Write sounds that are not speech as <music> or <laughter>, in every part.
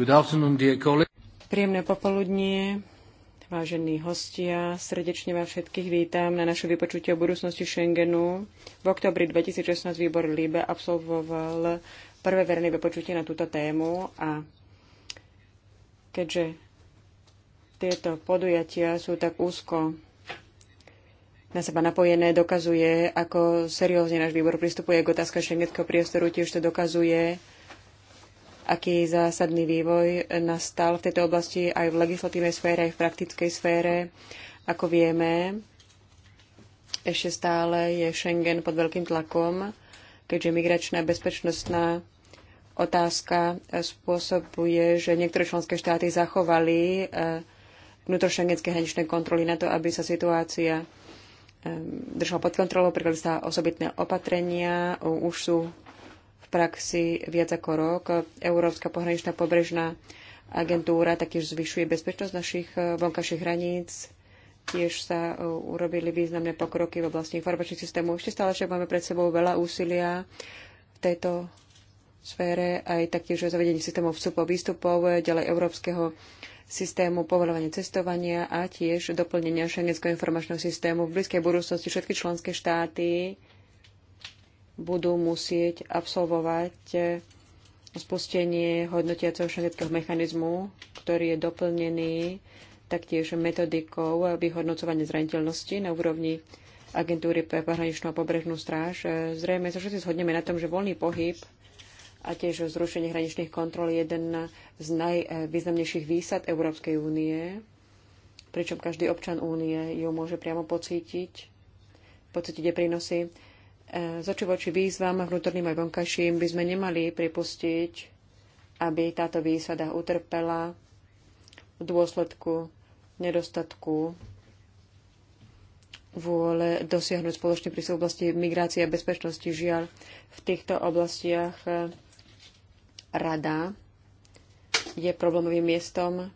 Príjemné popoludnie, vážení hostia, srdečne vás všetkých vítam na naše vypočutie o budúcnosti Schengenu. V oktobri 2016 výbor Líbe absolvoval prvé verejné vypočutie na túto tému a keďže tieto podujatia sú tak úzko na seba napojené, dokazuje, ako seriózne náš výbor pristupuje k otázke šengenského priestoru, tiež to dokazuje, aký zásadný vývoj nastal v tejto oblasti aj v legislatívnej sfére, aj v praktickej sfére. Ako vieme, ešte stále je Schengen pod veľkým tlakom, keďže migračná bezpečnostná otázka spôsobuje, že niektoré členské štáty zachovali eh, vnútrošengenské hraničné kontroly na to, aby sa situácia eh, držala pod kontrolou, prijali sa osobitné opatrenia, už sú praxi viac ako rok. Európska pohraničná pobrežná agentúra taktiež zvyšuje bezpečnosť našich eh, vonkajších hraníc. Tiež sa eh, urobili významné pokroky v oblasti informačných systémov. Ešte stále však máme pred sebou veľa úsilia v tejto sfére, aj taktiež zavedenie systémov vstupov, výstupov, eh, ďalej európskeho systému povolovania cestovania a tiež doplnenia šengenského informačného systému. V blízkej budúcnosti všetky členské štáty budú musieť absolvovať eh, spustenie hodnotiaceho šengenského mechanizmu, ktorý je doplnený taktiež metodikou vyhodnocovania zraniteľnosti na úrovni agentúry pre pohraničnú a pobrežnú stráž. Eh, zrejme sa všetci zhodneme na tom, že voľný pohyb a tiež zrušenie hraničných kontrol je jeden z najvýznamnejších výsad Európskej únie, pričom každý občan únie ju môže priamo pocítiť, pocítiť jej prínosy z oči voči výzvam vnútorným aj vonkajším by sme nemali pripustiť, aby táto výsada utrpela v dôsledku nedostatku vôle dosiahnuť spoločný prístup v oblasti migrácie a bezpečnosti. Žiaľ, v týchto oblastiach eh, rada je problémovým miestom.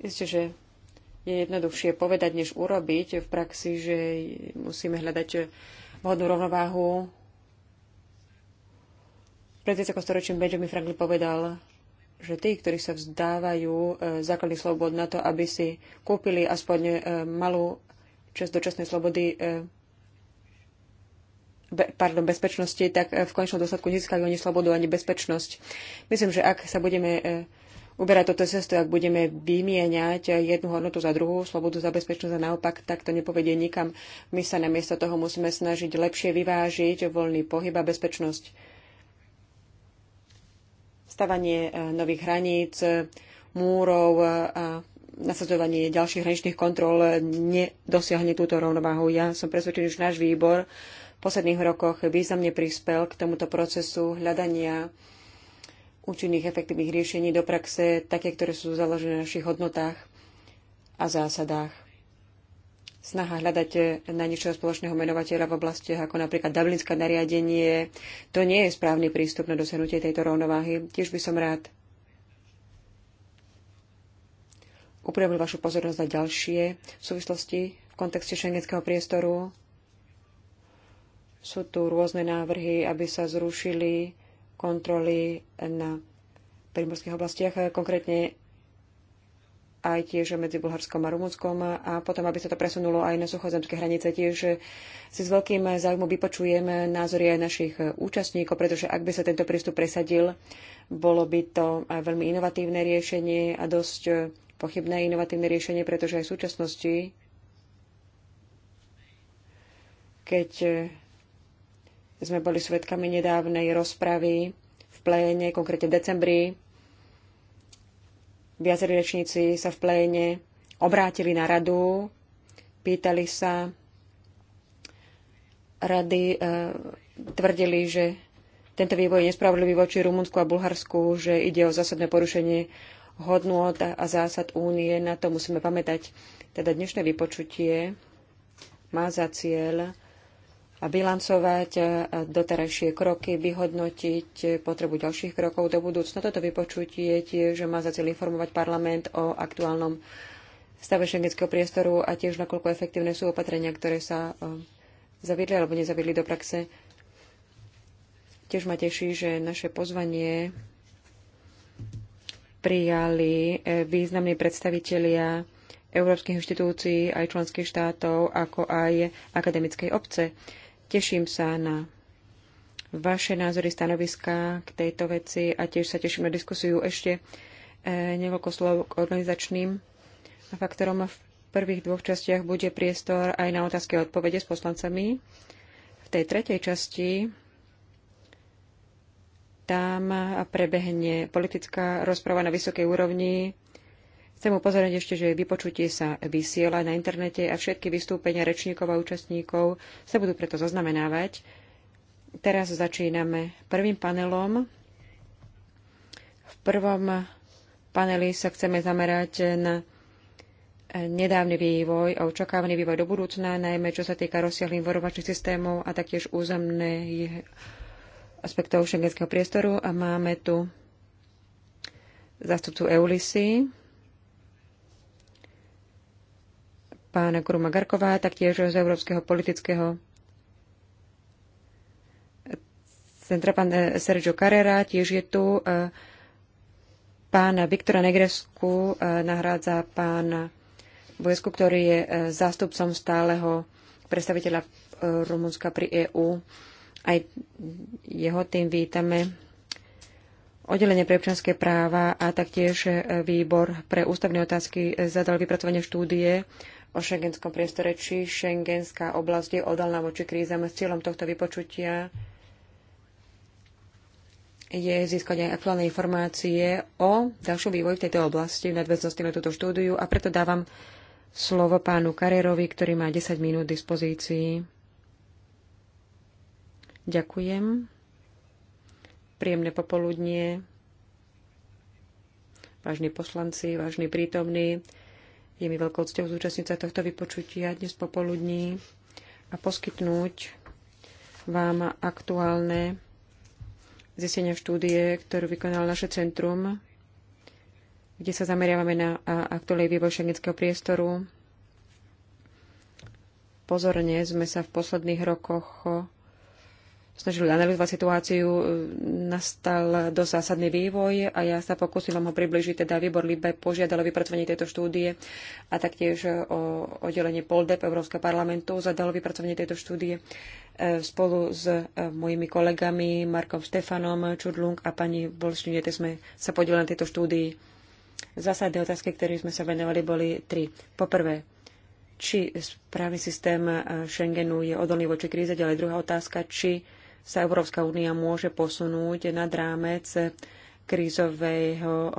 Isté, že je jednoduchšie povedať, než urobiť v praxi, že musíme hľadať vhodnú rovnováhu. Pred ako storočím Benjamin Franklin povedal, že tí, ktorí sa vzdávajú e, základných slobod na to, aby si kúpili aspoň e, malú časť dočasnej slobody, e, be, pardon, bezpečnosti, tak v konečnom dôsledku nezískajú ani slobodu, ani bezpečnosť. Myslím, že ak sa budeme uberať toto cestu, ak budeme vymieňať jednu hodnotu za druhú, slobodu za bezpečnosť a naopak, tak to nepovedie nikam. My sa namiesto toho musíme snažiť lepšie vyvážiť voľný pohyb a bezpečnosť. Stavanie e, nových hraníc, e, múrov a nasadzovanie ďalších hraničných kontrol nedosiahne túto rovnováhu. Ja som presvedčený, že náš výbor v posledných rokoch významne prispel k tomuto procesu hľadania účinných efektívnych riešení do praxe, také, ktoré sú založené na našich hodnotách a zásadách. Snaha hľadať najnižšieho spoločného menovateľa v oblastiach ako napríklad Dublinské nariadenie, to nie je správny prístup na dosiahnutie tejto rovnováhy. Tiež by som rád upravil vašu pozornosť na ďalšie v súvislosti v kontexte šengenského priestoru. Sú tu rôzne návrhy, aby sa zrušili kontroly na primorských oblastiach, konkrétne aj tiež medzi Bulharskom a Rumunskom a potom, aby sa to presunulo aj na suchozemské hranice. Tiež si s veľkým záujmom vypočujeme názory aj našich účastníkov, pretože ak by sa tento prístup presadil, bolo by to veľmi inovatívne riešenie a dosť pochybné inovatívne riešenie, pretože aj v súčasnosti, keď sme boli svedkami nedávnej rozpravy v pléne, konkrétne v decembri. Viacerí rečníci sa v pléne obrátili na radu, pýtali sa rady, e, tvrdili, že tento vývoj je nespravodlivý voči Rumunsku a Bulharsku, že ide o zásadné porušenie hodnôt a zásad únie. Na to musíme pamätať. Teda dnešné vypočutie má za cieľ bilancovať e, doterajšie kroky, vyhodnotiť e, potrebu ďalších krokov do budúcna. Toto vypočutie tiež má za cieľ informovať parlament o aktuálnom stave šengenského priestoru a tiež nakoľko efektívne sú opatrenia, ktoré sa e, zaviedli alebo nezaviedli do praxe. Tiež ma teší, že naše pozvanie prijali významní predstavitelia európskych inštitúcií aj členských štátov, ako aj akademickej obce. Teším sa na vaše názory, stanoviská k tejto veci a tiež sa teším na diskusiu ešte e, niekoľko slov k organizačným faktorom. V prvých dvoch častiach bude priestor aj na otázky a odpovede s poslancami. V tej tretej časti tam prebehne politická rozprava na vysokej úrovni Chcem upozorniť ešte, že vypočutie sa vysiela na internete a všetky vystúpenia rečníkov a účastníkov sa budú preto zaznamenávať. Teraz začíname prvým panelom. V prvom paneli sa chceme zamerať na nedávny vývoj a očakávaný vývoj do budúcna, najmä čo sa týka rozsiahlých informačných systémov a taktiež územných aspektov šengenského priestoru. A máme tu zástupcu EULISy, pána Kuruma Garková, taktiež z Európskeho politického centra pán eh, Sergio Carrera, tiež je tu eh, pána Viktora Negresku, eh, nahrádza pána Bojesku, ktorý je zástupcom stáleho predstaviteľa Rumunska pri EÚ. Aj jeho tým vítame oddelenie pre občanské práva a taktiež výbor pre ústavné otázky zadal vypracovanie štúdie o šengenskom priestore, či šengenská oblasť je odalná voči krízam. S cieľom tohto vypočutia je získať aj aktuálne informácie o ďalšom vývoji v tejto oblasti v nadväznosti na túto štúdiu a preto dávam slovo pánu Karerovi, ktorý má 10 minút dispozícii. Ďakujem. Príjemné popoludnie. Vážni poslanci, vážni prítomní. Je mi veľkou cťou zúčastniť sa tohto vypočutia dnes popoludní a poskytnúť vám aktuálne zistenia štúdie, ktorú vykonalo naše centrum, kde sa zameriavame na aktuálny vývoj šengenského priestoru. Pozorne sme sa v posledných rokoch snažili analyzovať situáciu, e, nastal dosť zásadný vývoj a ja sa pokúsim vám ho približiť. Teda výbor Libe požiadal o vypracovanie tejto štúdie a taktiež e, o oddelenie Poldep Európskeho parlamentu zadalo vypracovanie tejto štúdie e, spolu s mojimi kolegami Markom Štefanom Čudlung a pani kde sme sa podielali na tejto štúdii. Zásadné otázky, ktorým sme sa venovali, boli tri. Poprvé, či právny systém Schengenu je odolný voči kríze, ďalej druhá otázka, či sa Európska únia môže posunúť nad rámec krízového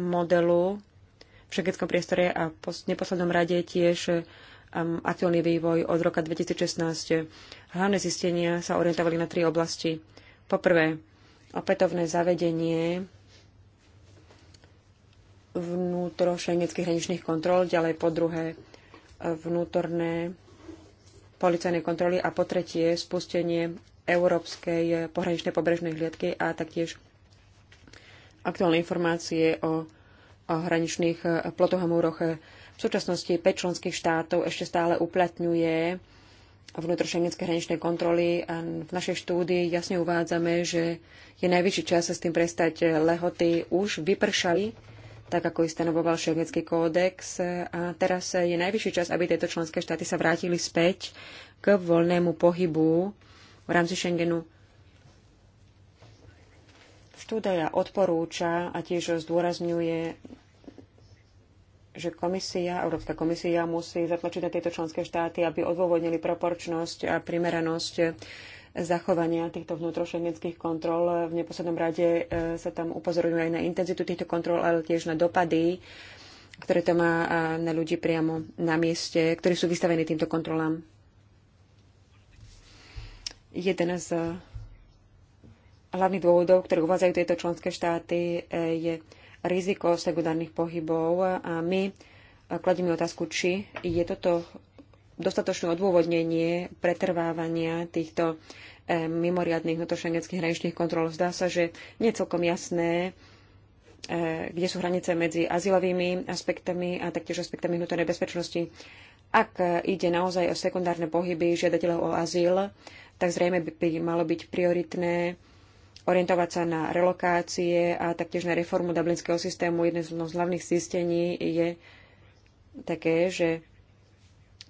modelu v šengenskom priestore a v neposlednom rade tiež um, aktuálny vývoj od roka 2016. Hlavné zistenia sa orientovali na tri oblasti. Poprvé, opätovné zavedenie vnútro šengenských hraničných kontrol, ďalej po druhé vnútorné policajnej kontroly a po tretie spustenie Európskej pohraničnej pobrežnej hliadky a taktiež aktuálne informácie o, o hraničných eh, plotoch a múroch. V súčasnosti 5 členských štátov ešte stále uplatňuje vnútrošengenské hraničné kontroly a v našej štúdii jasne uvádzame, že je najvyšší čas sa s tým prestať. Lehoty už vypršali tak ako ich stanovoval Šengenský kódex. A teraz je najvyšší čas, aby tieto členské štáty sa vrátili späť k voľnému pohybu v rámci Schengenu. Štúdia odporúča a tiež zdôrazňuje, že komisia, Európska komisia musí zatlačiť na tieto členské štáty, aby odôvodnili proporčnosť a primeranosť zachovania týchto vnútrošenických kontrol. V neposlednom rade e, sa tam upozorujú aj na intenzitu týchto kontrol, ale tiež na dopady, ktoré to má e, na ľudí priamo na mieste, ktorí sú vystavení týmto kontrolám. Jeden z e, hlavných dôvodov, ktoré uvádzajú tieto členské štáty, je riziko sekundárnych pohybov a my kladieme otázku, či je toto dostatočné odôvodnenie pretrvávania týchto eh, mimoriadných vnútrošengenských hraničných kontrol. Zdá sa, že nie je celkom jasné, eh, kde sú hranice medzi azylovými aspektami a taktiež aspektami vnútornej bezpečnosti. Ak eh, ide naozaj o sekundárne pohyby žiadateľov o azyl, tak zrejme by malo byť prioritné orientovať sa na relokácie a taktiež na reformu dublinského systému. Jedné z hlavných zistení je také, že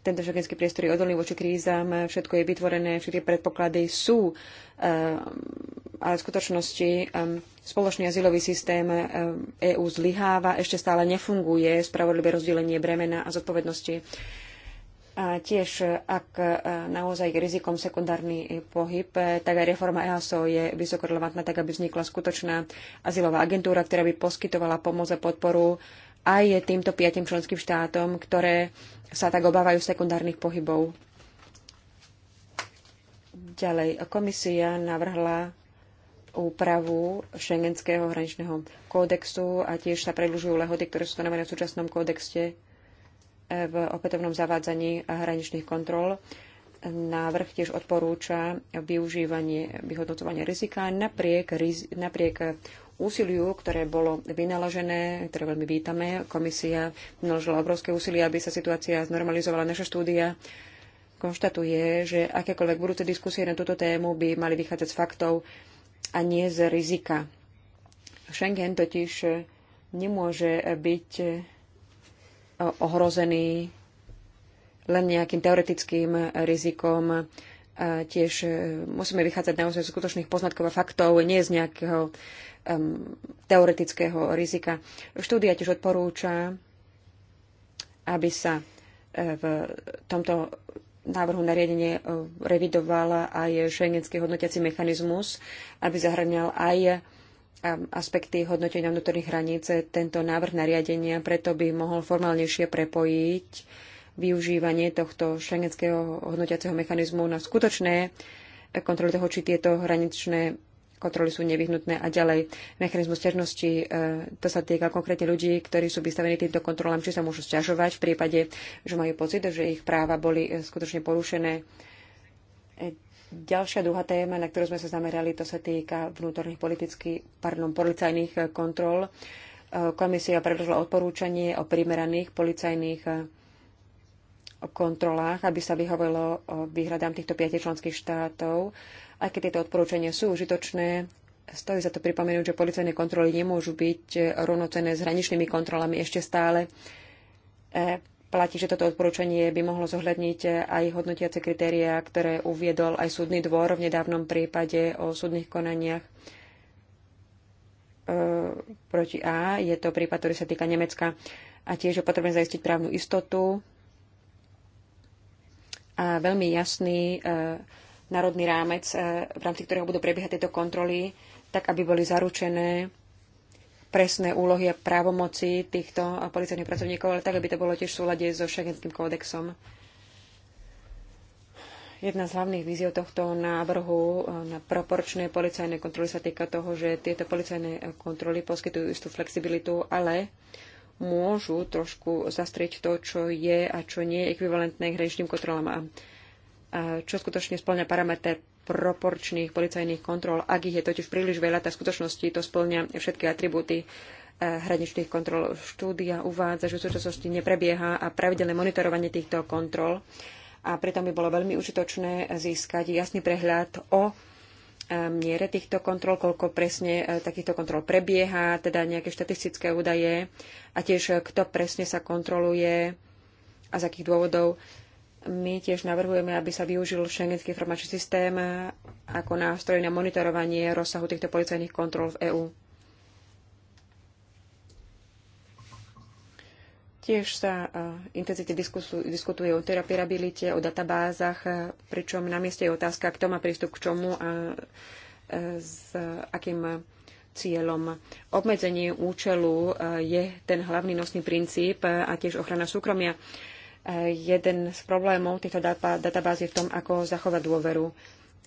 tento šengenský priestor je odolný voči krízam, všetko je vytvorené, všetky predpoklady sú, eh, ale v skutočnosti eh, spoločný azylový systém EÚ eh, e zlyháva, ešte stále nefunguje spravodlivé rozdelenie bremena a zodpovednosti. A tiež, ak naozaj je rizikom sekundárny pohyb, tak aj reforma EASO je vysoko relevantná, tak aby vznikla skutočná azylová agentúra, ktorá by poskytovala pomoc a podporu aj týmto piatim členským štátom, ktoré sa tak obávajú sekundárnych pohybov. Ďalej, komisia navrhla úpravu šengenského hraničného kódexu a tiež sa predlžujú lehody, ktoré sú stanovené v súčasnom kódexte e, v opätovnom zavádzaní hraničných kontrol. Návrh tiež odporúča využívanie, vyhodnocovanie rizika napriek, napriek úsiliu, ktoré bolo vynaložené, ktoré veľmi vítame. Komisia vynaložila obrovské úsilie, aby sa situácia znormalizovala. Naša štúdia konštatuje, že akékoľvek budúce diskusie na túto tému by mali vychádzať z faktov a nie z rizika. Schengen totiž nemôže byť ohrozený len nejakým teoretickým rizikom tiež e, musíme vychádzať naozaj z skutočných poznatkov a faktov, nie z nejakého um, teoretického rizika. Štúdia tiež odporúča, aby sa e, v tomto návrhu nariadenie e, revidovala aj šengenský hodnotiaci mechanizmus, aby zahrňal aj aspekty hodnotenia vnútorných hraníc tento návrh nariadenia, preto by mohol formálnejšie prepojiť využívanie tohto šengenského hodnotiaceho mechanizmu na skutočné kontroly toho, či tieto hraničné kontroly sú nevyhnutné a ďalej mechanizmus ťažnosti. E, to sa týka konkrétne ľudí, ktorí sú vystavení týmto kontrolám, či sa môžu sťažovať v prípade, že majú pocit, že ich práva boli e, skutočne porušené. E, ďalšia druhá téma, na ktorú sme sa zamerali, to sa týka vnútorných politických, pardon, policajných kontrol. Komisia predložila odporúčanie o primeraných policajných o kontrolách, aby sa vyhovelo výhradám týchto piatich členských štátov. Aj keď tieto odporúčania sú užitočné, stojí za to pripomenúť, že policajné kontroly nemôžu byť e, rovnocené s hraničnými kontrolami ešte stále. E, platí, že toto odporúčanie by mohlo zohľadniť e, aj hodnotiace kritériá, ktoré uviedol aj súdny dvor v nedávnom prípade o súdnych konaniach proti A. Je to prípad, ktorý sa týka Nemecka a tiež je potrebné zaistiť právnu istotu a veľmi jasný e, národný rámec, e, v rámci ktorého budú prebiehať tieto kontroly, tak aby boli zaručené presné úlohy a právomoci týchto policajných pracovníkov, ale tak, aby to bolo tiež v súlade so šengenským kódexom. Jedna z hlavných víziev tohto návrhu e, na proporčné policajné kontroly sa týka toho, že tieto policajné kontroly poskytujú istú flexibilitu, ale môžu trošku zastrieť to, čo je a čo nie je ekvivalentné k hraničným kontrolám a, a čo skutočne splňa parameter proporčných policajných kontrol. Ak ich je totiž príliš veľa, tak v skutočnosti to splňa všetky atribúty e, hraničných kontrol. Štúdia uvádza, že v súčasnosti neprebieha a pravidelné monitorovanie týchto kontrol a preto by bolo veľmi užitočné získať jasný prehľad o E, miere týchto kontrol, koľko presne e, takýchto kontrol prebieha, teda nejaké štatistické údaje a tiež e, kto presne sa kontroluje a z akých dôvodov. My tiež navrhujeme, aby sa využil šengenský informačný systém ako nástroj na monitorovanie rozsahu týchto policajných kontrol v EÚ. Tiež sa e, intenzite diskutuje o terapirabilite, o databázach, e, pričom na mieste je otázka, kto má prístup k čomu a e, s akým cieľom. Obmedzenie účelu je ten hlavný nosný princíp a tiež ochrana súkromia. Jeden z problémov týchto databáz je v tom, ako zachovať dôveru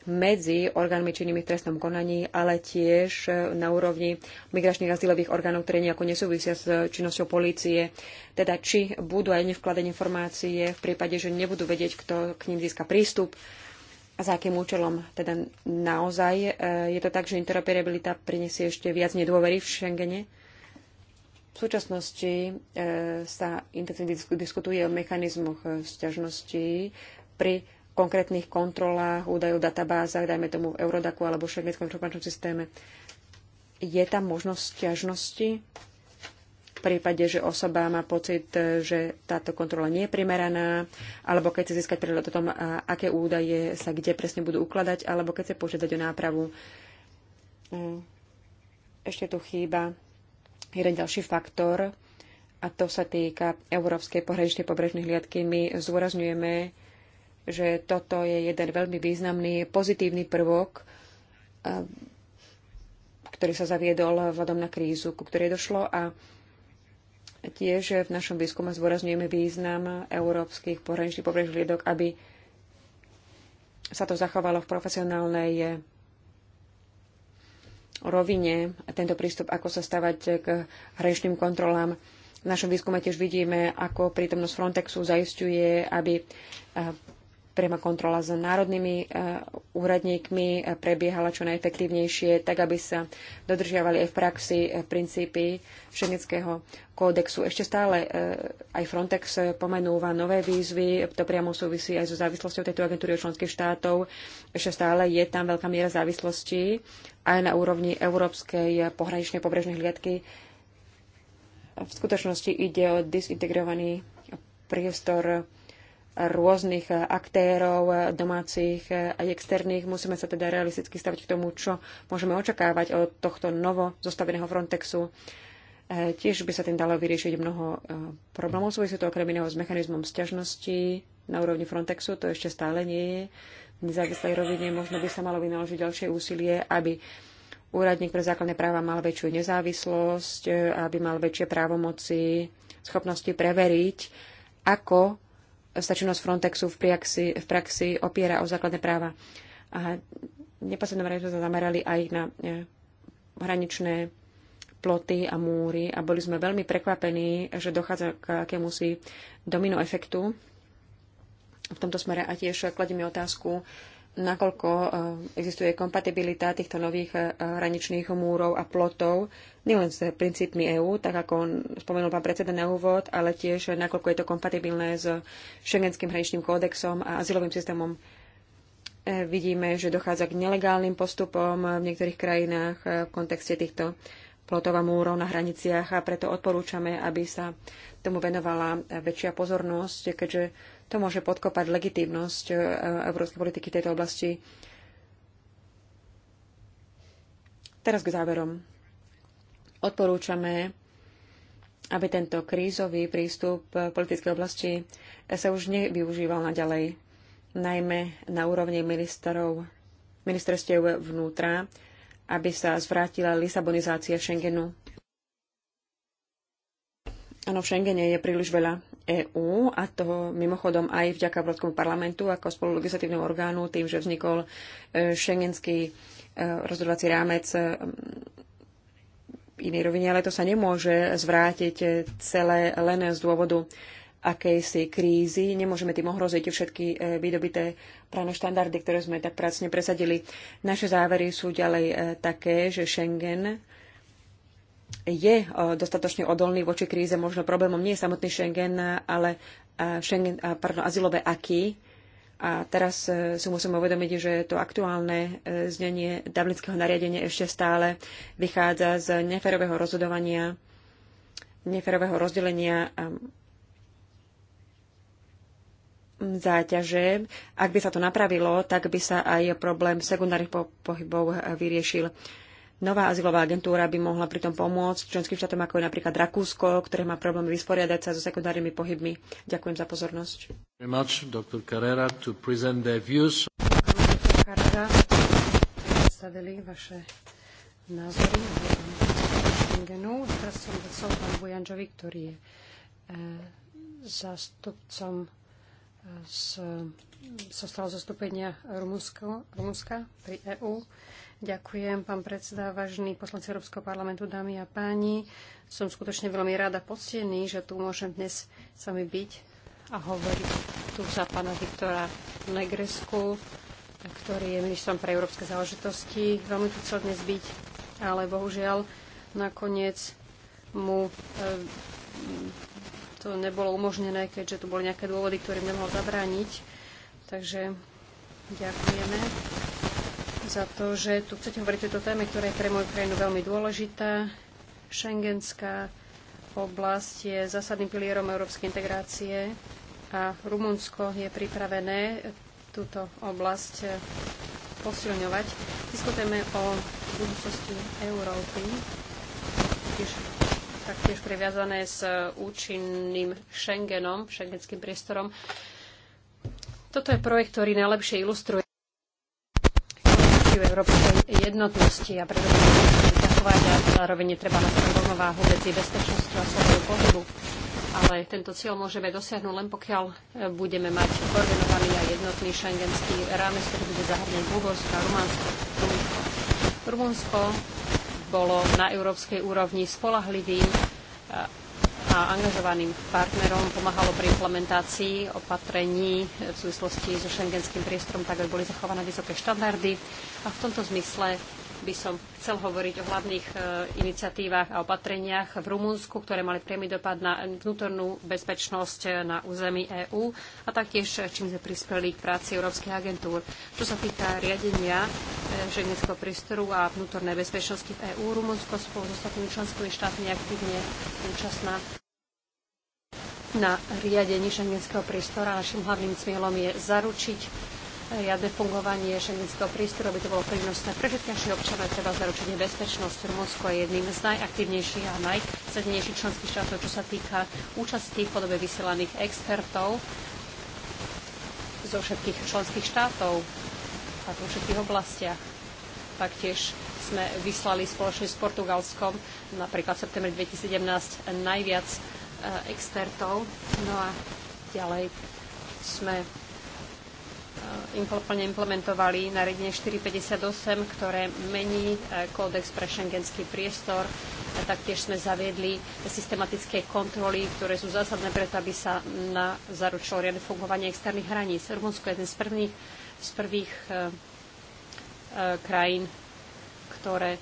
medzi orgánmi činnými v trestnom konaní, ale tiež e, na úrovni migračných azylových orgánov, ktoré nejako nesúvisia s činnosťou polície. Teda či budú aj nevkladať informácie v prípade, že nebudú vedieť, kto k ním získa prístup a za akým účelom. Teda naozaj e, je to tak, že interoperabilita prinesie ešte viac nedôvery v Schengene. V súčasnosti e, sa intenzívne diskutuje o mechanizmoch sťažností pri konkrétnych kontrolách, údajov databázach, dajme tomu v Eurodaku alebo v šengenskom informačnom systéme. Je tam možnosť ťažnosti v prípade, že osoba má pocit, že táto kontrola nie je primeraná, alebo keď chce získať prehľad o tom, aké údaje sa kde presne budú ukladať, alebo keď chce požiadať o nápravu. Mm. Ešte tu chýba jeden ďalší faktor, a to sa týka Európskej pohraničnej pobrežnej hliadky. My zdôrazňujeme že toto je jeden veľmi významný pozitívny prvok, eh, ktorý sa zaviedol vzhľadom na krízu, ku ktorej došlo a tiež v našom výskume zdôrazňujeme význam európskych pohraničných pobrežných liedok, aby sa to zachovalo v profesionálnej eh, rovine, tento prístup, ako sa stavať k hraničným kontrolám. V našom výskume tiež vidíme, ako prítomnosť Frontexu zaistuje, aby eh, priama kontrola s národnými e, úradníkmi e, prebiehala čo najefektívnejšie, tak aby sa dodržiavali aj v praxi e, princípy Šengenského kódexu. Ešte stále aj Frontex pomenúva nové výzvy, to priamo súvisí aj so závislosťou tejto agentúry od členských štátov. Ešte stále je tam veľká miera závislosti aj na úrovni Európskej pohraničnej pobrežnej hliadky. V skutočnosti ide o disintegrovaný priestor rôznych aktérov, domácich aj externých. Musíme sa teda realisticky stavať k tomu, čo môžeme očakávať od tohto novo zostaveného Frontexu. E, tiež by sa tým dalo vyriešiť mnoho e, problémov. Súvisí to okrem iného s mechanizmom sťažnosti na úrovni Frontexu. To ešte stále nie je v nezávislej rovine. Možno by sa malo vynaložiť ďalšie úsilie, aby úradník pre základné práva mal väčšiu nezávislosť, e, aby mal väčšie právomoci, schopnosti preveriť, ako sa činnosť Frontexu v praxi, v praxi opiera o základné práva. A neposlednom rade sme sa zamerali aj na e, hraničné ploty a múry a boli sme veľmi prekvapení, že dochádza k akémusi domino efektu v tomto smere a tiež kladieme otázku, nakoľko e, existuje kompatibilita týchto nových e, hraničných múrov a plotov, nielen s princípmi EÚ, tak ako on spomenul pán predseda na úvod, ale tiež nakoľko je to kompatibilné s šengenským hraničným kódexom a azylovým systémom. E, vidíme, že dochádza k nelegálnym postupom v niektorých krajinách v kontexte týchto plotov a múrov na hraniciach a preto odporúčame, aby sa tomu venovala väčšia pozornosť, keďže to môže podkopať legitímnosť e, európskej politiky v tejto oblasti. Teraz k záverom. Odporúčame, aby tento krízový prístup politickej oblasti sa už nevyužíval naďalej, najmä na úrovni ministerov, ministerstiev vnútra, aby sa zvrátila lisabonizácia Schengenu Áno, v Schengene je príliš veľa EÚ a to mimochodom aj vďaka Európskemu parlamentu ako spolulegislatívnemu orgánu, tým, že vznikol e, šengenský e, rozhodovací rámec e, inej rovine, ale to sa nemôže zvrátiť celé len z dôvodu akejsi krízy. Nemôžeme tým ohroziť všetky vydobité právne štandardy, ktoré sme tak pracne presadili. Naše závery sú ďalej také, že Schengen je eh, dostatočne odolný voči kríze. Možno problémom nie je samotný Schengen, ale eh, Schengen, eh, pardon, azylové aky. A teraz si musíme uvedomiť, že to aktuálne znenie Dublinského nariadenia ešte stále vychádza z neferového rozhodovania, neferového rozdelenia ehm, záťaže. Ak by sa to napravilo, tak by sa aj problém sekundárnych pohybov vyriešil. Nová azylová agentúra by mohla pritom pomôcť členským štátom, ako je napríklad Rakúsko, ktoré má problém vysporiadať sa so sekundárnymi pohybmi. Ďakujem za pozornosť. predstavili vaše názory Schengenu. Teraz som docel pán Bojanžovi, ktorý je eh, zástupcom z, eh, sa zastúpenia Rumunska pri EÚ. Ďakujem, pán predseda, vážení poslanci Európskeho parlamentu, dámy a páni. Som skutočne veľmi rada poctený, že tu môžem dnes s vami byť a hovoriť tu za pána Viktora Negresku, ktorý je ministrom pre európske záležitosti. Veľmi tu chcel dnes byť, ale bohužiaľ nakoniec mu eh, to nebolo umožnené, keďže tu boli nejaké dôvody, ktorým nemohol zabrániť. Takže ďakujeme za to, že tu chcete hovoriť o tejto téme, ktorá je pre moju krajinu veľmi dôležitá. Schengenská oblasť je zásadným pilierom európskej integrácie a Rumunsko je pripravené túto oblasť posilňovať. Diskutujeme o budúcnosti Európy, tiež taktiež previazané s účinným Schengenom, šengenským priestorom. Toto je projekt, ktorý najlepšie ilustruje víziu európskej jednotnosti a preto budeme musieť zachovať a zároveň treba nastaviť rovnováhu medzi bezpečnosťou a slobodou pohybu. Ale tento cieľ môžeme dosiahnuť len pokiaľ e, budeme mať koordinovaný a jednotný šengenský rámec, ktorý bude zahrňať Bulgarsko a Rumánsko. Rumunsko bolo na európskej úrovni spolahlivým e, a angažovaným partnerom pomáhalo pri implementácii opatrení v súvislosti so šengenským priestorom, tak aby boli zachované vysoké štandardy. A v tomto zmysle by som chcel hovoriť o hlavných e, iniciatívach a opatreniach v Rumunsku, ktoré mali priamy dopad na vnútornú bezpečnosť e, na území EÚ a taktiež e, čím sme prispeli k práci európskych agentúr. Čo sa týka riadenia schengenského priestoru a vnútornej bezpečnosti v EÚ, Rumunsko spolu s so ostatnými členskými štátmi aktívne účastná na riadení šengenského priestora. Našim hlavným cieľom je zaručiť riadne fungovanie šengenského priestoru, aby to bolo prínosné pre všetky naše občanov. Treba zaručiť bezpečnosť. Rumunsko je jedným z najaktívnejších a najcennejších členských štátov, čo sa týka účasti v podobe vysielaných expertov zo všetkých členských štátov a vo všetkých oblastiach. Taktiež sme vyslali spoločne s Portugalskom napríklad v septembri 2017 najviac Eh, expertov. No a ďalej sme eh, plne implementovali nariadenie 458, ktoré mení eh, kódex pre šengenský priestor. Taktiež sme zaviedli systematické kontroly, ktoré sú zásadné preto, aby sa na zaručilo riadne fungovanie externých hraníc. Rumunsko je jeden z prvých, z prvých e, e, krajín, ktoré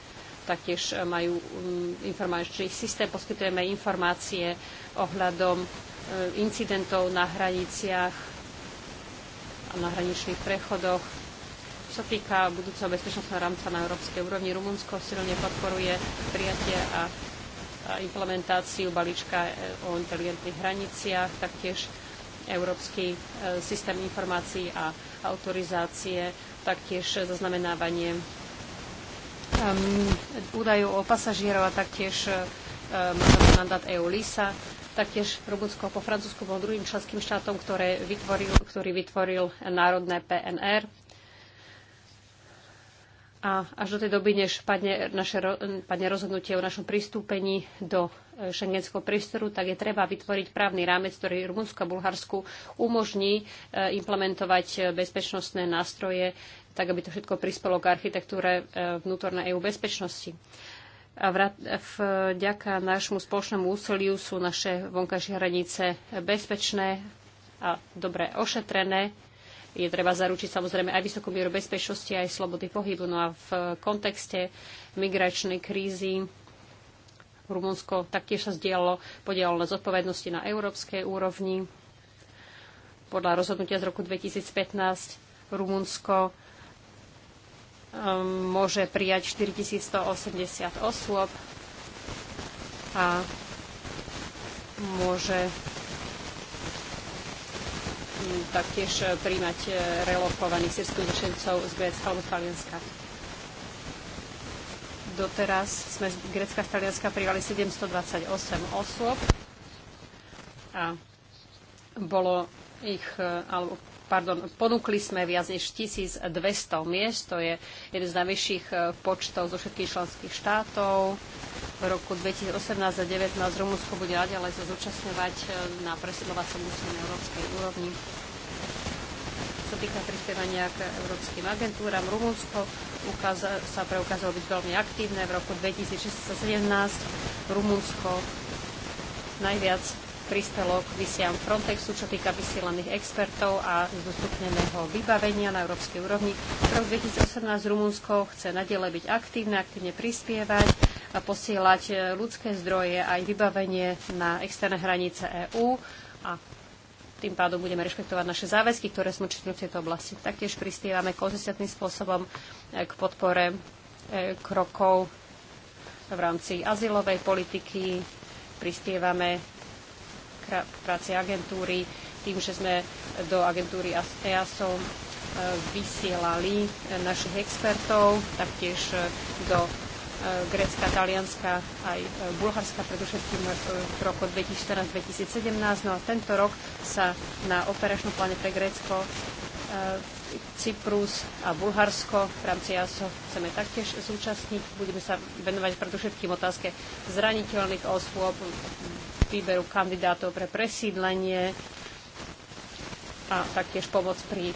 taktiež e, majú mm, informačný systém, poskytujeme informácie ohľadom e, incidentov na hraniciach a na hraničných prechodoch. Čo sa týka budúceho bezpečnostného rámca na európskej úrovni, Rumunsko silne podporuje prijatie a implementáciu balíčka e, o inteligentných hraniciach, taktiež európsky systém informácií a autorizácie, taktiež zaznamenávanie údajov o pasažierov a taktiež má mandát EULISA. Taktiež Rumunsko po Francúzsku bol druhým členským štátom, ktoré vytvoril, ktorý vytvoril národné PNR a až do tej doby, než padne, naše, padne rozhodnutie o našom pristúpení do e, šengenského priestoru, tak je treba vytvoriť právny rámec, ktorý Rumunsku a Bulharsku umožní e, implementovať e, bezpečnostné nástroje, tak aby to všetko prispelo k architektúre vnútornej EU bezpečnosti. A vďaka nášmu spoločnému úsiliu sú naše vonkajšie hranice bezpečné a dobre ošetrené je treba zaručiť samozrejme aj vysokú mieru bezpečnosti, aj slobody pohybu. No a v kontexte migračnej krízy Rumunsko taktiež sa zdieľalo, podielalo na zodpovednosti na európskej úrovni. Podľa rozhodnutia z roku 2015 Rumunsko um, môže prijať 4180 osôb a môže taktiež e, príjmať e, relokovaných sírskych utečencov z Grécka alebo Talianska. Doteraz sme z Grécka a Talianska prijali 728 osôb a bolo ich, e, alebo pardon, ponúkli sme viac než 1200 miest, to je jeden z najvyšších počtov zo všetkých členských štátov roku 2018 a 2019 Rumunsko bude naďalej sa zúčastňovať e, na presídlovacom úsilí na európskej úrovni. Čo týka prispievania k európskym agentúram, Rumunsko sa preukázalo byť veľmi aktívne. V roku 2016 Rumunsko najviac pristalo k misiám Frontexu, čo týka vysielaných expertov a zdostupneného vybavenia na európskej úrovni. V roku 2018 Rumunsko chce nadiele byť aktívne, aktívne prispievať a posielať e, ľudské zdroje aj vybavenie na externé hranice EÚ a tým pádom budeme rešpektovať naše záväzky, ktoré sme učinili v tejto oblasti. Taktiež prispievame konzistentným spôsobom e, k podpore e, krokov v rámci azylovej politiky, prispievame spolupráci agentúry, tým, že sme do agentúry EASO e, vysielali e, našich expertov, taktiež e, do Grécka, Talianska, aj Bulharska, predovšetkým v roku 2014-2017. No a tento rok sa na operačnom pláne pre Grécko, Cyprus a Bulharsko v rámci ASO chceme taktiež zúčastniť. Budeme sa venovať predovšetkým otázke zraniteľných osôb, výberu kandidátov pre presídlenie a taktiež pomoc pri e,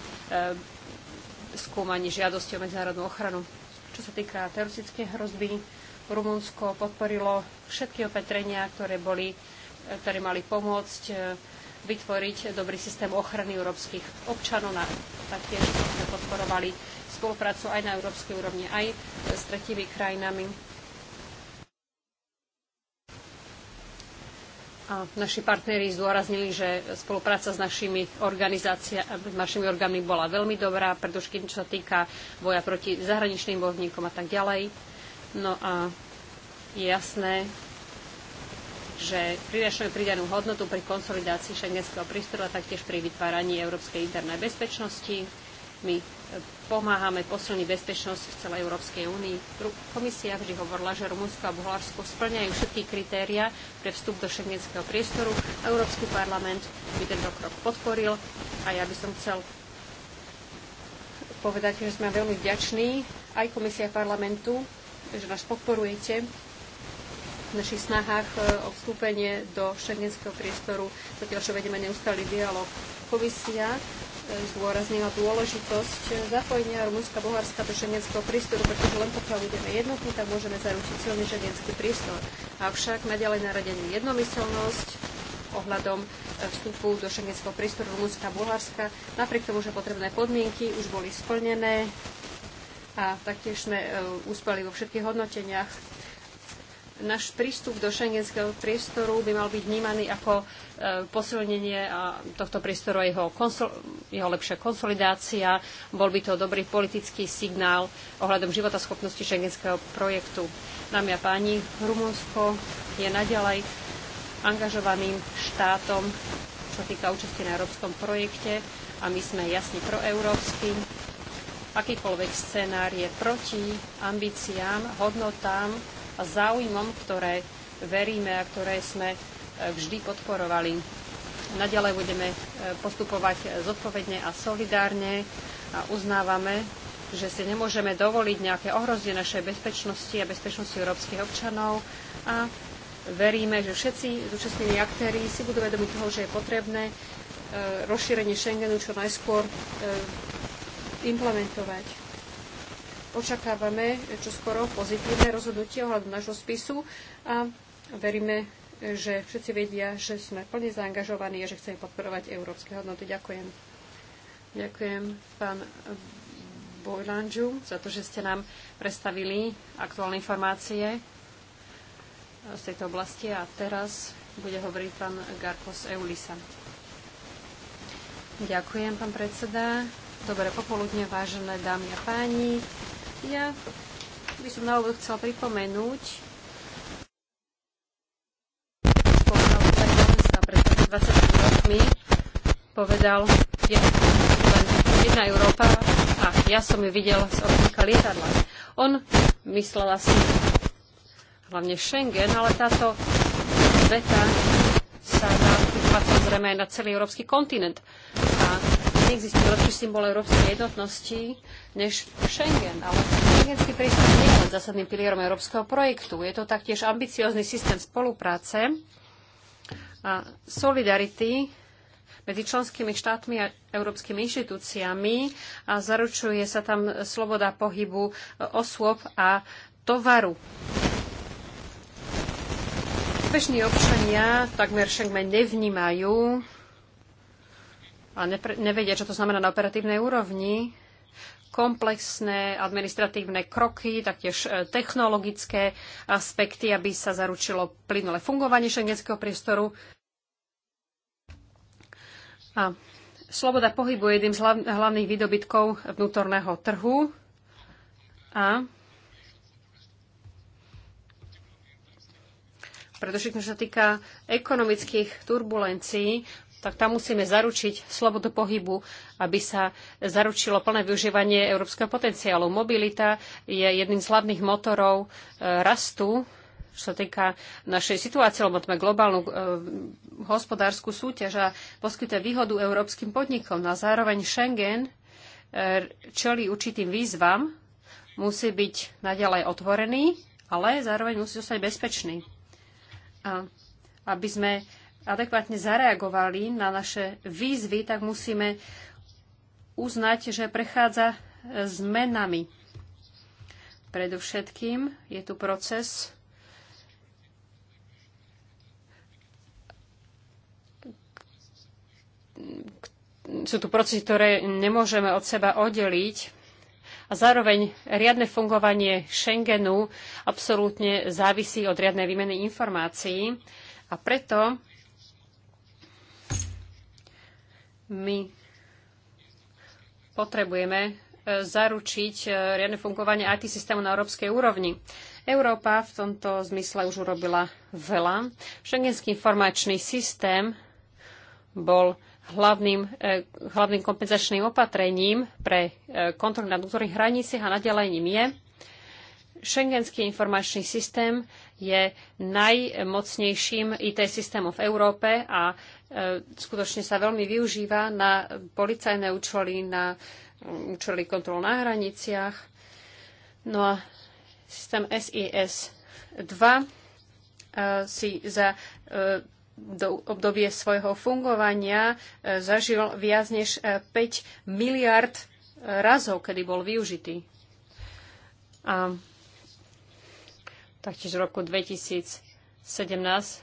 skúmaní žiadosti o medzinárodnú ochranu. Čo sa týka teroristické hrozby, Rumunsko podporilo všetky opatrenia, ktoré, boli, e, ktoré mali pomôcť e, vytvoriť dobrý systém ochrany európskych občanov. Na, taktiež sme podporovali spoluprácu aj na európskej úrovni, aj s tretími krajinami A naši partneri zdôraznili, že spolupráca s našimi, s našimi orgánmi bola veľmi dobrá, predovšetkým čo sa týka boja proti zahraničným bojovníkom a tak ďalej. No a je jasné, že prinašame pridanú hodnotu pri konsolidácii šengenského prístoru a taktiež pri vytváraní európskej internej bezpečnosti. My e, pomáhame posilniť bezpečnosť v celej Európskej únii. Komisia vždy hovorila, že Rumunsko a Bulharsko splňajú všetky kritéria pre vstup do šengenského priestoru. a Európsky parlament by tento krok podporil a ja by som chcel povedať, že sme veľmi vďační aj Komisia parlamentu, že nás podporujete v našich snahách e, o vstúpenie do šengenského priestoru, zatiaľ čo vedieme neustály dialog. Komisia zdôraznila dôležitosť zapojenia Rumunska, Bulharska do šengenského prístoru, pretože len pokiaľ budeme jednotní, tak môžeme zaručiť silný šengenský prístor. Avšak naďalej naradení jednomyselnosť ohľadom eh, vstupu do šengenského prístoru Rumunska Bulharska. Napriek tomu, že potrebné podmienky už boli splnené a taktiež sme úspeli eh, vo všetkých hodnoteniach náš prístup do šengenského priestoru by mal byť vnímaný ako e, posilnenie tohto priestoru a jeho, jeho lepšia konsolidácia. Bol by to dobrý politický signál ohľadom schopnosti šengenského projektu. Dámy a páni, Rumunsko je naďalej angažovaným štátom, čo týka účasti na európskom projekte a my sme jasne proeurópsky. Akýkoľvek scenár je proti ambíciám, hodnotám a záujmom, ktoré veríme a ktoré sme e, vždy podporovali. Naďalej budeme e, postupovať zodpovedne a solidárne a uznávame, že si nemôžeme dovoliť nejaké ohrozie našej bezpečnosti a bezpečnosti európskych občanov a veríme, že všetci zúčastnení aktéry si budú vedomi toho, že je potrebné e, rozšírenie Schengenu čo najskôr implementovať. Očakávame čoskoro pozitívne rozhodnutie ohľadom nášho spisu a veríme, že všetci vedia, že sme plne zaangažovaní a že chceme podporovať európske hodnoty. Ďakujem. Ďakujem pán Bojlandžu za to, že ste nám predstavili aktuálne informácie z tejto oblasti a teraz bude hovoriť pán Garkos Eulisa. Ďakujem, pán predseda. Dobré popoludne, vážené dámy a páni. Ja by som na úvod chcela pripomenúť povedal sa pred 20 rokmi povedal, je len jedna Európa a ja som ju videl z okníka lietadla. On myslel asi hlavne Schengen, ale táto veta sa dá zrejme aj na celý európsky kontinent. A neexistuje lepší symbol európskej jednotnosti než Schengen. Ale schengenský prístup nie je len zásadným pilierom európskeho projektu. Je to taktiež ambiciózny systém spolupráce a solidarity medzi členskými štátmi a európskymi inštitúciami a zaručuje sa tam sloboda pohybu osôb a tovaru. Bežní občania takmer Schengen nevnímajú a nevedia, čo to znamená na operatívnej úrovni, komplexné administratívne kroky, taktiež e, technologické aspekty, aby sa zaručilo plynulé fungovanie šengenského priestoru. A sloboda pohybu je jedným z hlavných výdobytkov vnútorného trhu a Pretože, čo sa týka ekonomických turbulencií, tak tam musíme zaručiť slobodu pohybu, aby sa zaručilo plné využívanie európskeho potenciálu. Mobilita je jedným z hlavných motorov e, rastu čo sa týka našej situácie, lebo máme globálnu e, hospodárskú súťaž a poskytuje výhodu európskym podnikom. No a zároveň Schengen e, čeli určitým výzvam, musí byť naďalej otvorený, ale zároveň musí zostať bezpečný. A aby sme adekvátne zareagovali na naše výzvy, tak musíme uznať, že prechádza zmenami. Predovšetkým je tu proces sú tu procesy, ktoré nemôžeme od seba oddeliť a zároveň riadne fungovanie Schengenu absolútne závisí od riadnej výmeny informácií a preto My potrebujeme e, zaručiť e, riadne fungovanie IT systému na európskej úrovni. Európa v tomto zmysle už urobila veľa. Schengenský informačný systém bol hlavným, e, hlavným kompenzačným opatrením pre kontrol na vnútorných hraniciach a nadalej ním je. Schengenský informačný systém je najmocnejším IT systémom v Európe a e, skutočne sa veľmi využíva na policajné účely, na mm, účely kontrol na hraniciach. No a systém SIS 2 e, si za e, do obdobie svojho fungovania zažil viac než 5 miliard razov, kedy bol využitý. A Taktiež v roku 2017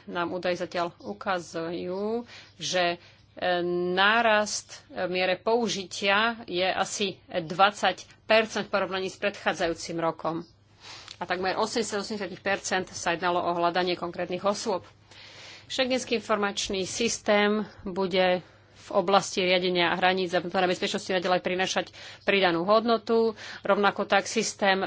nám údaj zatiaľ ukazujú, že e, nárast e, miere použitia je asi 20 v porovnaní s predchádzajúcim rokom. A takmer 80-80 sa jednalo o hľadanie konkrétnych osôb. Schengenský informačný systém bude v oblasti riadenia hraníc a vnútornej bezpečnosti naďalej prinašať pridanú hodnotu. Rovnako tak systém e,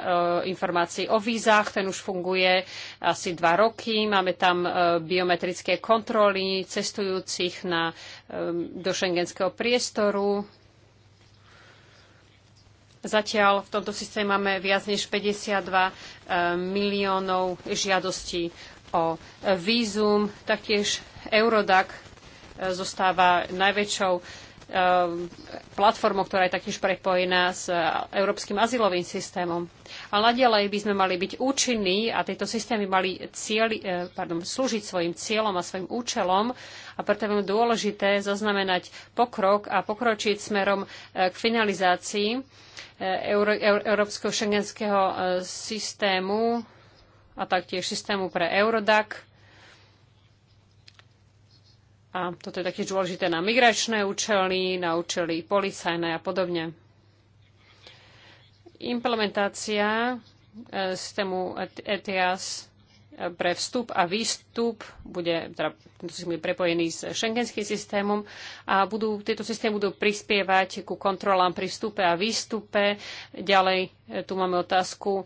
informácií o vízach, ten už funguje asi dva roky. Máme tam e, biometrické kontroly cestujúcich na, e, do šengenského priestoru. Zatiaľ v tomto systéme máme viac než 52 miliónov žiadostí o vízum. Taktiež Eurodac zostáva najväčšou eh, platformou, ktorá je taktiež prepojená s eh, európskym azylovým systémom. Ale nadalej by sme mali byť účinní a tieto systémy mali cieli, eh, pardon, slúžiť svojim cieľom a svojim účelom a preto je veľmi dôležité zaznamenať pokrok a pokročiť smerom k finalizácii európskeho šengenského systému a taktiež systému pre Eurodac a toto je taktiež dôležité na migračné účely, na účely policajné a podobne. Implementácia e, systému ETIAS e pre vstup a výstup bude, teda tento systém prepojený s šengenským systémom a budú, tieto systémy budú prispievať ku kontrolám pri vstupe a výstupe. Ďalej e, tu máme otázku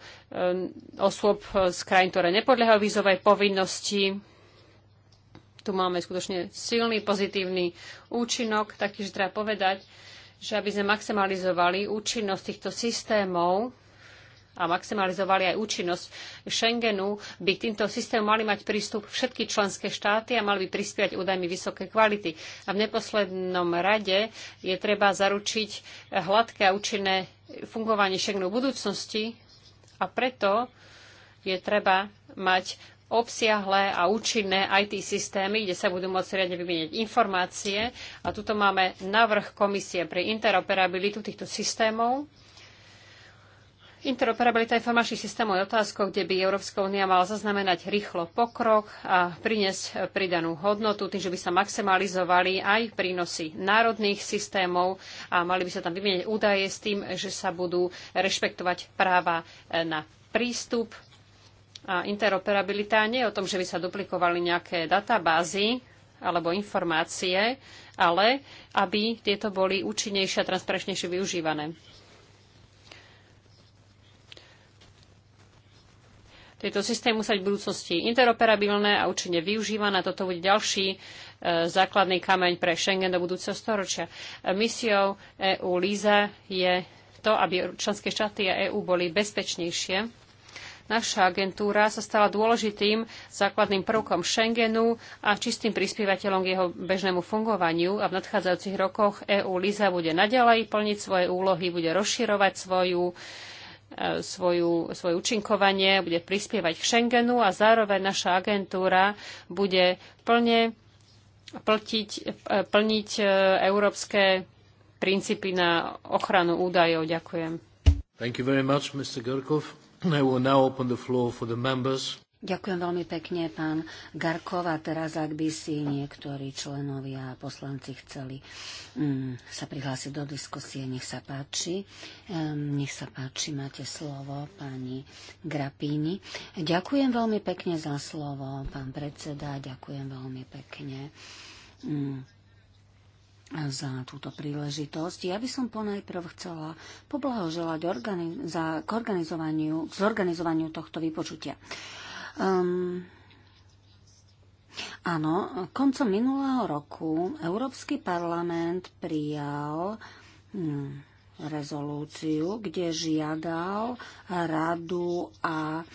osôb z krajín, ktoré nepodliehajú vízovej povinnosti tu máme skutočne silný pozitívny účinok, taktiež treba povedať, že aby sme maximalizovali účinnosť týchto systémov a maximalizovali aj účinnosť Schengenu, by k týmto systémom mali mať prístup všetky členské štáty a mali by prispievať údajmi vysokej kvality. A v neposlednom rade je treba zaručiť hladké a účinné fungovanie Schengenu v budúcnosti a preto je treba mať obsiahle a účinné IT systémy, kde sa budú môcť riadne vymieňať informácie. A tuto máme navrh komisie pre interoperabilitu týchto systémov. Interoperabilita informačných systémov je otázkou, kde by Európska únia mala zaznamenať rýchlo pokrok a priniesť pridanú hodnotu, tým, že by sa maximalizovali aj prínosy národných systémov a mali by sa tam vymieňať údaje s tým, že sa budú rešpektovať práva na prístup a interoperabilita nie je o tom, že by sa duplikovali nejaké databázy alebo informácie, ale aby tieto boli účinnejšie a transparentnejšie využívané. Tieto systémy musia byť v budúcnosti interoperabilné a účinne využívané. Toto bude ďalší e, základný kameň pre Schengen do budúceho storočia. Misiou EU LISA je to, aby členské štáty a EU boli bezpečnejšie Naša agentúra sa stala dôležitým základným prvkom Schengenu a čistým prispievateľom k jeho bežnému fungovaniu a v nadchádzajúcich rokoch EU Liza bude naďalej plniť svoje úlohy, bude rozširovať svoju e, svoju, svoje účinkovanie, bude prispievať k Schengenu a zároveň naša agentúra bude plne e, plniť, plniť e, európske princípy na ochranu údajov. Ďakujem. Thank you very much, Mr. Gorkov. I will now open the floor for the members. Ďakujem veľmi pekne, pán Garkov. A teraz, ak by si niektorí členovia a poslanci chceli um, sa prihlásiť do diskusie, nech sa páči. Um, nech sa páči, máte slovo, pani Grapini. Ďakujem veľmi pekne za slovo, pán predseda. Ďakujem veľmi pekne. Um, za túto príležitosť. Ja by som ponajprv chcela poblahoželať organiz- za, k, organizovaniu, k zorganizovaniu tohto vypočutia. Um, áno, koncom minulého roku Európsky parlament prijal um, rezolúciu, kde žiadal radu a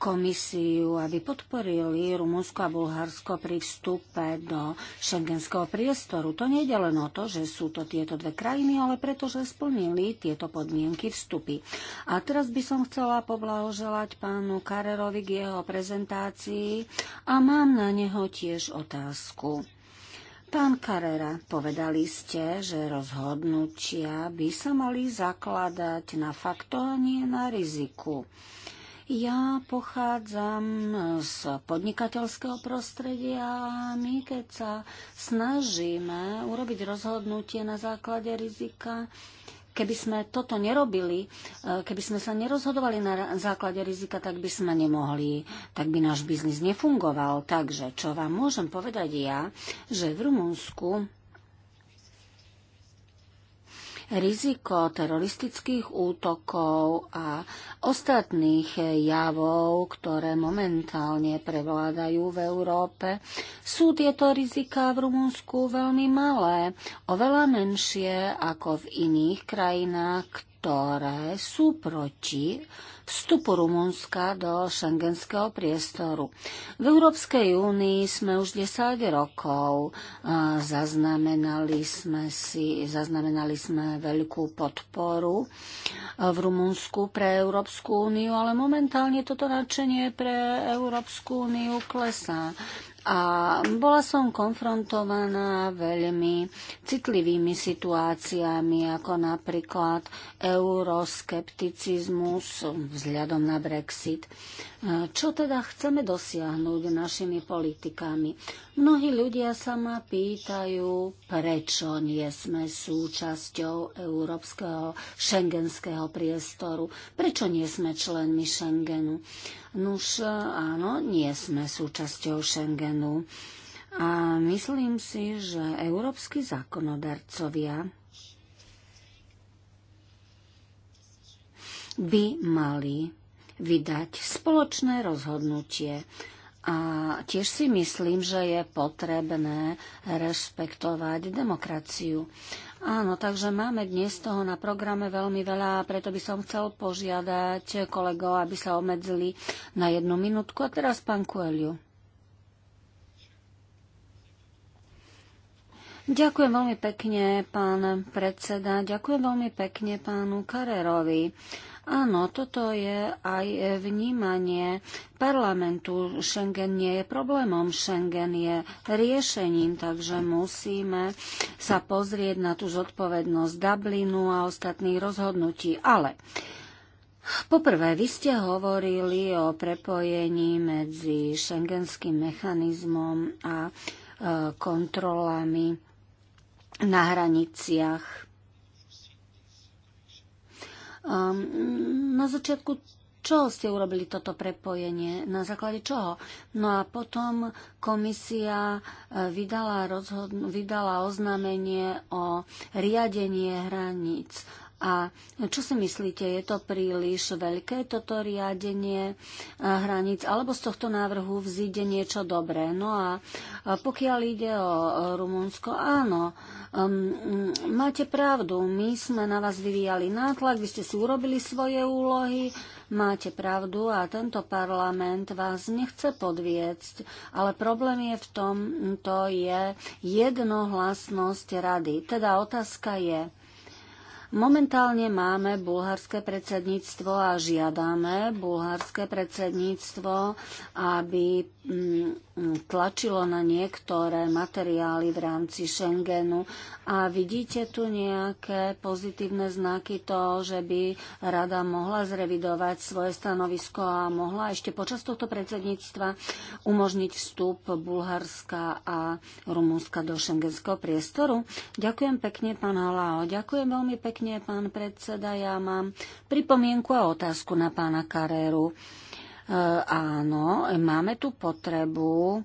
komisiu, aby podporili Rumunsko a Bulharsko pri vstupe do šengenského priestoru. To je len o to, že sú to tieto dve krajiny, ale preto, že splnili tieto podmienky vstupy. A teraz by som chcela poblahoželať pánu Karerovi k jeho prezentácii a mám na neho tiež otázku. Pán Carrera, povedali ste, že rozhodnutia by sa mali zakladať na fakto a nie na riziku. Ja pochádzam z podnikateľského prostredia a my, keď sa snažíme urobiť rozhodnutie na základe rizika, Keby sme toto nerobili, e, keby sme sa nerozhodovali na základe rizika, tak by sme nemohli, tak by náš biznis nefungoval. Takže čo vám môžem povedať ja, že v Rumunsku riziko teroristických útokov a ostatných javov, ktoré momentálne prevládajú v Európe, sú tieto rizika v Rumunsku veľmi malé, oveľa menšie ako v iných krajinách, ktoré sú proti vstupu Rumunska do šengenského priestoru. V Európskej únii sme už 10 rokov. Zaznamenali sme, si, zaznamenali sme veľkú podporu v Rumunsku pre Európsku úniu, ale momentálne toto nadšenie pre Európsku úniu klesá a bola som konfrontovaná veľmi citlivými situáciami, ako napríklad euroskepticizmus vzhľadom na Brexit. Čo teda chceme dosiahnuť našimi politikami? Mnohí ľudia sa ma pýtajú, prečo nie sme súčasťou európskeho šengenského priestoru, prečo nie sme členmi Schengenu. Nuž, áno, nie sme súčasťou Schengenu. A myslím si, že európsky zákonodarcovia by mali vydať spoločné rozhodnutie. A tiež si myslím, že je potrebné rešpektovať demokraciu. Áno, takže máme dnes toho na programe veľmi veľa a preto by som chcel požiadať kolegov, aby sa obmedzili na jednu minútku. A teraz pán Kueliu. Ďakujem veľmi pekne, pán predseda. Ďakujem veľmi pekne pánu Karerovi Áno, toto je aj vnímanie parlamentu. Schengen nie je problémom, Schengen je riešením, takže musíme sa pozrieť na tú zodpovednosť Dublinu a ostatných rozhodnutí. Ale Poprvé, vy ste hovorili o prepojení medzi šengenským mechanizmom a e, kontrolami na hraniciach Um, na začiatku čo ste urobili toto prepojenie, na základe čoho. No a potom komisia e, vydala, rozhod- vydala oznámenie o riadenie hraníc a no, čo si myslíte, je to príliš veľké toto riadenie e, hraníc, alebo z tohto návrhu vzíde niečo dobré? No a pokiaľ ide o Rumunsko, áno, um, máte pravdu, my sme na vás vyvíjali nátlak, vy ste si urobili svoje úlohy, máte pravdu a tento parlament vás nechce podviecť, ale problém je v tom, to je jednohlasnosť rady. Teda otázka je, Momentálne máme bulharské predsedníctvo a žiadame bulharské predsedníctvo, aby mm, tlačilo na niektoré materiály v rámci Schengenu. A vidíte tu nejaké pozitívne znaky toho, že by rada mohla zrevidovať svoje stanovisko a mohla ešte počas tohto predsedníctva umožniť vstup Bulharska a Rumunska do šengenského priestoru? Ďakujem pekne, pán Halao. Ďakujem veľmi pekne pekne, pán predseda. Ja mám pripomienku a otázku na pána Karéru. E, áno, máme tu potrebu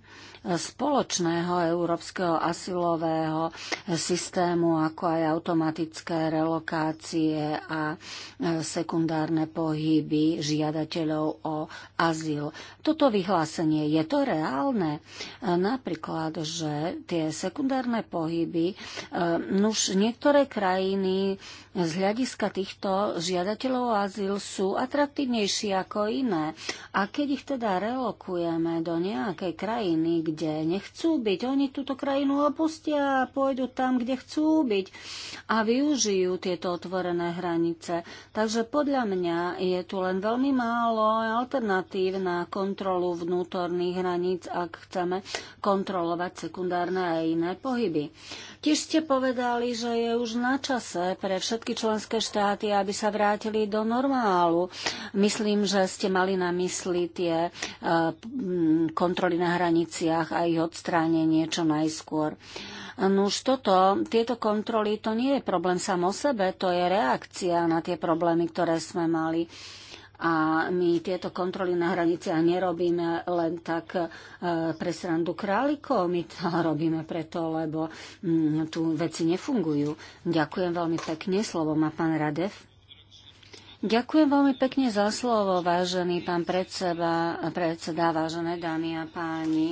spoločného európskeho asilového systému, ako aj automatické relokácie a e, sekundárne pohyby žiadateľov o azyl. Toto vyhlásenie, je to reálne? E, napríklad, že tie sekundárne pohyby, e, už niektoré krajiny z hľadiska týchto žiadateľov o azyl sú atraktívnejšie ako iné. A keď ich teda relokujeme do nejakej krajiny, kde nechcú byť. Oni túto krajinu opustia a pôjdu tam, kde chcú byť a využijú tieto otvorené hranice. Takže podľa mňa je tu len veľmi málo alternatív na kontrolu vnútorných hraníc, ak chceme kontrolovať sekundárne a iné pohyby. Tiež ste povedali, že je už na čase pre všetky členské štáty, aby sa vrátili do normálu. Myslím, že ste mali na mysli tie e, kontroly na hraniciach a ich odstránenie čo najskôr. No už toto, tieto kontroly, to nie je problém sám o sebe, to je reakcia na tie problémy, ktoré sme mali. A my tieto kontroly na hraniciach nerobíme len tak e, pre srandu králikov, my to <laughs> robíme preto, lebo mm, tu veci nefungujú. Ďakujem veľmi pekne, slovo má pán Radev. Ďakujem veľmi pekne za slovo, vážený pán predseda, predseda vážené dámy a páni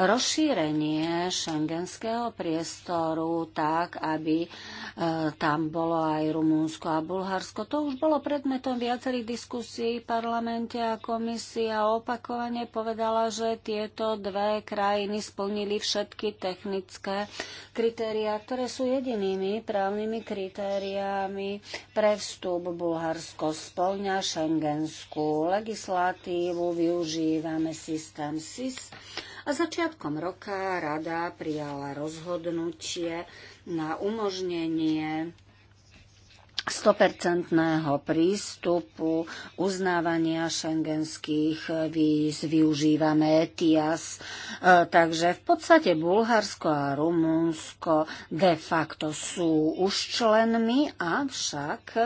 rozšírenie šengenského priestoru tak, aby e, tam bolo aj Rumúnsko a Bulharsko. To už bolo predmetom viacerých diskusí v parlamente a komisia opakovane povedala, že tieto dve krajiny splnili všetky technické kritériá, ktoré sú jedinými právnymi kritériami pre vstup. Bulharsko splňa šengenskú legislatívu, využívame systém SIS a začiatkom roka rada prijala rozhodnutie na umožnenie 100% prístupu uznávania šengenských víz, využívame ETIAS. E, takže v podstate Bulharsko a Rumunsko de facto sú už členmi, avšak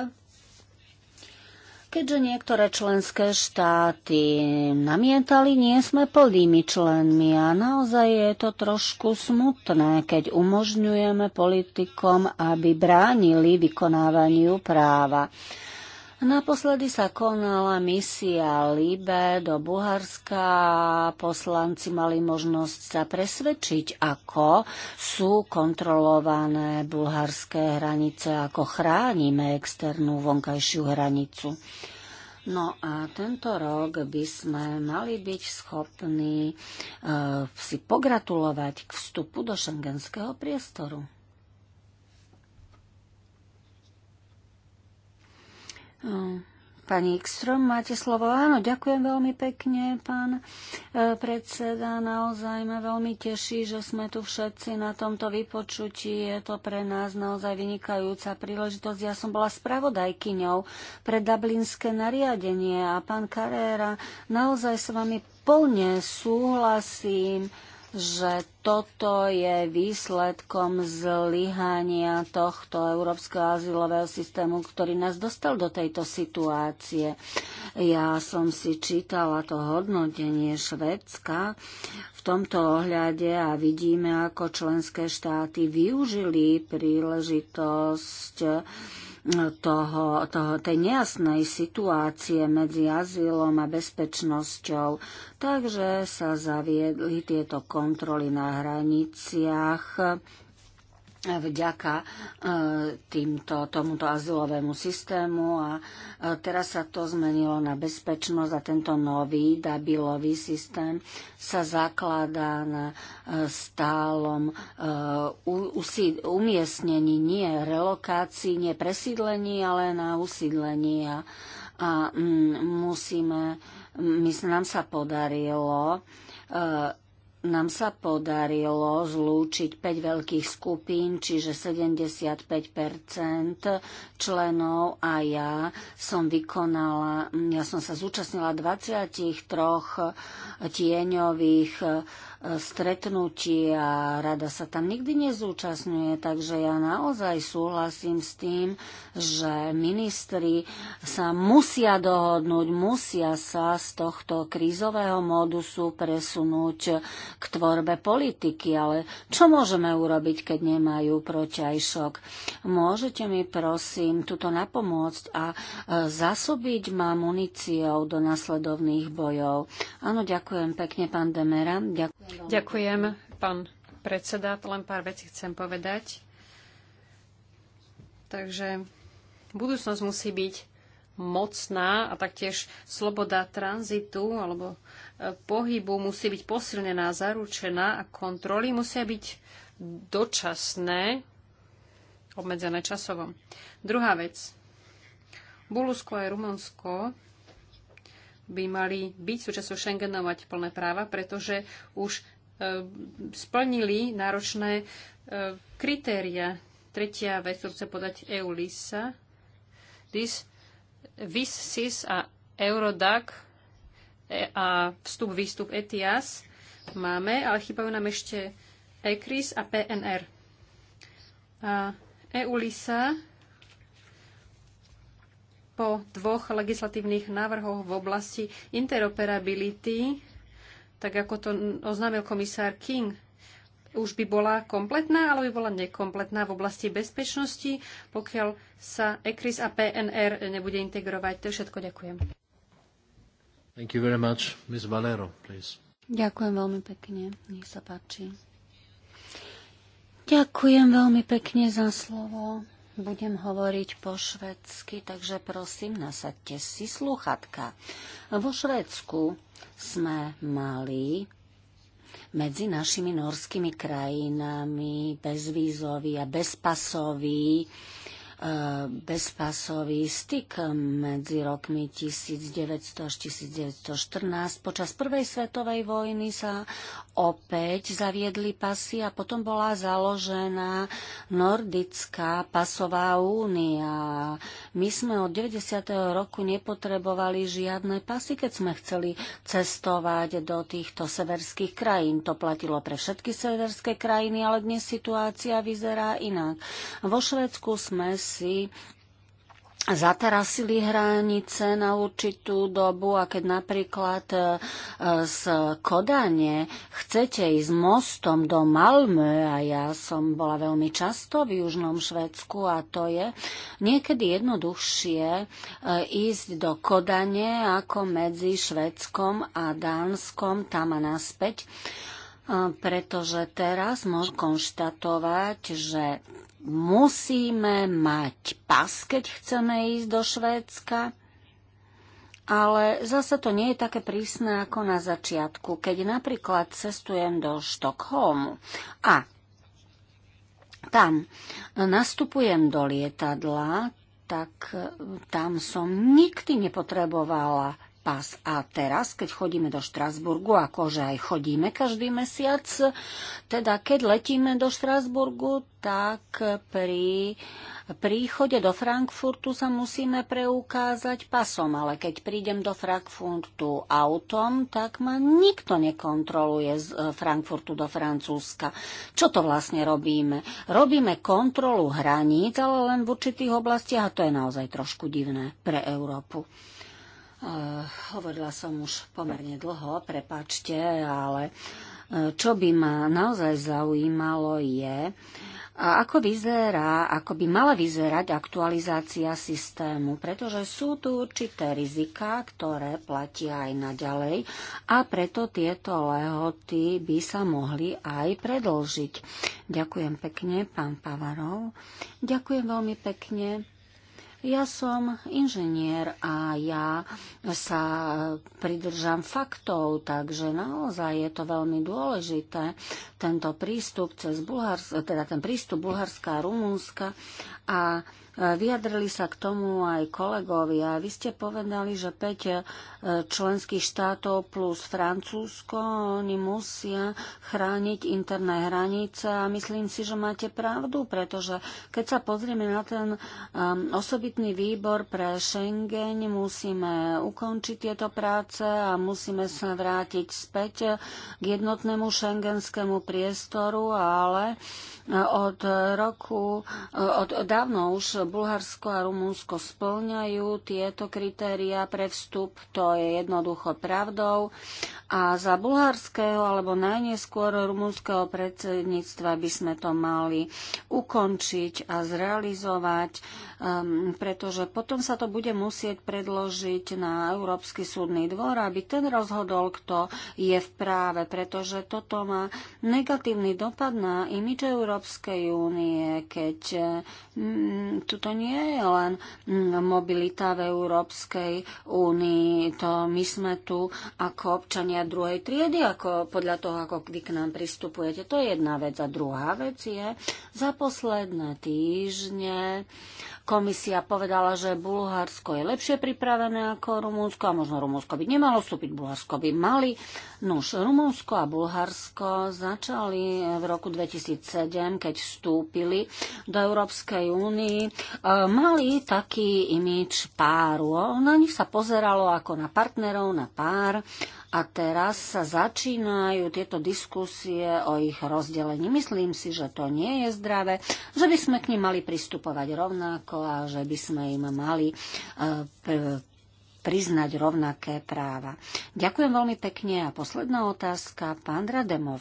Keďže niektoré členské štáty namietali, nie sme plnými členmi a naozaj je to trošku smutné, keď umožňujeme politikom, aby bránili vykonávaniu práva. Naposledy sa konala misia Libe do Bulharska. Poslanci mali možnosť sa presvedčiť, ako sú kontrolované bulharské hranice, ako chránime externú vonkajšiu hranicu. No a tento rok by sme mali byť schopní e, si pogratulovať k vstupu do šengenského priestoru. Hm. Pani Ekstrom, máte slovo. Áno, ďakujem veľmi pekne, pán e, predseda. Naozaj ma veľmi teší, že sme tu všetci na tomto vypočutí. Je to pre nás naozaj vynikajúca príležitosť. Ja som bola spravodajkyňou pre Dublinské nariadenie a pán Carrera, naozaj s vami plne súhlasím že toto je výsledkom zlyhania tohto európskeho azylového systému, ktorý nás dostal do tejto situácie. Ja som si čítala to hodnotenie Švedska v tomto ohľade a vidíme, ako členské štáty využili príležitosť toho, toho, tej nejasnej situácie medzi azylom a bezpečnosťou. Takže sa zaviedli tieto kontroly na hraniciach vďaka e, týmto, tomuto azylovému systému a e, teraz sa to zmenilo na bezpečnosť a tento nový dabilový systém sa zakladá na e, stálom umiestnení, nie relokácii, nie presídlení, ale na usídlení a, a mm, musíme, mm, my, nám sa podarilo nám sa podarilo zlúčiť 5 veľkých skupín, čiže 75 členov a ja som vykonala, ja som sa zúčastnila 23 tieňových E, stretnutí a rada sa tam nikdy nezúčastňuje, takže ja naozaj súhlasím s tým, že ministri sa musia dohodnúť, musia sa z tohto krízového módusu presunúť k tvorbe politiky, ale čo môžeme urobiť, keď nemajú protiajšok? Môžete mi prosím tuto napomôcť a e, zasobiť ma muníciou do nasledovných bojov. Áno, ďakujem pekne, pán Demera. Ďakujem. Ďakujem, pán predseda. Len pár vecí chcem povedať. Takže budúcnosť musí byť mocná a taktiež sloboda tranzitu alebo e, pohybu musí byť posilnená, zaručená a kontroly musia byť dočasné, obmedzené časovom. Druhá vec. Bulusko aj Rumunsko by mali byť súčasťou Schengenu mať plné práva, pretože už e, splnili náročné e, kritéria. Tretia vec, ktorú chce podať e LISA, DIS, this SIS a Eurodac a vstup, výstup ETIAS máme, ale chýbajú nám ešte ECRIS a PNR. A LISA po dvoch legislatívnych návrhoch v oblasti interoperability, tak ako to oznámil komisár King, už by bola kompletná, ale by bola nekompletná v oblasti bezpečnosti, pokiaľ sa ECRIS a PNR nebude integrovať. To je všetko. Ďakujem. Thank you very much. Ms. Valero, please. Ďakujem veľmi pekne. Nech sa páči. Ďakujem veľmi pekne za slovo. Budem hovoriť po švedsky, takže prosím, nasadte si sluchatka. Vo Švedsku sme mali medzi našimi norskými krajinami bezvízový a bezpasový E, bezpasový styk medzi rokmi 1900 až 1914. Počas prvej svetovej vojny sa opäť zaviedli pasy a potom bola založená Nordická pasová únia. My sme od 90. roku nepotrebovali žiadne pasy, keď sme chceli cestovať do týchto severských krajín. To platilo pre všetky severské krajiny, ale dnes situácia vyzerá inak. Vo Švedsku sme si zatarasili hranice na určitú dobu a keď napríklad e, z Kodane chcete ísť mostom do Malmö a ja som bola veľmi často v Južnom Švedsku a to je niekedy jednoduchšie e, ísť do Kodane ako medzi Švedskom a Dánskom tam a naspäť e, pretože teraz môžem konštatovať, že musíme mať pas, keď chceme ísť do Švédska, ale zase to nie je také prísne ako na začiatku, keď napríklad cestujem do Štokholmu a tam nastupujem do lietadla, tak e, tam som nikdy nepotrebovala pás. A teraz, keď chodíme do Štrasburgu, akože aj chodíme každý mesiac, teda keď letíme do Štrasburgu, tak pri príchode do Frankfurtu sa musíme preukázať pasom, ale keď prídem do Frankfurtu autom, tak ma nikto nekontroluje z e, Frankfurtu do Francúzska. Čo to vlastne robíme? Robíme kontrolu hraníc, ale len v určitých oblastiach a to je naozaj trošku divné pre Európu. Eh, hovorila som už pomerne dlho, prepačte, ale eh, čo by ma naozaj zaujímalo je, ako vyzerá, ako by mala vyzerať aktualizácia systému, pretože sú tu určité rizika, ktoré platia aj naďalej a preto tieto lehoty by sa mohli aj predlžiť. Ďakujem pekne, pán Pavarov. Ďakujem veľmi pekne. Ja som inžinier a ja sa pridržam faktov, takže naozaj je to veľmi dôležité, tento prístup cez Bulharsko, teda ten prístup Bulharska a Rumunska a Vyjadrili sa k tomu aj kolegovia. Vy ste povedali, že 5 e, členských štátov plus Francúzsko, oni musia chrániť interné hranice a myslím si, že máte pravdu, pretože keď sa pozrieme na ten e, osobitný výbor pre Schengen, musíme ukončiť tieto práce a musíme sa vrátiť späť k jednotnému šengenskému priestoru, ale e, od roku, od, od dávno už Bulharsko a Rumunsko splňajú tieto kritéria pre vstup, to je jednoducho pravdou. A za bulharského alebo najneskôr rumunského predsedníctva by sme to mali ukončiť a zrealizovať, um, pretože potom sa to bude musieť predložiť na Európsky súdny dvor, aby ten rozhodol, kto je v práve, pretože toto má negatívny dopad na imič Európskej únie, keď mm, to nie je len mm, mobilita v Európskej únii. To my sme tu ako občania druhej triedy, ako podľa toho, ako vy k nám pristupujete. To je jedna vec. A druhá vec je, za posledné týždne komisia povedala, že Bulharsko je lepšie pripravené ako Rumúnsko a možno Rumúnsko by nemalo vstúpiť, Bulharsko by mali Nuž, Rumunsko a Bulharsko začali v roku 2007, keď vstúpili do Európskej únii, e, mali taký imič páru. Na nich sa pozeralo ako na partnerov, na pár a teraz sa začínajú tieto diskusie o ich rozdelení. Myslím si, že to nie je zdravé, že by sme k nim mali pristupovať rovnako a že by sme im mali e, priznať rovnaké práva. Ďakujem veľmi pekne a posledná otázka, pán Rademov.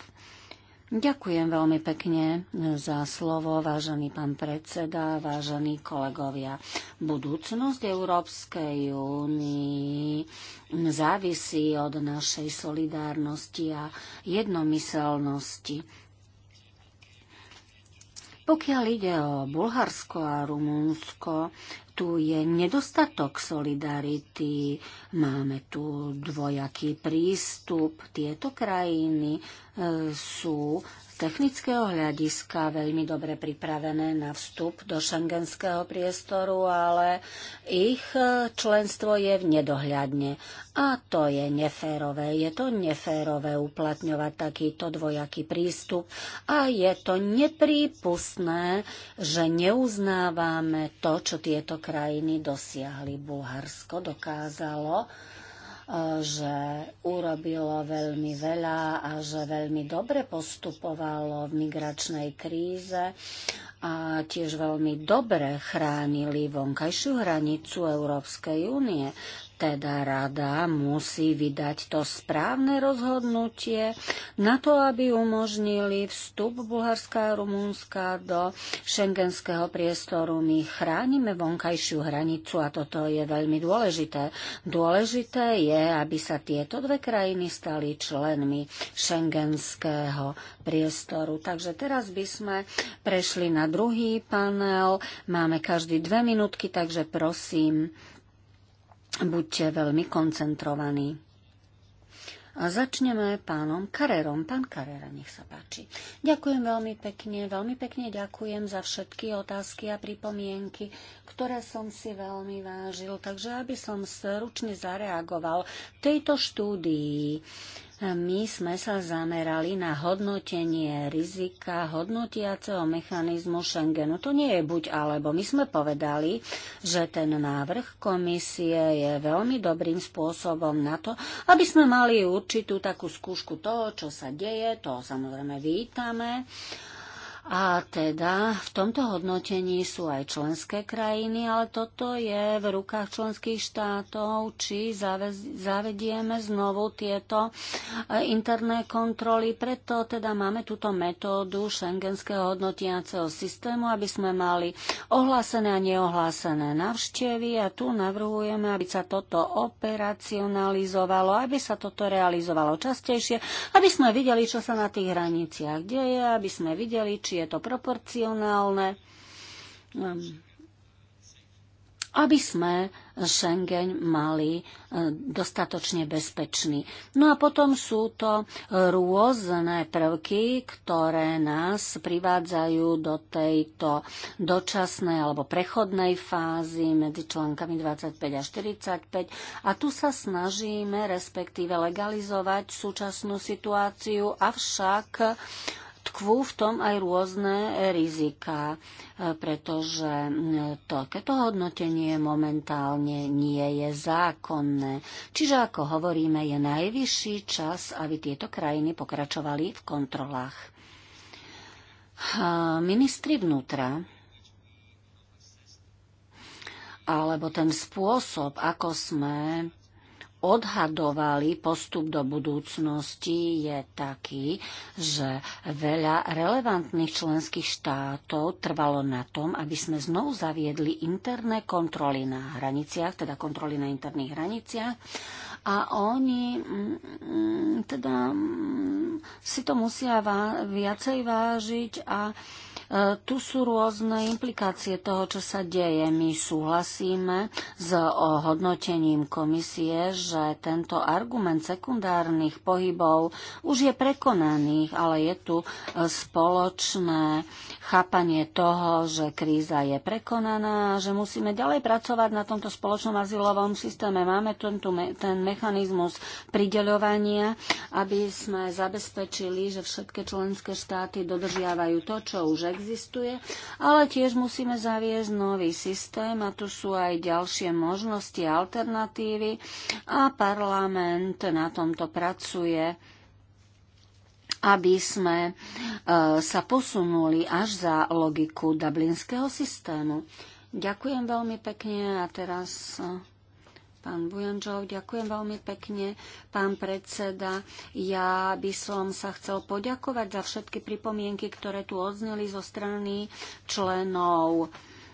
Ďakujem veľmi pekne za slovo, vážený pán predseda, vážení kolegovia. Budúcnosť Európskej únii závisí od našej solidárnosti a jednomyselnosti. Pokiaľ ide o Bulharsko a Rumunsko, tu je nedostatok solidarity, máme tu dvojaký prístup. Tieto krajiny sú z technického hľadiska veľmi dobre pripravené na vstup do šengenského priestoru, ale ich e, členstvo je v nedohľadne. A to je neférové. Je to neférové uplatňovať takýto dvojaký prístup a je to neprípustné, že neuznávame to, čo tieto krajiny dosiahli. Bulharsko dokázalo že urobilo veľmi veľa a že veľmi dobre postupovalo v migračnej kríze a tiež veľmi dobre chránili vonkajšiu hranicu Európskej únie. Teda rada musí vydať to správne rozhodnutie na to, aby umožnili vstup Bulharska a Rumúnska do šengenského priestoru. My chránime vonkajšiu hranicu a toto je veľmi dôležité. Dôležité je, aby sa tieto dve krajiny stali členmi šengenského priestoru. Takže teraz by sme prešli na druhý panel. Máme každý dve minútky, takže prosím buďte veľmi koncentrovaní. A začneme pánom Karerom. Pán Karera, nech sa páči. Ďakujem veľmi pekne, veľmi pekne ďakujem za všetky otázky a pripomienky, ktoré som si veľmi vážil. Takže aby som ručne zareagoval, v tejto štúdii my sme sa zamerali na hodnotenie rizika hodnotiaceho mechanizmu Schengenu. To nie je buď alebo. My sme povedali, že ten návrh komisie je veľmi dobrým spôsobom na to, aby sme mali určitú takú skúšku toho, čo sa deje. To samozrejme vítame. A teda v tomto hodnotení sú aj členské krajiny, ale toto je v rukách členských štátov, či zavedieme znovu tieto e, interné kontroly. Preto teda máme túto metódu šengenského hodnotiaceho systému, aby sme mali ohlásené a neohlásené navštevy a tu navrhujeme, aby sa toto operacionalizovalo, aby sa toto realizovalo častejšie, aby sme videli, čo sa na tých hraniciach deje, aby sme videli, či či je to proporcionálne, um, aby sme Schengen mali uh, dostatočne bezpečný. No a potom sú to rôzne prvky, ktoré nás privádzajú do tejto dočasnej alebo prechodnej fázy medzi článkami 25 a 45 a tu sa snažíme respektíve legalizovať súčasnú situáciu, avšak tkvú v tom aj rôzne rizika, e, pretože takéto e, hodnotenie momentálne nie je zákonné. Čiže ako hovoríme, je najvyšší čas, aby tieto krajiny pokračovali v kontrolách. E, ministri vnútra alebo ten spôsob, ako sme odhadovali postup do budúcnosti, je taký, že veľa relevantných členských štátov trvalo na tom, aby sme znovu zaviedli interné kontroly na hraniciach, teda kontroly na interných hraniciach. A oni mm, mm, teda mm, si to musia viacej vážiť a E, tu sú rôzne implikácie toho, čo sa deje. My súhlasíme s hodnotením komisie, že tento argument sekundárnych pohybov už je prekonaný, ale je tu e, spoločné chápanie toho, že kríza je prekonaná, že musíme ďalej pracovať na tomto spoločnom azylovom systéme. Máme tento, ten mechanizmus prideľovania, aby sme zabezpečili, že všetky členské štáty dodržiavajú to, čo už existuje existuje, ale tiež musíme zaviesť nový systém a tu sú aj ďalšie možnosti, alternatívy a parlament na tomto pracuje aby sme e, sa posunuli až za logiku dublinského systému. Ďakujem veľmi pekne a teraz e, Pán Bujančov, ďakujem veľmi pekne. Pán predseda, ja by som sa chcel poďakovať za všetky pripomienky, ktoré tu odzneli zo strany členov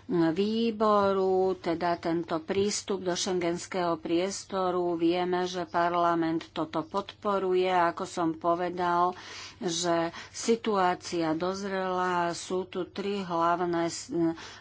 výboru, teda tento prístup do šengenského priestoru. Vieme, že parlament toto podporuje, ako som povedal, že situácia dozrela, sú tu tri hlavné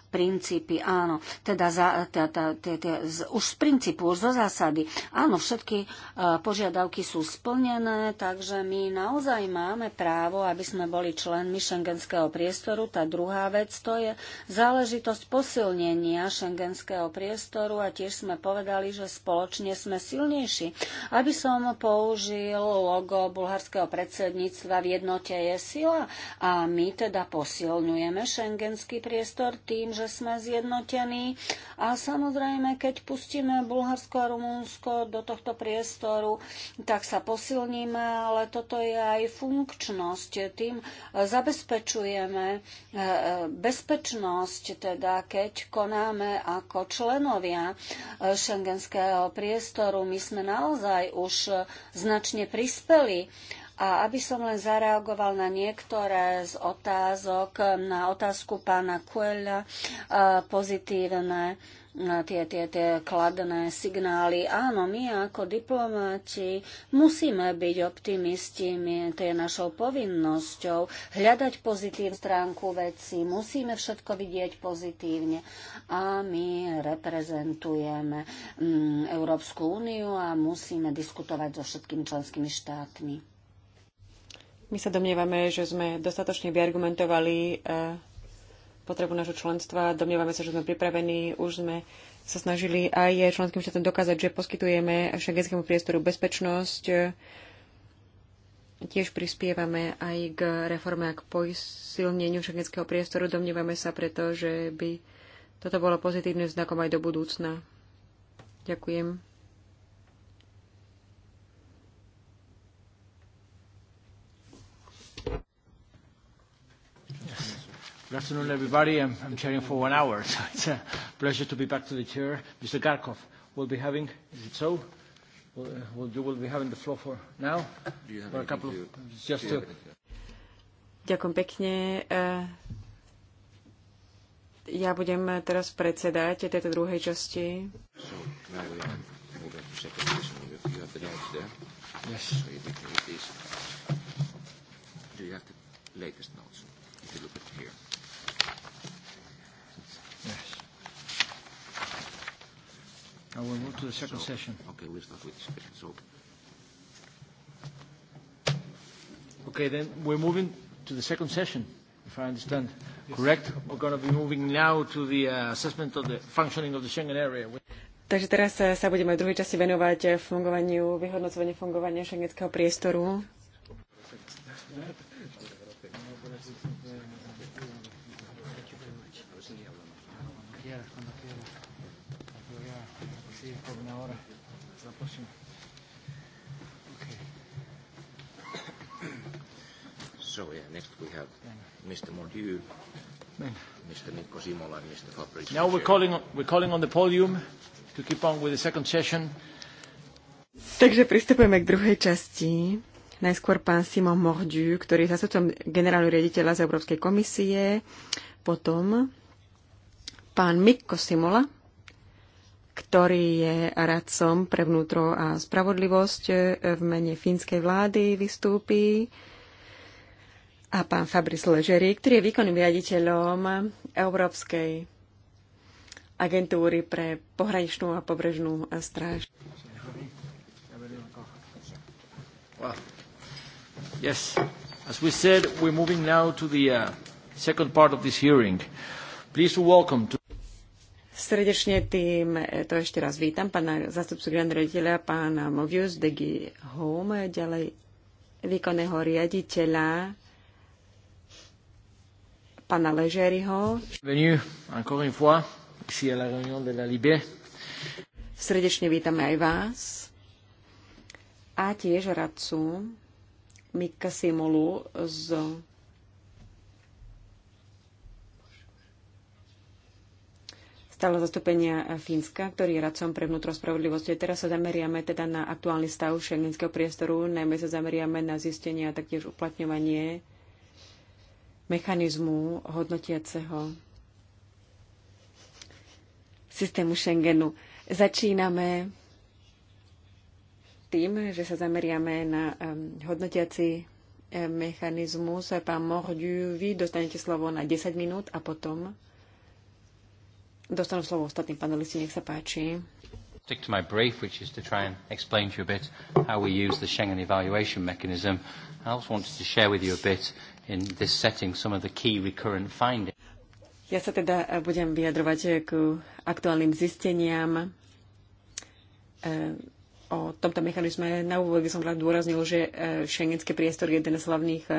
princípy, áno, teda za, t, t, t, t, z, už z princípu, už zo zásady. Áno, všetky uh, požiadavky sú splnené, takže my naozaj máme právo, aby sme boli členmi šengenského priestoru. Tá druhá vec to je záležitosť posilnenia šengenského priestoru a tiež sme povedali, že spoločne sme silnejší. Aby som použil logo bulharského predsedníctva v jednote je sila a my teda posilňujeme šengenský priestor tým, že sme zjednotení. A samozrejme, keď pustíme Bulharsko a Rumunsko do tohto priestoru, tak sa posilníme, ale toto je aj funkčnosť. Tým e, zabezpečujeme e, e, bezpečnosť, teda keď konáme ako členovia šengenského priestoru. My sme naozaj už značne prispeli a aby som len zareagoval na niektoré z otázok, na otázku pána Kuela, e, pozitívne e, tie, tie, tie kladné signály. Áno, my ako diplomáti musíme byť optimisti, my, to je našou povinnosťou hľadať pozitív stránku veci, musíme všetko vidieť pozitívne. A my reprezentujeme mm, Európsku úniu a musíme diskutovať so všetkými členskými štátmi. My sa domnievame, že sme dostatočne vyargumentovali e, potrebu nášho členstva. Domnievame sa, že sme pripravení. Už sme sa snažili aj členským štátom dokázať, že poskytujeme šengenskému priestoru bezpečnosť. Tiež prispievame aj k reforme a k posilneniu šengenského priestoru. Domnievame sa preto, že by toto bolo pozitívnym znakom aj do budúcna. Ďakujem. Good afternoon, everybody. I'm, chairing for one hour, <laughs> so it's a pleasure to be back to the chair. Mr. Garkov we'll be having, is it so? Uh, we'll you will be having the floor for now? Do you have for a couple of, just to... Ďakujem pekne. Uh, ja budem teraz predsedať tejto druhej časti. So, now we have, we'll have second session. You have the notes there? Yes. So you can read these. Do you have the latest notes? I will move to the second so, session. Okay, we'll start with the second. So. Okay, then we're moving to the second session, if I understand yes. correct. We're going to be moving now to the uh, assessment of the functioning of the Schengen area. Takže teraz uh, sa budeme v druhej časti venovať uh, fungovaniu, vyhodnocovaniu fungovania šengenského priestoru. Perfect. Prosím. So yeah, next we have Mr. Mordieu, Mr. Mikko Simola, and Mr. Fabrice. Now we're calling, on, we're calling on the podium to keep on with the second session. Takže pristupujeme k druhej časti. Najskôr pán Simon Mordiu, ktorý je zastupcom generálneho riaditeľa z Európskej komisie. Potom pán Mikko Simola, ktorý je radcom pre vnútro a spravodlivosť e, v mene fínskej vlády vystúpi a pán Fabrice Ležery, ktorý je výkonným riaditeľom Európskej agentúry pre pohraničnú a pobrežnú stráž. Well, Yes, as we said, we're moving now to the uh, second part of this hearing. Please welcome to Srdečne tým e, to ešte raz vítam, pána zastupcu grand pána Movius Degi Home, ďalej výkonného riaditeľa pána Ležériho. Srdečne vítame aj vás a tiež radcu Mika z z stále zastúpenia Fínska, ktorý je radcom pre vnútro spravodlivosti. Teraz sa zameriame teda na aktuálny stav šengenského priestoru, najmä sa zameriame na zistenie a taktiež uplatňovanie mechanizmu hodnotiaceho systému Schengenu. Začíname tým, že sa zameriame na um, hodnotiaci mechanizmus. Pán Mordiu, vy dostanete slovo na 10 minút a potom Dostanú slovo ostatní panelisti, nech sa páči. Stick to my brief, which is to try and explain to you a bit how we use the Schengen evaluation mechanism. I also wanted to share with you a bit in this setting some of the key recurrent findings. Ja sa teda eh, budem vyjadrovať eh, k aktuálnym zisteniam eh, o tomto mechanizme. Na úvod by som rád dôraznil, že e, šengenský priestor je jeden z hlavných e,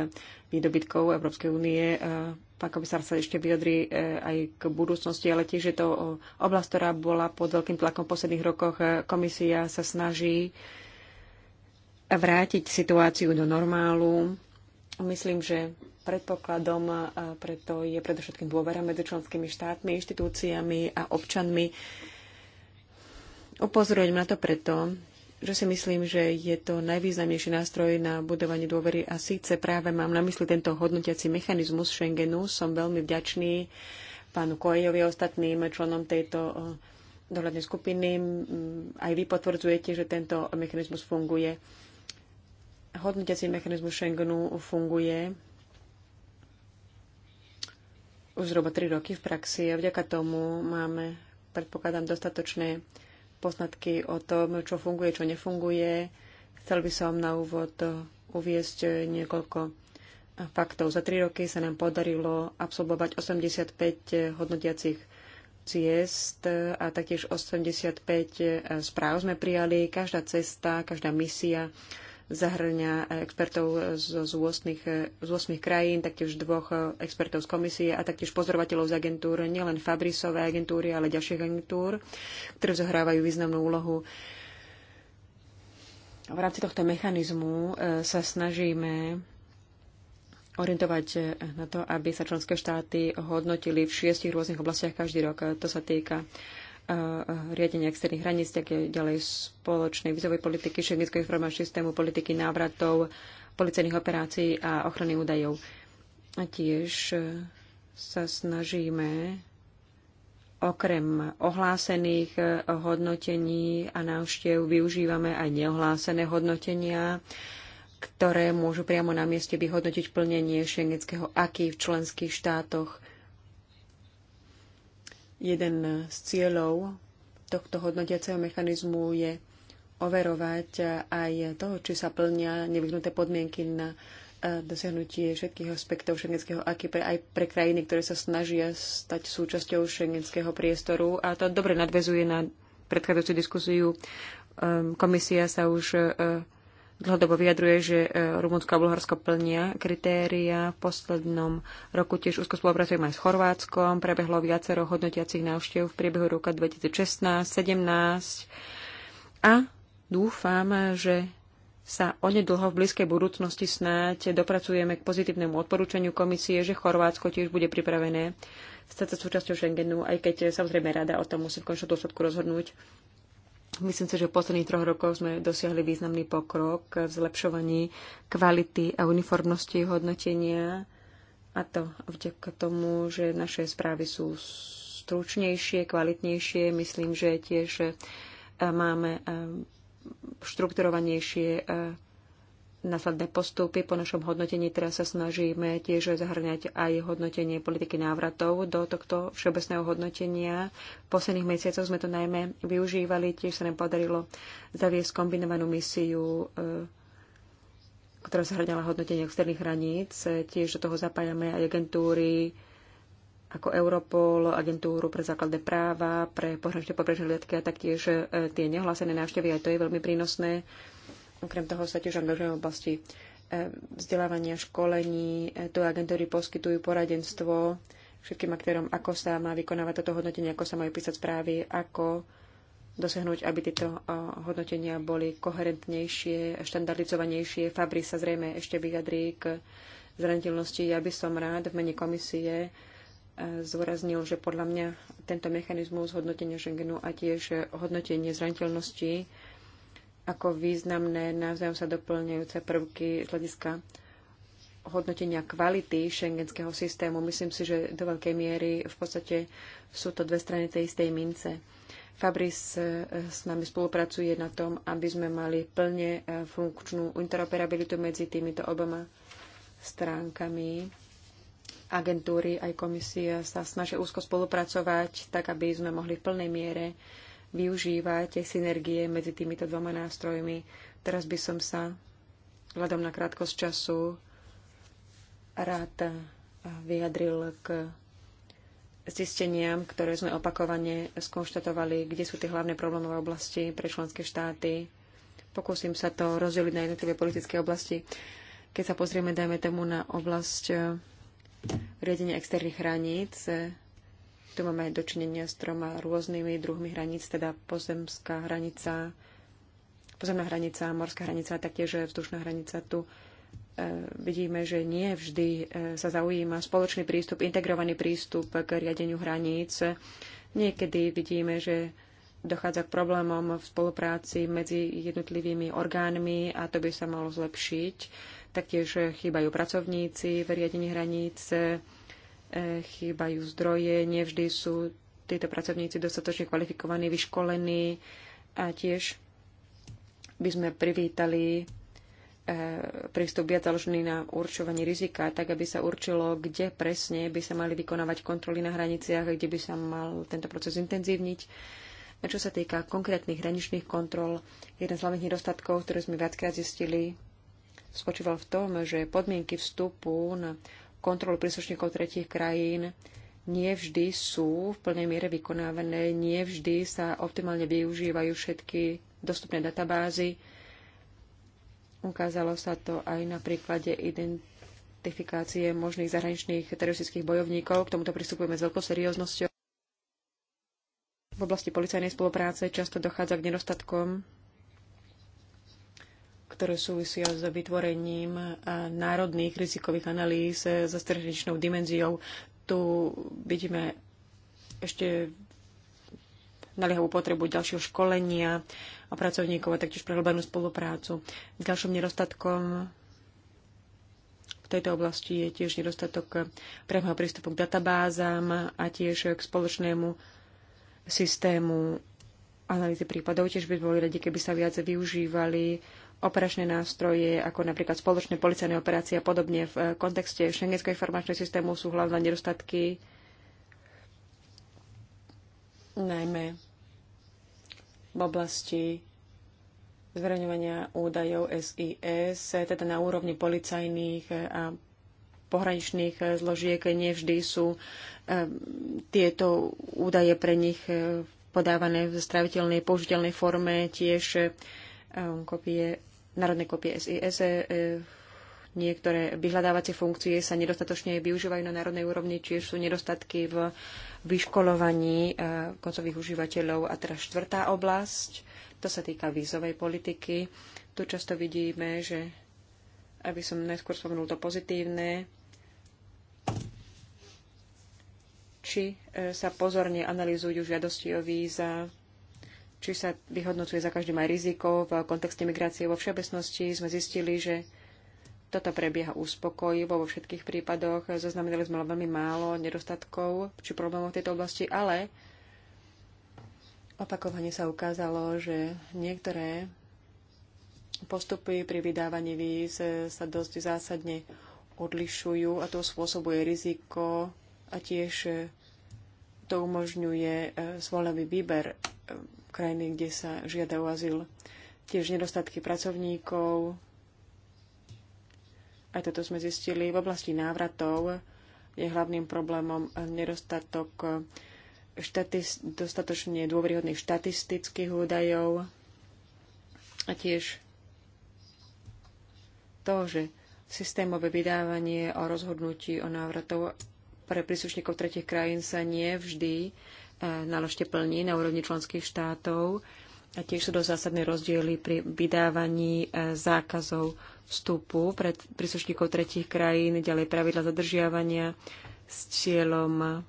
výdobytkov Európskej únie. E, pán komisár sa ešte vyjadri aj k budúcnosti, ale tiež je to oblasť, ktorá bola pod veľkým tlakom v posledných rokoch. Komisia sa snaží vrátiť situáciu do normálu. Myslím, že predpokladom preto je predovšetkým dôvera medzi členskými štátmi, inštitúciami a občanmi. Upozorujem na to preto, že si myslím, že je to najvýznamnejší nástroj na budovanie dôvery a síce práve mám na mysli tento hodnotiaci mechanizmus Schengenu. Som veľmi vďačný pánu Koejovi a ostatným členom tejto eh, dohľadnej skupiny. Aj vy potvrdzujete, že tento mechanizmus funguje. Hodnotiaci mechanizmus Schengenu funguje už zhruba 3 roky v praxi a vďaka tomu máme, predpokladám, dostatočné poznatky o tom, čo funguje, čo nefunguje. Chcel by som na úvod uviesť niekoľko faktov. Za tri roky sa nám podarilo absolvovať 85 hodnotiacich ciest a taktiež 85 správ sme prijali. Každá cesta, každá misia zahrňa expertov z, z, 8, z 8 krajín, taktiež dvoch expertov z komisie a taktiež pozorovateľov z agentúr, nielen Fabrisové agentúry, ale ďalších agentúr, ktoré zohrávajú významnú úlohu. V rámci tohto mechanizmu e, sa snažíme orientovať e, na to, aby sa členské štáty hodnotili v šiestich rôznych oblastiach každý rok. To sa týka riadenia externých hraníc, tak ďalej spoločnej vizovej politiky, šengenského informačného systému, politiky návratov, policajných operácií a ochrany údajov. A tiež e, sa snažíme okrem ohlásených e, hodnotení a návštev využívame aj neohlásené hodnotenia, ktoré môžu priamo na mieste vyhodnotiť plnenie šengenského aký v členských štátoch. Jeden z cieľov tohto hodnotiaceho mechanizmu je overovať aj to, či sa plnia nevyhnuté podmienky na e, dosiahnutie všetkých aspektov šengenského aký pre, aj pre krajiny, ktoré sa snažia stať súčasťou šengenského priestoru. A to dobre nadvezuje na predchádzajúcu diskusiu. Komisia sa už e, dlhodobo vyjadruje, že e, Rumunsko a Bulharsko plnia kritéria. V poslednom roku tiež úzko spolupracujeme aj s Chorvátskom. Prebehlo viacero hodnotiacich návštev v priebehu roka 2016, 17 a dúfam, že sa onedlho v blízkej budúcnosti snáď dopracujeme k pozitívnemu odporúčaniu komisie, že Chorvátsko tiež bude pripravené stať sa súčasťou Schengenu, aj keď e, samozrejme rada o tom musí v končnom dôsledku rozhodnúť. Myslím si, že v posledných troch rokoch sme dosiahli významný pokrok v zlepšovaní kvality a uniformnosti hodnotenia a to vďaka tomu, že naše správy sú stručnejšie, kvalitnejšie. Myslím, že tiež eh, máme eh, štrukturovanejšie eh, následné postupy. Po našom hodnotení teraz sa snažíme tiež zahrňať aj hodnotenie politiky návratov do tohto všeobecného hodnotenia. V posledných mesiacoch sme to najmä využívali, tiež sa nám podarilo zaviesť kombinovanú misiu, e, ktorá zahrňala hodnotenie externých hraníc. Tiež do toho zapájame aj agentúry ako Europol, agentúru pre základné práva, pre pohraničné pobrežné hliadky a taktiež e, tie nehlásené návštevy, aj to je veľmi prínosné. Okrem toho sa tiež angažujem v oblasti eh, vzdelávania, školení. Eh, tu agentúry poskytujú poradenstvo všetkým aktérom, ako sa má vykonávať toto hodnotenie, ako sa majú písať správy, ako dosiahnuť, aby tieto eh, hodnotenia boli koherentnejšie, štandardizovanejšie. Fabri sa zrejme ešte vyjadrí k zraniteľnosti. Ja by som rád v mene komisie zúraznil, že podľa mňa tento mechanizmus hodnotenia Schengenu a tiež hodnotenie zraniteľnosti ako významné navzájom sa doplňujúce prvky z hľadiska hodnotenia kvality šengenského systému. Myslím si, že do veľkej miery v podstate sú to dve strany tej istej mince. Fabris eh, s nami spolupracuje na tom, aby sme mali plne eh, funkčnú interoperabilitu medzi týmito oboma stránkami agentúry aj komisia sa snažia úzko spolupracovať, tak aby sme mohli v plnej miere využívať synergie medzi týmito dvoma nástrojmi. Teraz by som sa vzhľadom na krátkosť času rád eh, vyjadril k zisteniam, ktoré sme opakovane skonštatovali, kde sú tie hlavné problémové oblasti pre členské štáty. Pokúsim sa to rozdeliť na jednotlivé politické oblasti. Keď sa pozrieme, dajme tomu, na oblasť eh, riadenia externých hraníc, tu máme dočinenia s troma rôznymi druhmi hraníc, teda pozemská hranica, pozemná hranica, morská hranica a taktiež vzdušná hranica. Tu e, vidíme, že nie vždy e, sa zaujíma spoločný prístup, integrovaný prístup k riadeniu hraníc. Niekedy vidíme, že dochádza k problémom v spolupráci medzi jednotlivými orgánmi a to by sa malo zlepšiť. Taktiež chýbajú pracovníci v riadení hraníc, E, chýbajú zdroje, nevždy sú títo pracovníci dostatočne kvalifikovaní, vyškolení a tiež by sme privítali e, prístup viac založený na určovaní rizika, tak aby sa určilo, kde presne by sa mali vykonávať kontroly na hraniciach, kde by sa mal tento proces intenzívniť. A čo sa týka konkrétnych hraničných kontrol, jeden z hlavných nedostatkov, ktoré sme viackrát zistili, spočíval v tom, že podmienky vstupu na kontrolu príslušníkov tretich krajín nie vždy sú v plnej miere vykonávané, nie vždy sa optimálne využívajú všetky dostupné databázy. Ukázalo sa to aj na príklade identifikácie možných zahraničných teroristických bojovníkov. K tomuto pristupujeme s veľkou serióznosťou. V oblasti policajnej spolupráce často dochádza k nedostatkom ktoré súvisia s vytvorením e, národných rizikových analýz so e, strategičnou dimenziou. Tu vidíme ešte naliehavú potrebu ďalšieho školenia a pracovníkov a taktiež prehlbenú spoluprácu. S Ďalším nedostatkom v tejto oblasti je tiež nedostatok priamého prístupu k databázám a tiež k spoločnému systému analýzy prípadov. Tiež by boli radi, keby sa viac využívali operačné nástroje, ako napríklad spoločné policajné operácie a podobne v eh, kontexte šengenského informačného systému sú hlavné nedostatky najmä v oblasti zverejňovania údajov SIS, teda na úrovni policajných eh, a pohraničných eh, zložiek nevždy sú tieto údaje pre nich podávané v straviteľnej, použiteľnej forme, tiež kopie národné kopie SIS. E, niektoré vyhľadávacie funkcie sa nedostatočne využívajú na národnej úrovni, čiže sú nedostatky v vyškolovaní e, koncových užívateľov. A teraz štvrtá oblasť, to sa týka vízovej politiky. Tu často vidíme, že aby som najskôr spomenul to pozitívne, či e, sa pozorne analýzujú žiadosti o víza, či sa vyhodnocuje za každým aj riziko. V kontexte migrácie vo všeobecnosti sme zistili, že toto prebieha uspokojivo vo všetkých prípadoch. Zaznamenali sme veľmi málo nedostatkov či problémov v tejto oblasti, ale opakovane sa ukázalo, že niektoré postupy pri vydávaní víz sa dosť zásadne odlišujú a to spôsobuje riziko a tiež to umožňuje e, zvolený výber e, krajiny, kde sa žiada o azyl. Tiež nedostatky pracovníkov. aj toto sme zistili. V oblasti návratov je hlavným problémom nedostatok štatis- dostatočne dôveryhodných štatistických údajov a tiež to, že systémové vydávanie o rozhodnutí o návratov pre príslušníkov tretich krajín sa nevždy naložte plní na úrovni členských štátov. A tiež sú dosť zásadné rozdiely pri vydávaní e, zákazov vstupu pre príslušníkov tretich krajín, ďalej pravidla zadržiavania s cieľom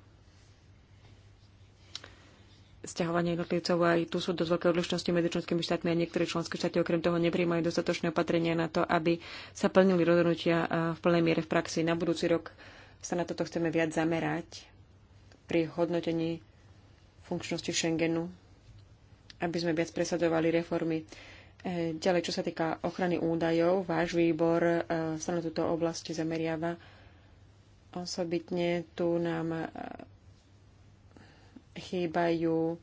stiahovania jednotlivcov aj tu sú dosť veľké odlišnosti medzi členskými štátmi a niektoré členské štáty okrem toho nepríjmajú dostatočné opatrenia na to, aby sa plnili rozhodnutia e, v plnej miere v praxi. Na budúci rok sa na toto chceme viac zamerať pri hodnotení funkčnosti Schengenu, aby sme viac presadovali reformy. E, ďalej, čo sa týka ochrany údajov, váš výbor e, sa na túto oblasti zameriava. Osobitne tu nám e, chýbajú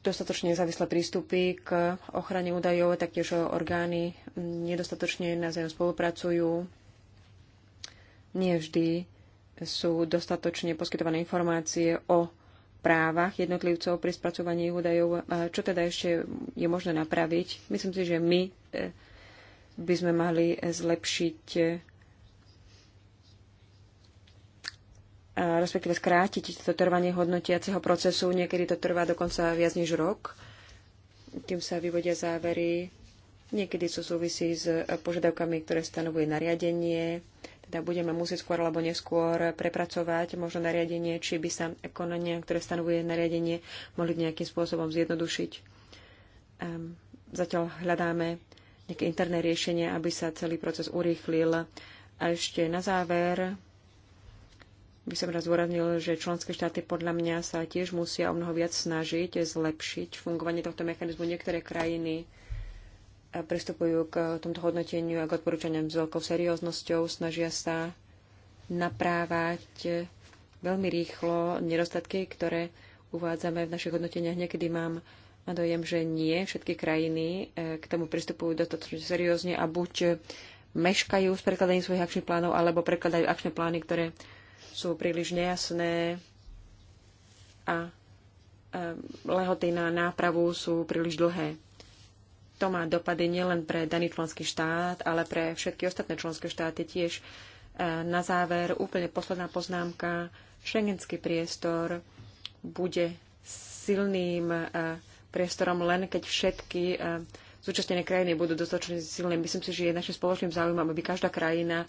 dostatočne nezávislé prístupy k ochrane údajov, taktiež orgány nedostatočne navzájom spolupracujú. Nie vždy sú dostatočne poskytované informácie o právach jednotlivcov pri spracovaní údajov. Čo teda ešte je možné napraviť? Myslím si, že my e, by sme mali zlepšiť e, respektíve skrátiť to trvanie hodnotiaceho procesu. Niekedy to trvá dokonca viac než rok. Tým sa vyvodia závery. Niekedy sú súvisí s požiadavkami, ktoré stanovuje nariadenie, teda budeme musieť skôr alebo neskôr prepracovať možno nariadenie, či by sa konania, ktoré stanovuje nariadenie, mohli nejakým spôsobom zjednodušiť. Um, zatiaľ hľadáme nejaké interné riešenie, aby sa celý proces urýchlil. A ešte na záver by som raz zúraznil, že členské štáty podľa mňa sa tiež musia o mnoho viac snažiť zlepšiť fungovanie tohto mechanizmu. Niektoré krajiny pristupujú k tomto hodnoteniu a k odporúčaniam s veľkou serióznosťou, snažia sa naprávať veľmi rýchlo nedostatky, ktoré uvádzame v našich hodnoteniach. Niekedy mám a dojem, že nie všetky krajiny e, k tomu pristupujú dostatočne seriózne a buď meškajú s prekladaním svojich akčných plánov, alebo prekladajú akčné plány, ktoré sú príliš nejasné a e, lehoty na nápravu sú príliš dlhé to má dopady nielen pre daný členský štát, ale pre všetky ostatné členské štáty tiež. E, na záver, úplne posledná poznámka. Schengenský priestor bude silným e, priestorom len keď všetky e, zúčastnené krajiny budú dostatočne silné. Myslím si, že je našim spoločným záujmom, aby každá krajina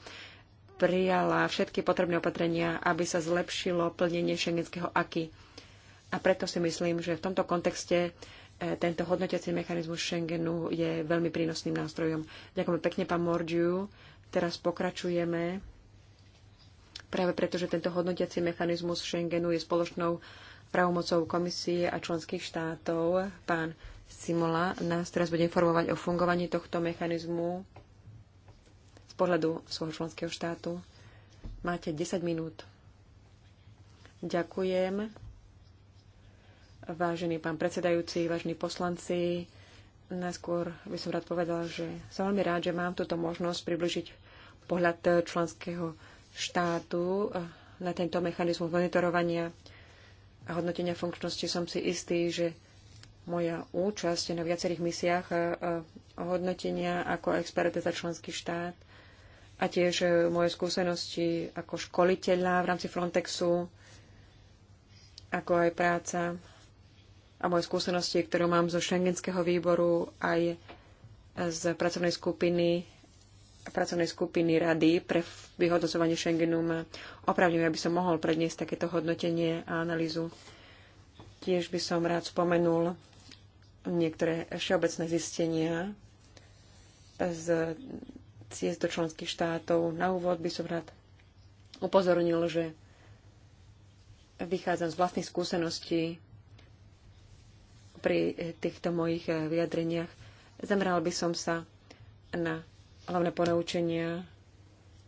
prijala všetky potrebné opatrenia, aby sa zlepšilo plnenie šengenského aky. A preto si myslím, že v tomto kontexte E, tento hodnotiaci mechanizmus Schengenu je veľmi prínosným nástrojom. Ďakujem pekne, pán Mordiu. Teraz pokračujeme. Práve preto, že tento hodnotiaci mechanizmus Schengenu je spoločnou pravomocou komisie a členských štátov, pán Simola nás teraz bude informovať o fungovaní tohto mechanizmu z pohľadu svojho členského štátu. Máte 10 minút. Ďakujem. Vážený pán predsedajúci, vážení poslanci, najskôr by som rád povedala, že som veľmi rád, že mám túto možnosť približiť pohľad členského štátu eh, na tento mechanizmus monitorovania a hodnotenia funkčnosti. Som si istý, že moja účasť na viacerých misiách eh, hodnotenia ako expert za členský štát a tiež eh, moje skúsenosti ako školiteľa v rámci Frontexu, ako aj práca a moje skúsenosti, ktorú mám zo šengenského výboru aj z pracovnej skupiny pracovnej skupiny Rady pre vyhodnocovanie Schengenu ma opravňuje, aby som mohol predniesť takéto hodnotenie a analýzu. Tiež by som rád spomenul niektoré všeobecné zistenia z ciest do členských štátov. Na úvod by som rád upozornil, že vychádzam z vlastných skúseností pri týchto mojich eh, vyjadreniach. Zameral by som sa na hlavné ponaučenia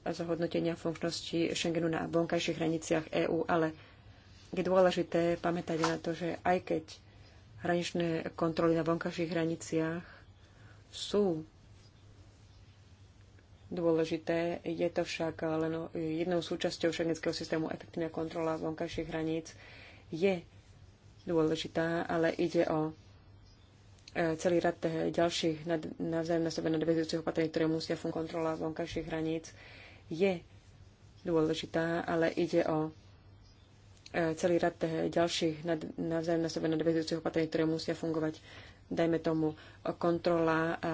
a zhodnotenia funkčnosti Schengenu na vonkajších hraniciach EÚ, ale je dôležité pamätať na to, že aj keď hraničné kontroly na vonkajších hraniciach sú dôležité, je to však len jednou súčasťou šengenského systému efektívna kontrola vonkajších hraníc je dôležitá, ale ide o e, celý rad e, ďalších navzájom na sebe nadvezujúcich opatrení, ktoré musia fungovať kontrola vonkajších hraníc, je dôležitá, ale ide o e, celý rad ďalších navzájom na sebe nadvezujúcich opatrení, ktoré musia fungovať, dajme tomu, kontrola a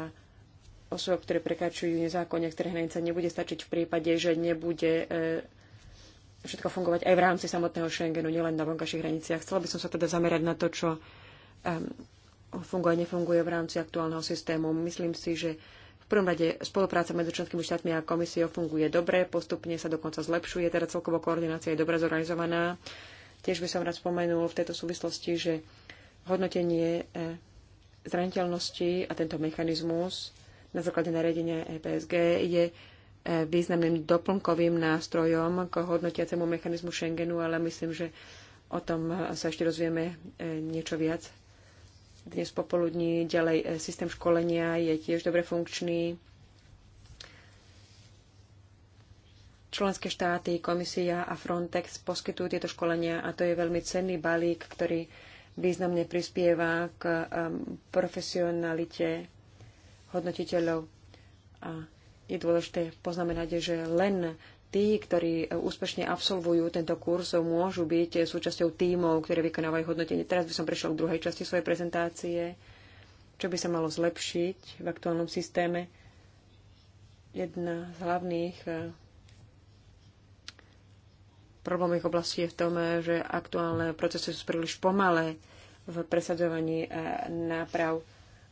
osôb, ktoré prekračujú nezákonne, ktoré hranice nebude stačiť v prípade, že nebude všetko fungovať aj v rámci samotného Schengenu, nielen na vonkajších hraniciach. Chcela by som sa teda zamerať na to, čo um, funguje a nefunguje v rámci aktuálneho systému. Myslím si, že v prvom rade spolupráca medzi členskými štátmi a komisiou funguje dobre, postupne sa dokonca zlepšuje, teda celkovo koordinácia je dobre zorganizovaná. Tiež by som rád spomenul v tejto súvislosti, že hodnotenie e, zraniteľnosti a tento mechanizmus na základe nariadenia EPSG je významným doplnkovým nástrojom k hodnotiacemu mechanizmu Schengenu, ale myslím, že o tom sa ešte rozvieme e, niečo viac. Dnes popoludní ďalej e, systém školenia je tiež dobre funkčný. Členské štáty, komisia a Frontex poskytujú tieto školenia a to je veľmi cenný balík, ktorý významne prispieva k e, profesionalite hodnotiteľov a je dôležité poznamenať, že len tí, ktorí e, úspešne absolvujú tento kurz, môžu byť e, súčasťou tímov, ktoré vykonávajú hodnotenie. Teraz by som prešiel k druhej časti svojej prezentácie, čo by sa malo zlepšiť v aktuálnom systéme. Jedna z hlavných e, problémov oblasti je v tom, že aktuálne procesy sú príliš pomalé v presadzovaní náprav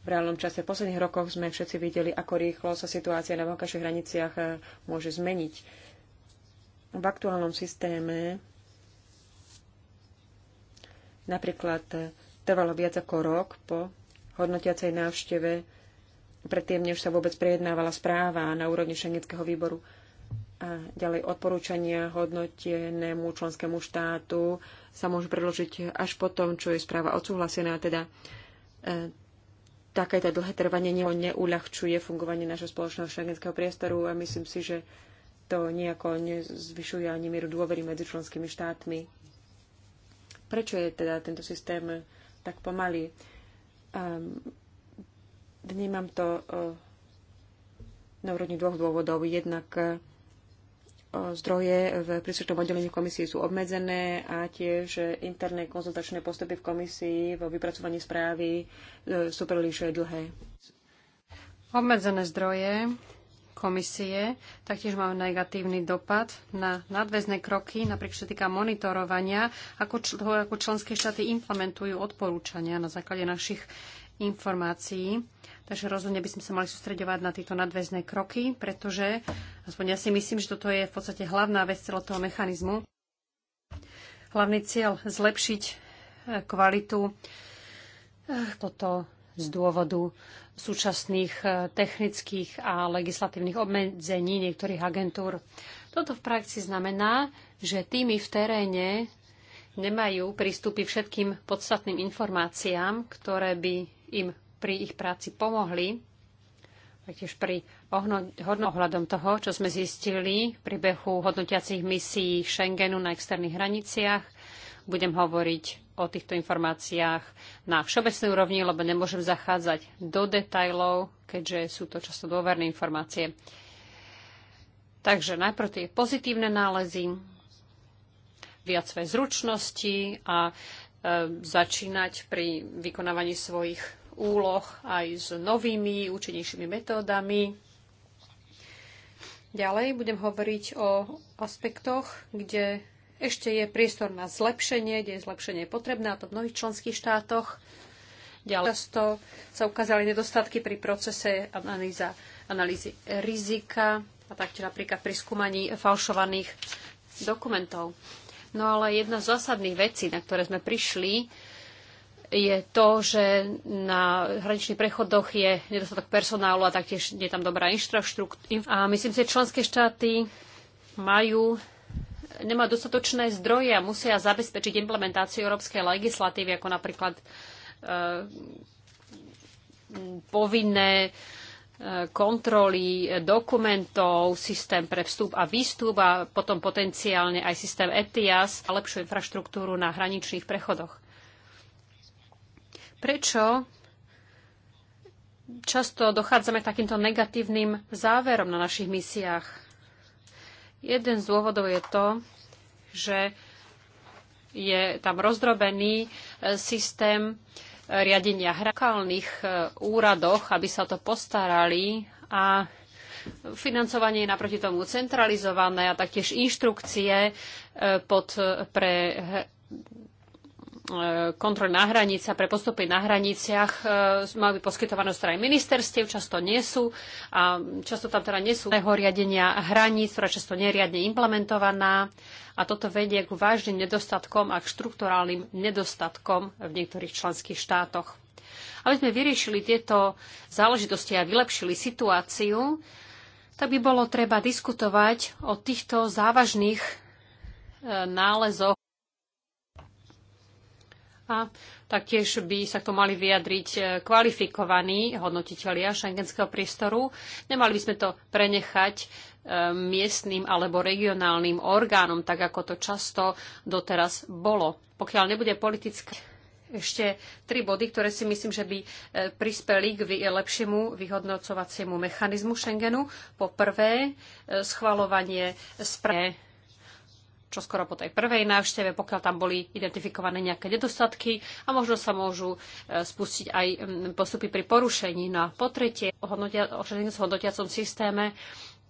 v reálnom čase. V posledných rokoch sme všetci videli, ako rýchlo sa situácia na vonkajších hraniciach eh, môže zmeniť. V aktuálnom systéme napríklad eh, trvalo viac ako rok po hodnotiacej návšteve, predtým, než sa vôbec prejednávala správa na úrovni šengenského výboru a ďalej odporúčania hodnotenému členskému štátu sa môžu predložiť až po tom, čo je správa odsúhlasená. Teda eh, takéto dlhé trvanie neuľahčuje fungovanie nášho spoločného šengenského priestoru a myslím si, že to nejako nezvyšuje ani mieru dôvery medzi členskými štátmi. Prečo je teda tento systém eh, tak pomalý? Um, vnímam to uh, na úrovni dvoch dôvodov. Jednak uh, zdroje v príslušnom oddelení Komisie sú obmedzené a tiež interné konzultačné postupy v komisii vo vypracovaní správy e, sú príliš dlhé. Obmedzené zdroje komisie taktiež majú negatívny dopad na nadväzné kroky, napriek čo týka monitorovania, ako, čl- ako členské štáty implementujú odporúčania na základe našich informácií. Takže rozhodne by sme sa mali sústredovať na tieto nadväzné kroky, pretože aspoň ja si myslím, že toto je v podstate hlavná vec celého toho mechanizmu. Hlavný cieľ zlepšiť eh, kvalitu eh, toto z dôvodu súčasných eh, technických a legislatívnych obmedzení niektorých agentúr. Toto v praxi znamená, že týmy v teréne nemajú prístupy všetkým podstatným informáciám, ktoré by im pri ich práci pomohli, taktiež pri hodnohľadom toho, čo sme zistili v priebehu hodnotiacich misií Schengenu na externých hraniciach. Budem hovoriť o týchto informáciách na všeobecnej úrovni, lebo nemôžem zachádzať do detajlov, keďže sú to často dôverné informácie. Takže najprv tie pozitívne nálezy, viac svoje zručnosti a e, začínať pri vykonávaní svojich úloh aj s novými, účinnejšími metódami. Ďalej budem hovoriť o aspektoch, kde ešte je priestor na zlepšenie, kde je zlepšenie potrebné, a to v mnohých členských štátoch. Ďalej často sa ukázali nedostatky pri procese analýza, analýzy rizika a taktiež napríklad pri skúmaní falšovaných dokumentov. No ale jedna z zásadných vecí, na ktoré sme prišli, je to, že na hraničných prechodoch je nedostatok personálu a taktiež je tam dobrá infraštruktúra. A myslím si, že členské štáty majú nemajú dostatočné zdroje a musia zabezpečiť implementáciu európskej legislatívy, ako napríklad e, povinné e, kontroly dokumentov, systém pre vstup a výstup a potom potenciálne aj systém ETIAS a lepšiu infraštruktúru na hraničných prechodoch. Prečo často dochádzame k takýmto negatívnym záverom na našich misiách? Jeden z dôvodov je to, že je tam rozdrobený e, systém e, riadenia hrakálnych e, úradoch, aby sa to postarali a financovanie je naproti tomu centralizované a taktiež inštrukcie pod, pre E, kontroly na hranica, pre postupy na hraniciach e, mali byť poskytované strany ministerstiev, často nie sú a často tam teda nie sú riadenia hraníc, ktorá často neriadne implementovaná a toto vedie k vážnym nedostatkom a k štruktúrálnym nedostatkom v niektorých členských štátoch. Aby sme vyriešili tieto záležitosti a vylepšili situáciu, tak by bolo treba diskutovať o týchto závažných e, nálezoch a taktiež by sa k tomu mali vyjadriť e, kvalifikovaní hodnotitelia šengenského priestoru. Nemali by sme to prenechať e, miestnym alebo regionálnym orgánom, tak ako to často doteraz bolo. Pokiaľ nebude politická ešte tri body, ktoré si myslím, že by e, prispeli k lepšiemu vyhodnocovaciemu mechanizmu Schengenu. Po prvé, schvalovanie správne čo skoro po tej prvej návšteve, pokiaľ tam boli identifikované nejaké nedostatky a možno sa môžu e, spustiť aj postupy pri porušení. No a po tretie, hodnotia, s hodnotiacom systéme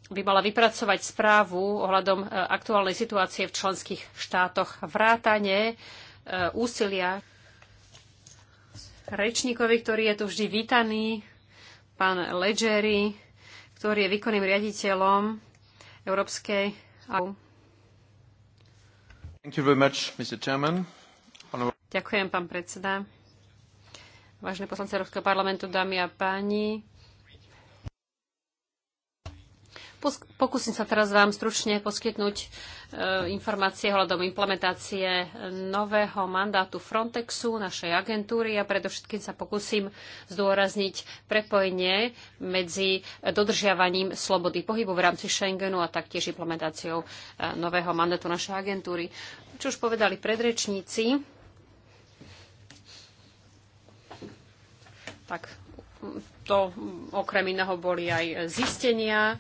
by mala vypracovať správu ohľadom e, aktuálnej situácie v členských štátoch vrátane e, úsilia rečníkovi, ktorý je tu vždy vítaný, pán Ledgeri, ktorý je výkonným riaditeľom Európskej Much, Ďakujem, pán predseda. vážení poslanci Európskeho parlamentu, dámy a páni, Pokúsim sa teraz vám stručne poskytnúť e, informácie hľadom implementácie nového mandátu Frontexu, našej agentúry a predovšetkým sa pokúsim zdôrazniť prepojenie medzi dodržiavaním slobody pohybu v rámci Schengenu a taktiež implementáciou e, nového mandátu našej agentúry. Čo už povedali predrečníci, tak to okrem iného boli aj zistenia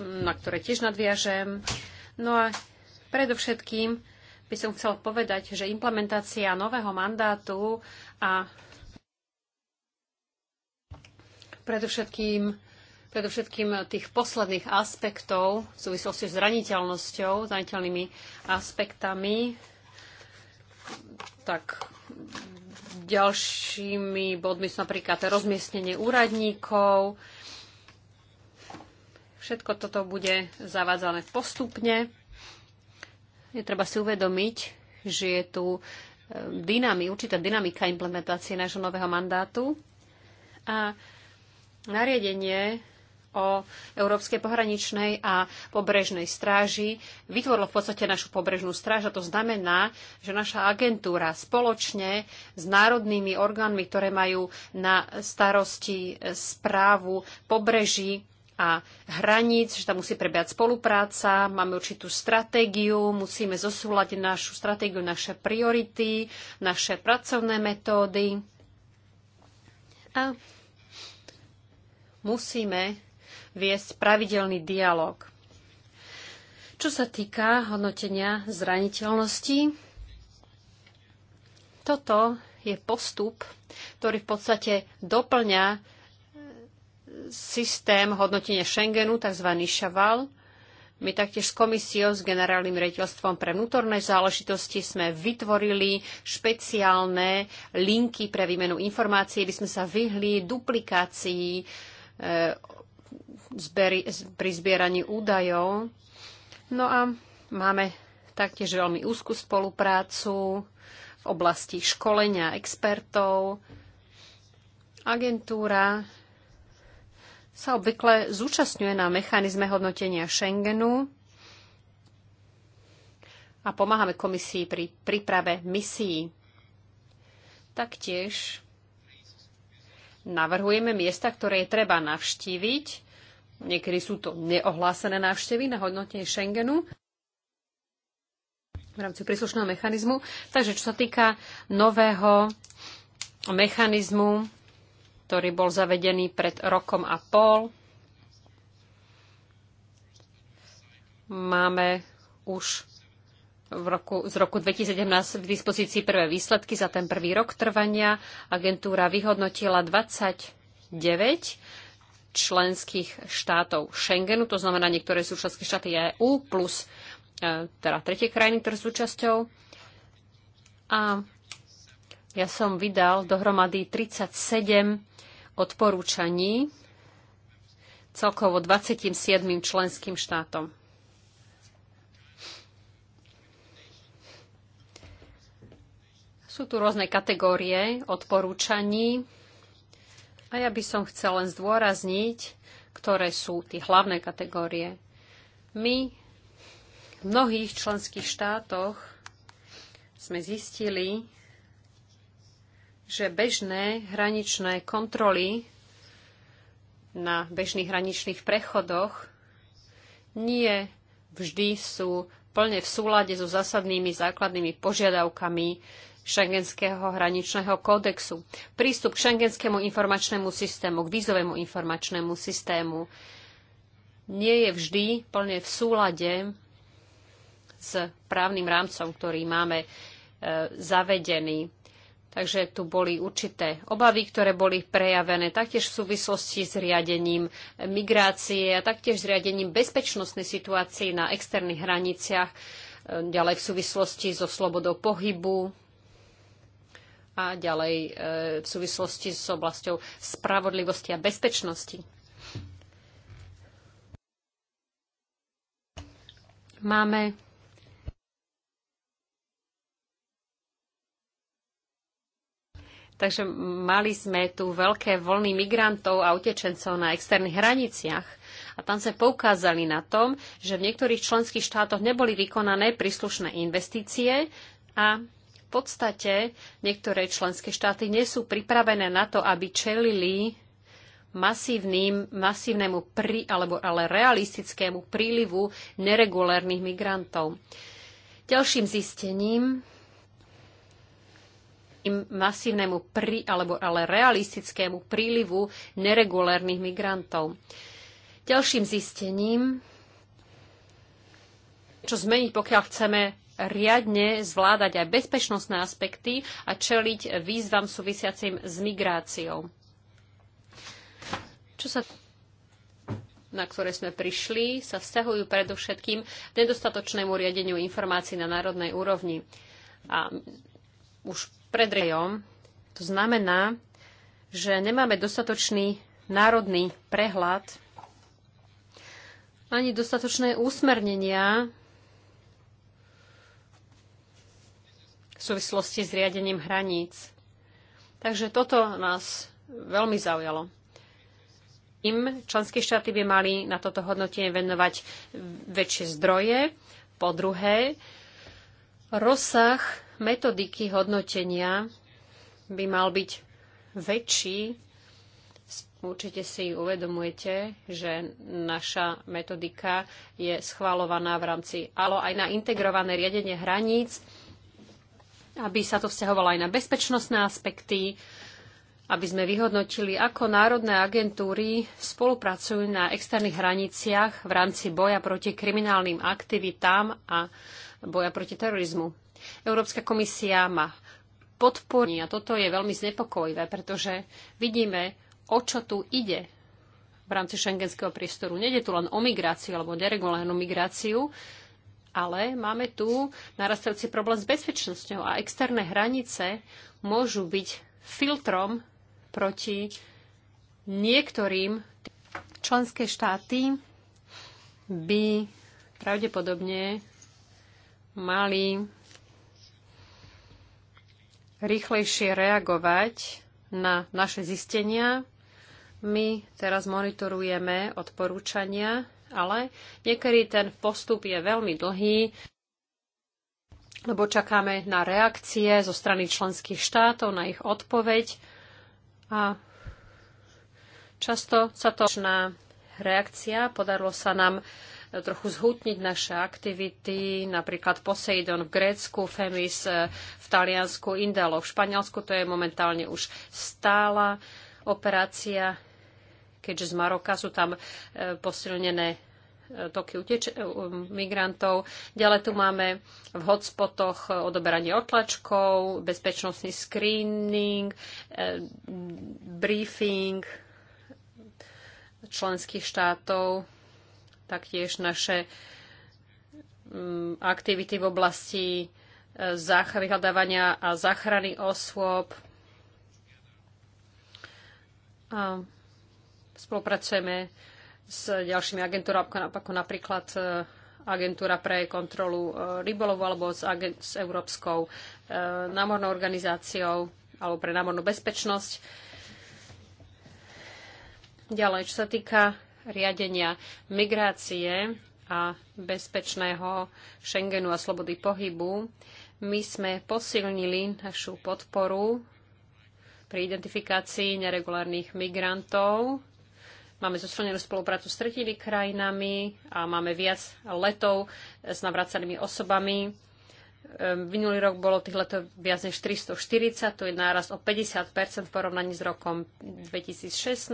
na ktoré tiež nadviažem. No a predovšetkým by som chcel povedať, že implementácia nového mandátu a predovšetkým, predovšetkým tých posledných aspektov v súvislosti s zraniteľnosťou, zraniteľnými aspektami, tak ďalšími bodmi sú napríklad rozmiestnenie úradníkov, Všetko toto bude zavádzané postupne. Je treba si uvedomiť, že je tu e, dynamika, určitá dynamika implementácie nášho nového mandátu a nariadenie o Európskej pohraničnej a pobrežnej stráži vytvorilo v podstate našu pobrežnú stráž a to znamená, že naša agentúra spoločne s národnými orgánmi, ktoré majú na starosti správu pobreží, a hraníc, že tam musí prebiehať spolupráca, máme určitú stratégiu, musíme zosúľať našu stratégiu, naše priority, naše pracovné metódy. A musíme viesť pravidelný dialog. Čo sa týka hodnotenia zraniteľnosti, toto je postup, ktorý v podstate doplňa systém hodnotenia Schengenu, tzv. Šaval. My taktiež s komisiou, s generálnym rediteľstvom pre vnútorné záležitosti sme vytvorili špeciálne linky pre výmenu informácií, aby sme sa vyhli duplikácii e, pri zbieraní údajov. No a máme taktiež veľmi úzkú spoluprácu v oblasti školenia expertov. Agentúra sa obvykle zúčastňuje na mechanizme hodnotenia Schengenu a pomáhame komisii pri príprave misií. Taktiež navrhujeme miesta, ktoré je treba navštíviť. Niekedy sú to neohlásené návštevy na hodnotenie Schengenu v rámci príslušného mechanizmu. Takže čo sa týka nového mechanizmu ktorý bol zavedený pred rokom a pol. Máme už v roku, z roku 2017 v dispozícii prvé výsledky za ten prvý rok trvania. Agentúra vyhodnotila 29 členských štátov Schengenu, to znamená niektoré sú členské štáty EU plus e, teda tretie krajiny, ktoré sú časťou. A ja som vydal dohromady 37 odporúčaní celkovo 27 členským štátom. Sú tu rôzne kategórie odporúčaní a ja by som chcel len zdôrazniť, ktoré sú tie hlavné kategórie. My v mnohých členských štátoch sme zistili, že bežné hraničné kontroly na bežných hraničných prechodoch nie vždy sú plne v súlade so zásadnými základnými požiadavkami Schengenského hraničného kódexu. Prístup k Schengenskému informačnému systému, k vízovému informačnému systému nie je vždy plne v súlade s právnym rámcom, ktorý máme e, zavedený. Takže tu boli určité obavy, ktoré boli prejavené taktiež v súvislosti s riadením migrácie a taktiež s riadením bezpečnostnej situácie na externých hraniciach, e, ďalej v súvislosti so slobodou pohybu a ďalej e, v súvislosti s oblasťou spravodlivosti a bezpečnosti. Máme Takže mali sme tu veľké vlny migrantov a utečencov na externých hraniciach. A tam sme poukázali na tom, že v niektorých členských štátoch neboli vykonané príslušné investície a v podstate niektoré členské štáty nie sú pripravené na to, aby čelili masívnym, masívnemu pri, alebo ale realistickému prílivu neregulárnych migrantov. Ďalším zistením masívnemu pri, alebo ale realistickému prílivu neregulárnych migrantov. Ďalším zistením, čo zmeniť, pokiaľ chceme riadne zvládať aj bezpečnostné aspekty a čeliť výzvam súvisiacim s migráciou. Čo sa na ktoré sme prišli, sa vzťahujú predovšetkým nedostatočnému riadeniu informácií na národnej úrovni. A už rejom. To znamená, že nemáme dostatočný národný prehľad ani dostatočné úsmernenia v súvislosti s riadením hraníc. Takže toto nás veľmi zaujalo. Im členské štáty by mali na toto hodnotenie venovať väčšie zdroje. Po druhé, rozsah metodiky hodnotenia by mal byť väčší. Určite si uvedomujete, že naša metodika je schvalovaná v rámci ALO aj na integrované riadenie hraníc, aby sa to vzťahovalo aj na bezpečnostné aspekty, aby sme vyhodnotili, ako národné agentúry spolupracujú na externých hraniciach v rámci boja proti kriminálnym aktivitám a boja proti terorizmu. Európska komisia ma podporní a toto je veľmi znepokojivé, pretože vidíme, o čo tu ide v rámci šengenského priestoru. Nede tu len o migráciu alebo deregulárnu migráciu, ale máme tu narastajúci problém s bezpečnosťou a externé hranice môžu byť filtrom proti niektorým členské štáty by pravdepodobne mali rýchlejšie reagovať na naše zistenia. My teraz monitorujeme odporúčania, ale niekedy ten postup je veľmi dlhý, lebo čakáme na reakcie zo strany členských štátov, na ich odpoveď a často sa to reakcia. Podarilo sa nám trochu zhutniť naše aktivity, napríklad Poseidon v Grécku, Femis eh, v Taliansku, Indalo v Španielsku, to je momentálne už stála operácia, keďže z Maroka sú tam eh, posilnené eh, toky uteč- migrantov. Ďalej tu máme v hotspotoch odoberanie otlačkov, bezpečnostný screening, e, briefing členských štátov taktiež naše mm, aktivity v oblasti vyhľadávania e, a záchrany osôb. A spolupracujeme s ďalšími agentúrami, ako napríklad e, agentúra pre kontrolu e, rybolovu alebo s, s Európskou námornou organizáciou alebo pre námornú bezpečnosť. Ďalej, čo sa týka riadenia migrácie a bezpečného Schengenu a slobody pohybu, my sme posilnili našu podporu pri identifikácii neregulárnych migrantov. Máme zosilnenú spoluprácu s tretími krajinami a máme viac letov s navracanými osobami Ehm, minulý rok bolo tých letov viac než 340, to je náraz o 50 v porovnaní s rokom 2016.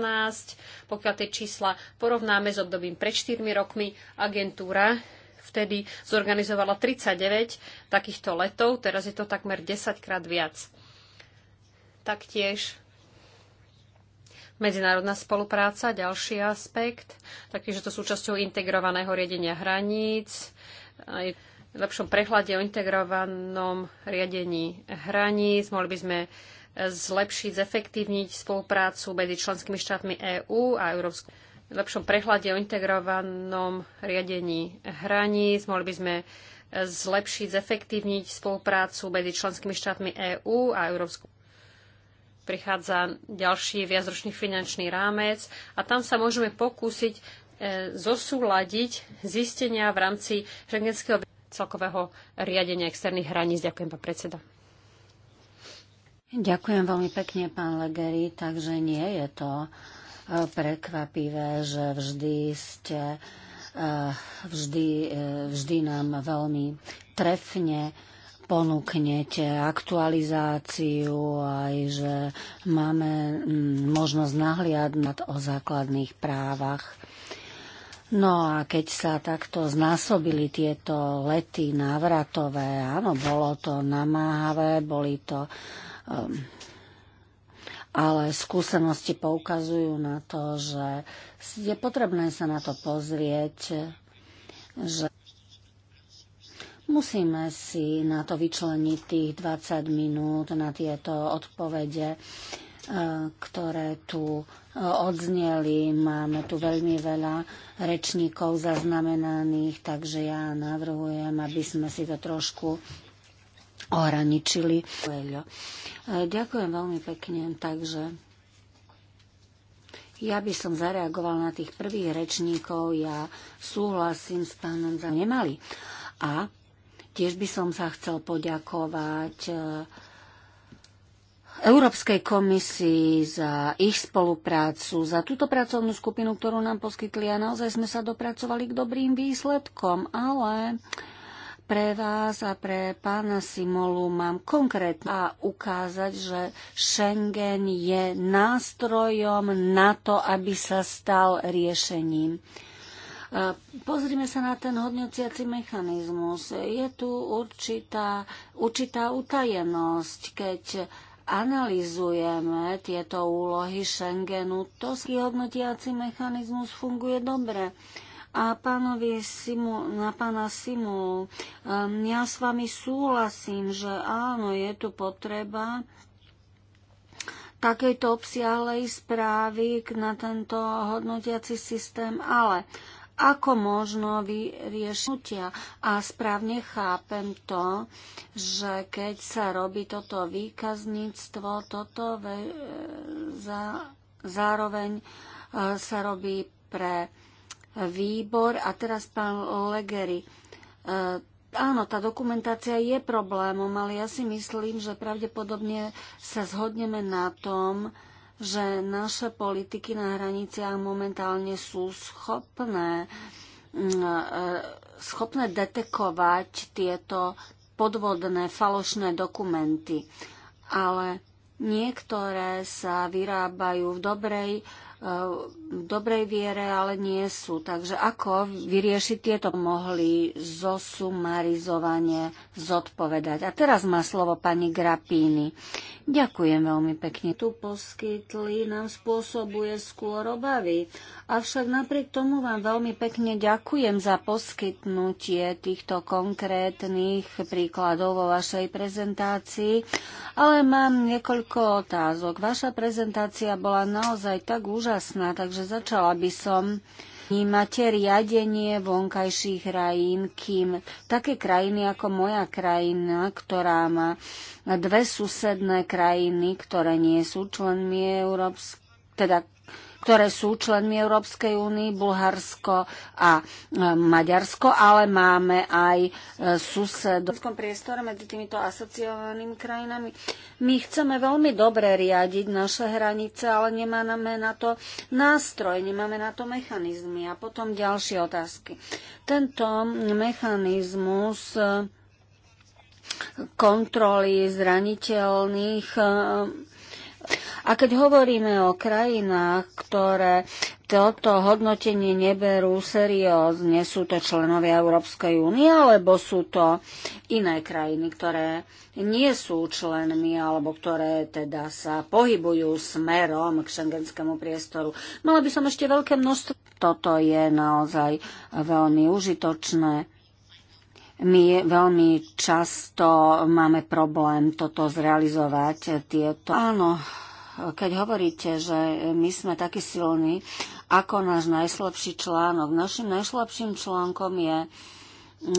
Pokiaľ tie čísla porovnáme s obdobím pred 4 rokmi, agentúra vtedy zorganizovala 39 takýchto letov, teraz je to takmer 10 krát viac. Taktiež Medzinárodná spolupráca, ďalší aspekt, taktiež je to súčasťou integrovaného riadenia hraníc lepšom prehľade o integrovanom riadení hraníc. Mohli by sme e, zlepšiť, zefektívniť spoluprácu medzi členskými štátmi EÚ a Európskou lepšom prehľade o integrovanom riadení hraníc. Mohli by sme e, zlepšiť, zefektívniť spoluprácu medzi členskými štátmi EÚ a Európskou prichádza ďalší viacročný finančný rámec a tam sa môžeme pokúsiť e, zosúľadiť zistenia v rámci šengenského celkového riadenia externých hraníc. Ďakujem, pán predseda. Ďakujem veľmi pekne, pán Legeri. Takže nie je to eh, prekvapivé, že vždy ste eh, vždy, eh, vždy nám veľmi trefne ponúknete aktualizáciu, aj že máme mm, možnosť nahliadnať o základných právach No a keď sa takto znásobili tieto lety návratové, áno, bolo to namáhavé, boli to... Um, ale skúsenosti poukazujú na to, že je potrebné sa na to pozrieť, že Musíme si na to vyčleniť tých 20 minút na tieto odpovede. Eh, ktoré tu eh, odzneli. Máme tu veľmi veľa rečníkov zaznamenaných, takže ja navrhujem, aby sme si to trošku ohraničili. Eh, ďakujem veľmi pekne, takže ja by som zareagoval na tých prvých rečníkov, ja súhlasím s pánom za nemali. A tiež by som sa chcel poďakovať Európskej komisii za ich spoluprácu, za túto pracovnú skupinu, ktorú nám poskytli a naozaj sme sa dopracovali k dobrým výsledkom, ale pre vás a pre pána Simolu mám konkrétne a ukázať, že Schengen je nástrojom na to, aby sa stal riešením. Pozrime sa na ten hodnotiaci mechanizmus. Je tu určitá, určitá utajenosť, keď analizujeme tieto úlohy Schengenu, to hodnotiaci mechanizmus funguje dobre. A pánovi Simu, na pána Simu, um, ja s vami súhlasím, že áno, je tu potreba takejto obsiahlej správy na tento hodnotiaci systém, ale ako možno vyriešnutia. A správne chápem to, že keď sa robí toto výkazníctvo, toto ve, za, zároveň e, sa robí pre výbor. A teraz pán Legery, e, Áno, tá dokumentácia je problémom, ale ja si myslím, že pravdepodobne sa zhodneme na tom, že naše politiky na hraniciach momentálne sú schopné mm, e, schopné detekovať tieto podvodné falošné dokumenty. Ale niektoré sa vyrábajú v dobrej v dobrej viere, ale nie sú. Takže ako vyriešiť tieto mohli zosumarizovanie zodpovedať. A teraz má slovo pani Grapíny. Ďakujem veľmi pekne. Tu poskytli nám spôsobuje skôr obavy. Avšak napriek tomu vám veľmi pekne ďakujem za poskytnutie týchto konkrétnych príkladov vo vašej prezentácii. Ale mám niekoľko otázok. Vaša prezentácia bola naozaj tak úžasná, úžasná, takže začala by som vnímate riadenie vonkajších krajín, kým také krajiny ako moja krajina, ktorá má dve susedné krajiny, ktoré nie sú členmi Európskej, teda ktoré sú členmi Európskej únie, Bulharsko a e, Maďarsko, ale máme aj e, sused. v priestore medzi týmito asociovanými krajinami. My chceme veľmi dobre riadiť naše hranice, ale nemáme na to nástroj, nemáme na to mechanizmy. A potom ďalšie otázky. Tento mechanizmus e, kontroly zraniteľných a keď hovoríme o krajinách, ktoré toto hodnotenie neberú seriózne, sú to členovia Európskej únie, alebo sú to iné krajiny, ktoré nie sú členmi, alebo ktoré teda sa pohybujú smerom k šengenskému priestoru. Mala by som ešte veľké množstvo. Toto je naozaj veľmi užitočné my veľmi často máme problém toto zrealizovať. Tieto. Áno, keď hovoríte, že my sme takí silní, ako náš najslabší článok. Našim najslabším článkom je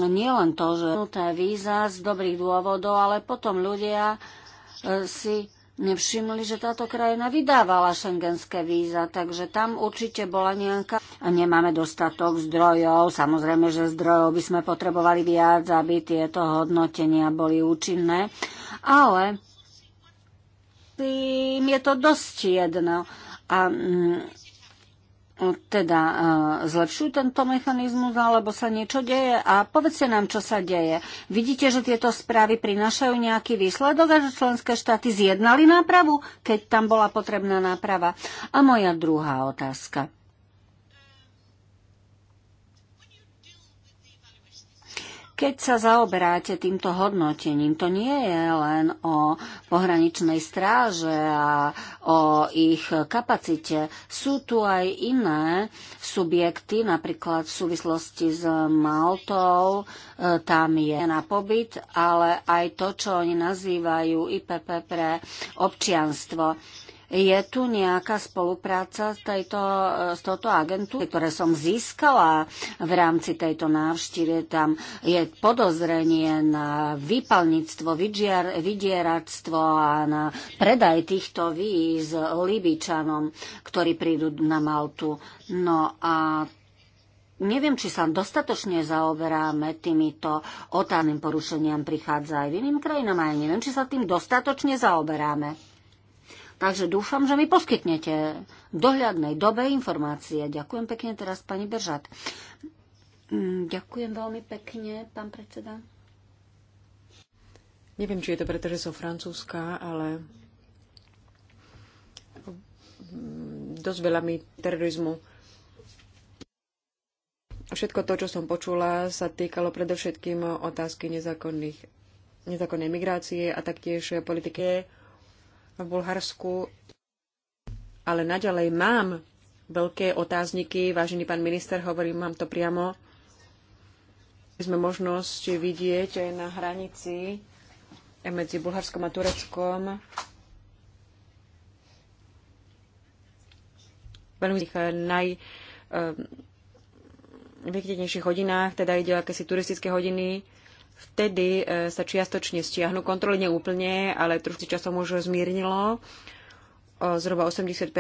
nie len to, že víza z dobrých dôvodov, ale potom ľudia eh, si nevšimli, že táto krajina vydávala šengenské víza, takže tam určite bola nejaká... A nemáme dostatok zdrojov, samozrejme, že zdrojov by sme potrebovali viac, aby tieto hodnotenia boli účinné, ale tým je to dosť jedno. A mm, E, teda e, zlepšujú tento mechanizmus alebo sa niečo deje a povedzte nám, čo sa deje. Vidíte, že tieto správy prinášajú nejaký výsledok a že členské štáty zjednali nápravu, keď tam bola potrebná náprava. A moja druhá otázka. Keď sa zaoberáte týmto hodnotením, to nie je len o pohraničnej stráže a o ich kapacite. Sú tu aj iné subjekty, napríklad v súvislosti s Maltou, e, tam je na pobyt, ale aj to, čo oni nazývajú IPP pre občianstvo je tu nejaká spolupráca s, tejto, s touto agentúrou, ktoré som získala v rámci tejto návštívy. Tam je podozrenie na vypalníctvo, vydieractvo a na predaj týchto víz Libičanom, ktorí prídu na Maltu. No a neviem, či sa dostatočne zaoberáme týmito otánnym porušeniam prichádza aj v iným krajinám, ale neviem, či sa tým dostatočne zaoberáme. Takže dúfam, že mi poskytnete dohľadnej dobe informácie. Ďakujem pekne teraz pani Beržat. Mm, ďakujem veľmi pekne, pán predseda. Neviem, či je to preto, že som francúzska, ale dosť veľa mi terorizmu. Všetko to, čo som počula, sa týkalo predovšetkým otázky nezákonných, nezákonnej migrácie a taktiež politiky v Bulharsku, ale naďalej mám veľké otázniky. Vážený pán minister, hovorím vám to priamo. My Sme možnosť vidieť aj na hranici medzi Bulharskom a Tureckom veľmi eh, naj um, hodinách, teda ide o akési turistické hodiny, vtedy e, sa čiastočne stiahnu kontroly, neúplne, ale trošku časom už zmírnilo, o zhruba 80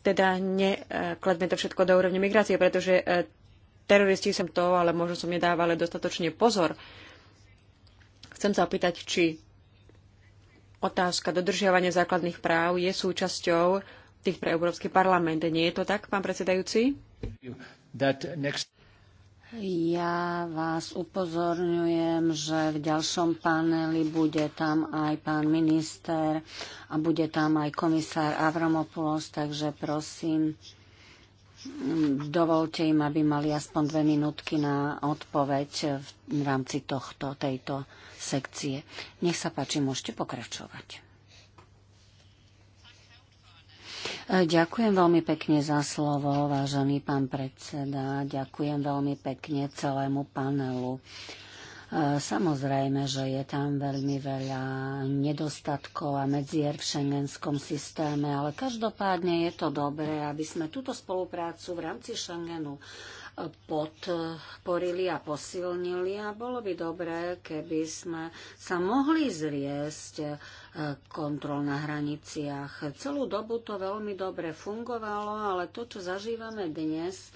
teda nekladme e, to všetko do úrovne migrácie, pretože e, teroristi som to, ale možno som nedávala dostatočne pozor. Chcem sa opýtať, či otázka dodržiavania základných práv je súčasťou tých pre Európsky parlament. Nie je to tak, pán predsedajúci? Next... Ja vás upozorňujem, že v ďalšom paneli bude tam aj pán minister a bude tam aj komisár Avramopoulos, takže prosím, dovolte im, aby mali aspoň dve minútky na odpoveď v rámci tohto, tejto sekcie. Nech sa páči, môžete pokračovať. Ďakujem veľmi pekne za slovo, vážený pán predseda. Ďakujem veľmi pekne celému panelu. E, samozrejme, že je tam veľmi veľa nedostatkov a medzier v šengenskom systéme, ale každopádne je to dobré, aby sme túto spoluprácu v rámci Schengenu e, podporili a posilnili a bolo by dobré, keby sme sa mohli zriesť kontrol na hraniciach. Celú dobu to veľmi dobre fungovalo, ale to, čo zažívame dnes,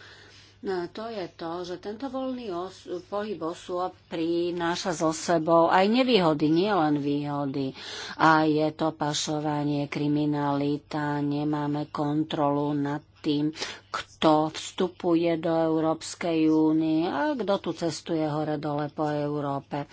no, to je to, že tento voľný os- pohyb osôb prináša so sebou aj nevýhody, nielen výhody. A je to pašovanie, kriminalita, nemáme kontrolu nad tým, kto vstupuje do Európskej únie a kto tu cestuje hore-dole po Európe. Uh,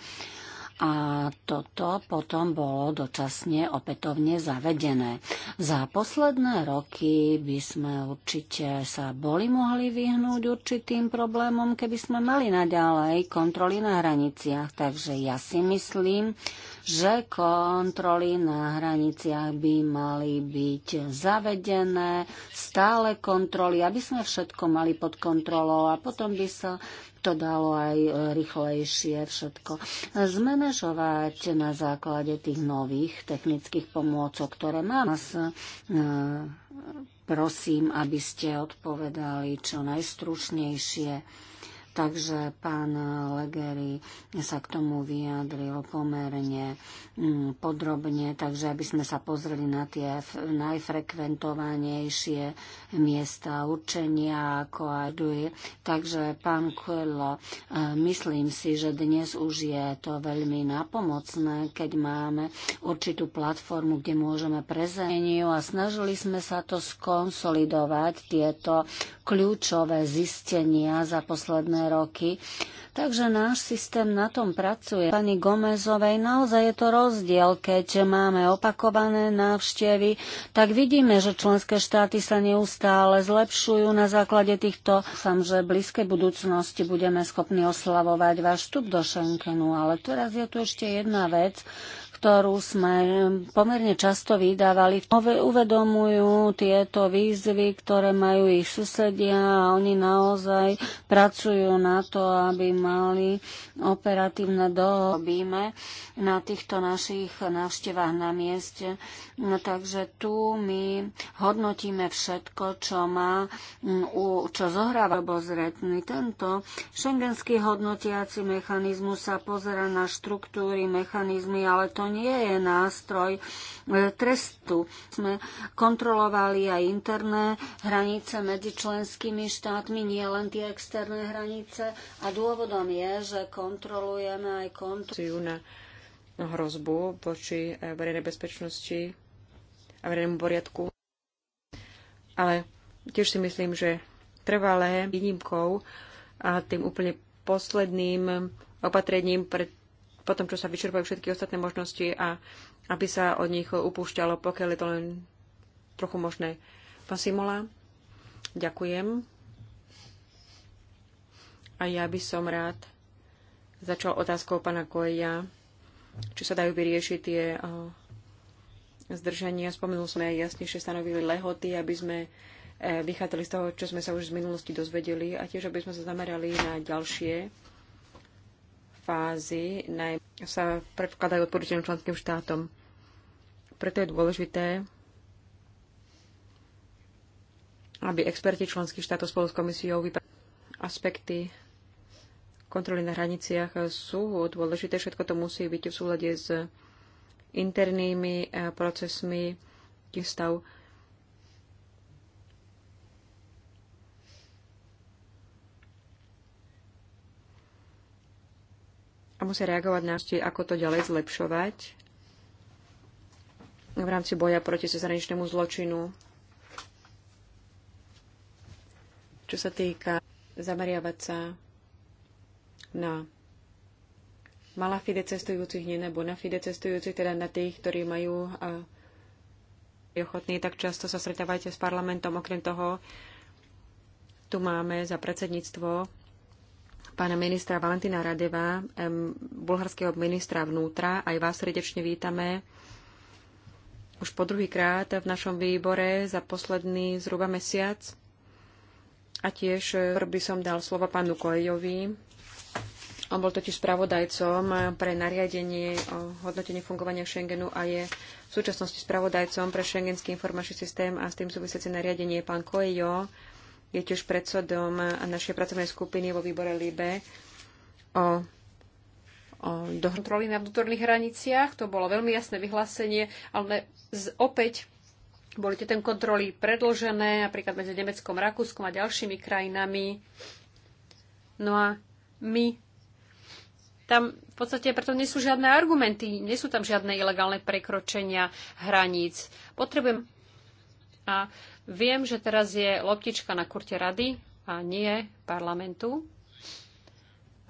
a toto potom bolo dočasne opätovne zavedené. Za posledné roky by sme určite sa boli mohli vyhnúť určitým problémom, keby sme mali naďalej kontroly na hraniciach. Takže ja si myslím, že kontroly na hraniciach by mali byť zavedené, stále kontroly, aby sme všetko mali pod kontrolou a potom by sa to dalo aj rýchlejšie všetko zmanéžovať na základe tých nových technických pomôcok, ktoré máme. Prosím, aby ste odpovedali čo najstručnejšie. Takže pán Legery sa k tomu vyjadril pomerne mm, podrobne, takže aby sme sa pozreli na tie najfrekventovanejšie miesta určenia, ako aj duje. Takže pán Coelho, e, myslím si, že dnes už je to veľmi napomocné, keď máme určitú platformu, kde môžeme prezeniu a snažili sme sa to skonsolidovať, tieto kľúčové zistenia za posledné posledné roky. Takže náš systém na tom pracuje. Pani Gomezovej, naozaj je to rozdiel, keď máme opakované návštevy, tak vidíme, že členské štáty sa neustále zlepšujú na základe týchto. Dúfam, že v blízkej budúcnosti budeme schopní oslavovať váš vstup do Schengenu, ale teraz je tu ešte jedna vec, ktorú sme pomerne často vydávali, uvedomujú tieto výzvy, ktoré majú ich susedia a oni naozaj pracujú na to, aby mali operatívne dohobíme na týchto našich návštevách na mieste. No, takže tu my hodnotíme všetko, čo má, mm, čo zohráva obozretný. Tento šengenský hodnotiaci mechanizmus sa pozera na štruktúry, mechanizmy, ale to nie je nástroj e, trestu. Sme kontrolovali aj interné hranice medzi členskými štátmi, nie len tie externé hranice. A dôvodom je, že kontrolujeme aj kontrolu na hrozbu voči e, verejnej bezpečnosti a verejnému poriadku. Ale tiež si myslím, že trvalé výnimkou a tým úplne posledným opatrením, pred potom čo sa vyčerpajú všetky ostatné možnosti a aby sa od nich upúšťalo, pokiaľ je to len trochu možné. Pán Simola, ďakujem. A ja by som rád začal otázkou pana Koeja, či sa dajú vyriešiť tie zdržania. Spomenul sme aj jasnejšie stanovili lehoty, aby sme e, vychádzali z toho, čo sme sa už z minulosti dozvedeli a tiež, aby sme sa zamerali na ďalšie naj- sa predkladajú odporúčeným členským štátom. Preto je dôležité, aby experti členských štátov spolu s komisiou vypracovali aspekty kontroly na hraniciach sú dôležité. Všetko to musí byť v súlade s internými eh, procesmi, tým stav a musia reagovať na to, ako to ďalej zlepšovať v rámci boja proti cezhraničnému zločinu. Čo sa týka zameriavať sa na malafide cestujúcich, nie nebo na fide cestujúcich, teda na tých, ktorí majú ochotní, tak často sa stretávajte s parlamentom. Okrem toho, tu máme za predsedníctvo pána ministra Valentina Radeva, bulharského ministra vnútra. Aj vás srdečne vítame už po druhýkrát v našom výbore za posledný zhruba mesiac. A tiež eh, by som dal slovo pánu Kojovi. On bol totiž spravodajcom pre nariadenie o hodnotení fungovania Schengenu a je v súčasnosti spravodajcom pre Schengenský informačný systém a s tým súvisiaci nariadenie pán Kojo je tiež predsedom našej pracovnej skupiny vo výbore LIBE o, o kontroly na vnútorných hraniciach. To bolo veľmi jasné vyhlásenie, ale z, opäť boli tie kontroly predlžené, napríklad medzi Nemeckom, Rakúskom a ďalšími krajinami. No a my tam v podstate preto nie sú žiadne argumenty, nie sú tam žiadne ilegálne prekročenia hraníc. Potrebujem a Viem, že teraz je loptička na kurte rady a nie parlamentu.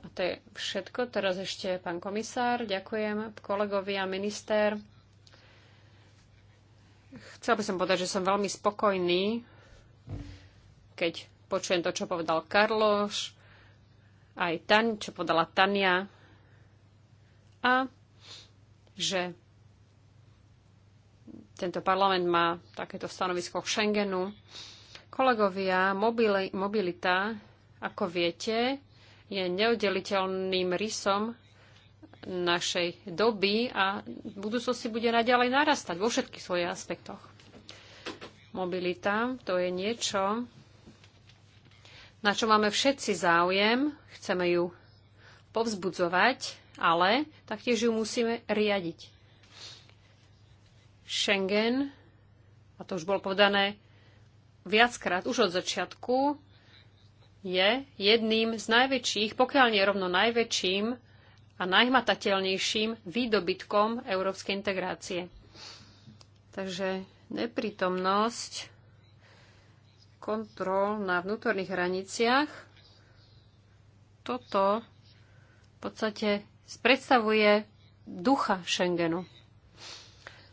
A to je všetko. Teraz ešte pán komisár. Ďakujem kolegovi a minister. Chcel by som povedať, že som veľmi spokojný, keď počujem to, čo povedal Karloš, aj Tan, čo povedala Tania a že tento parlament má takéto stanovisko k Schengenu. Kolegovia, mobili, mobilita, ako viete, je neoddeliteľným rysom našej doby a v budúcnosti bude naďalej narastať vo všetkých svojich aspektoch. Mobilita to je niečo, na čo máme všetci záujem, chceme ju povzbudzovať, ale taktiež ju musíme riadiť. Schengen, a to už bolo povedané viackrát už od začiatku, je jedným z najväčších, pokiaľ nie rovno najväčším a najhmatateľnejším výdobytkom európskej integrácie. Takže neprítomnosť kontrol na vnútorných hraniciach, toto v podstate predstavuje ducha Schengenu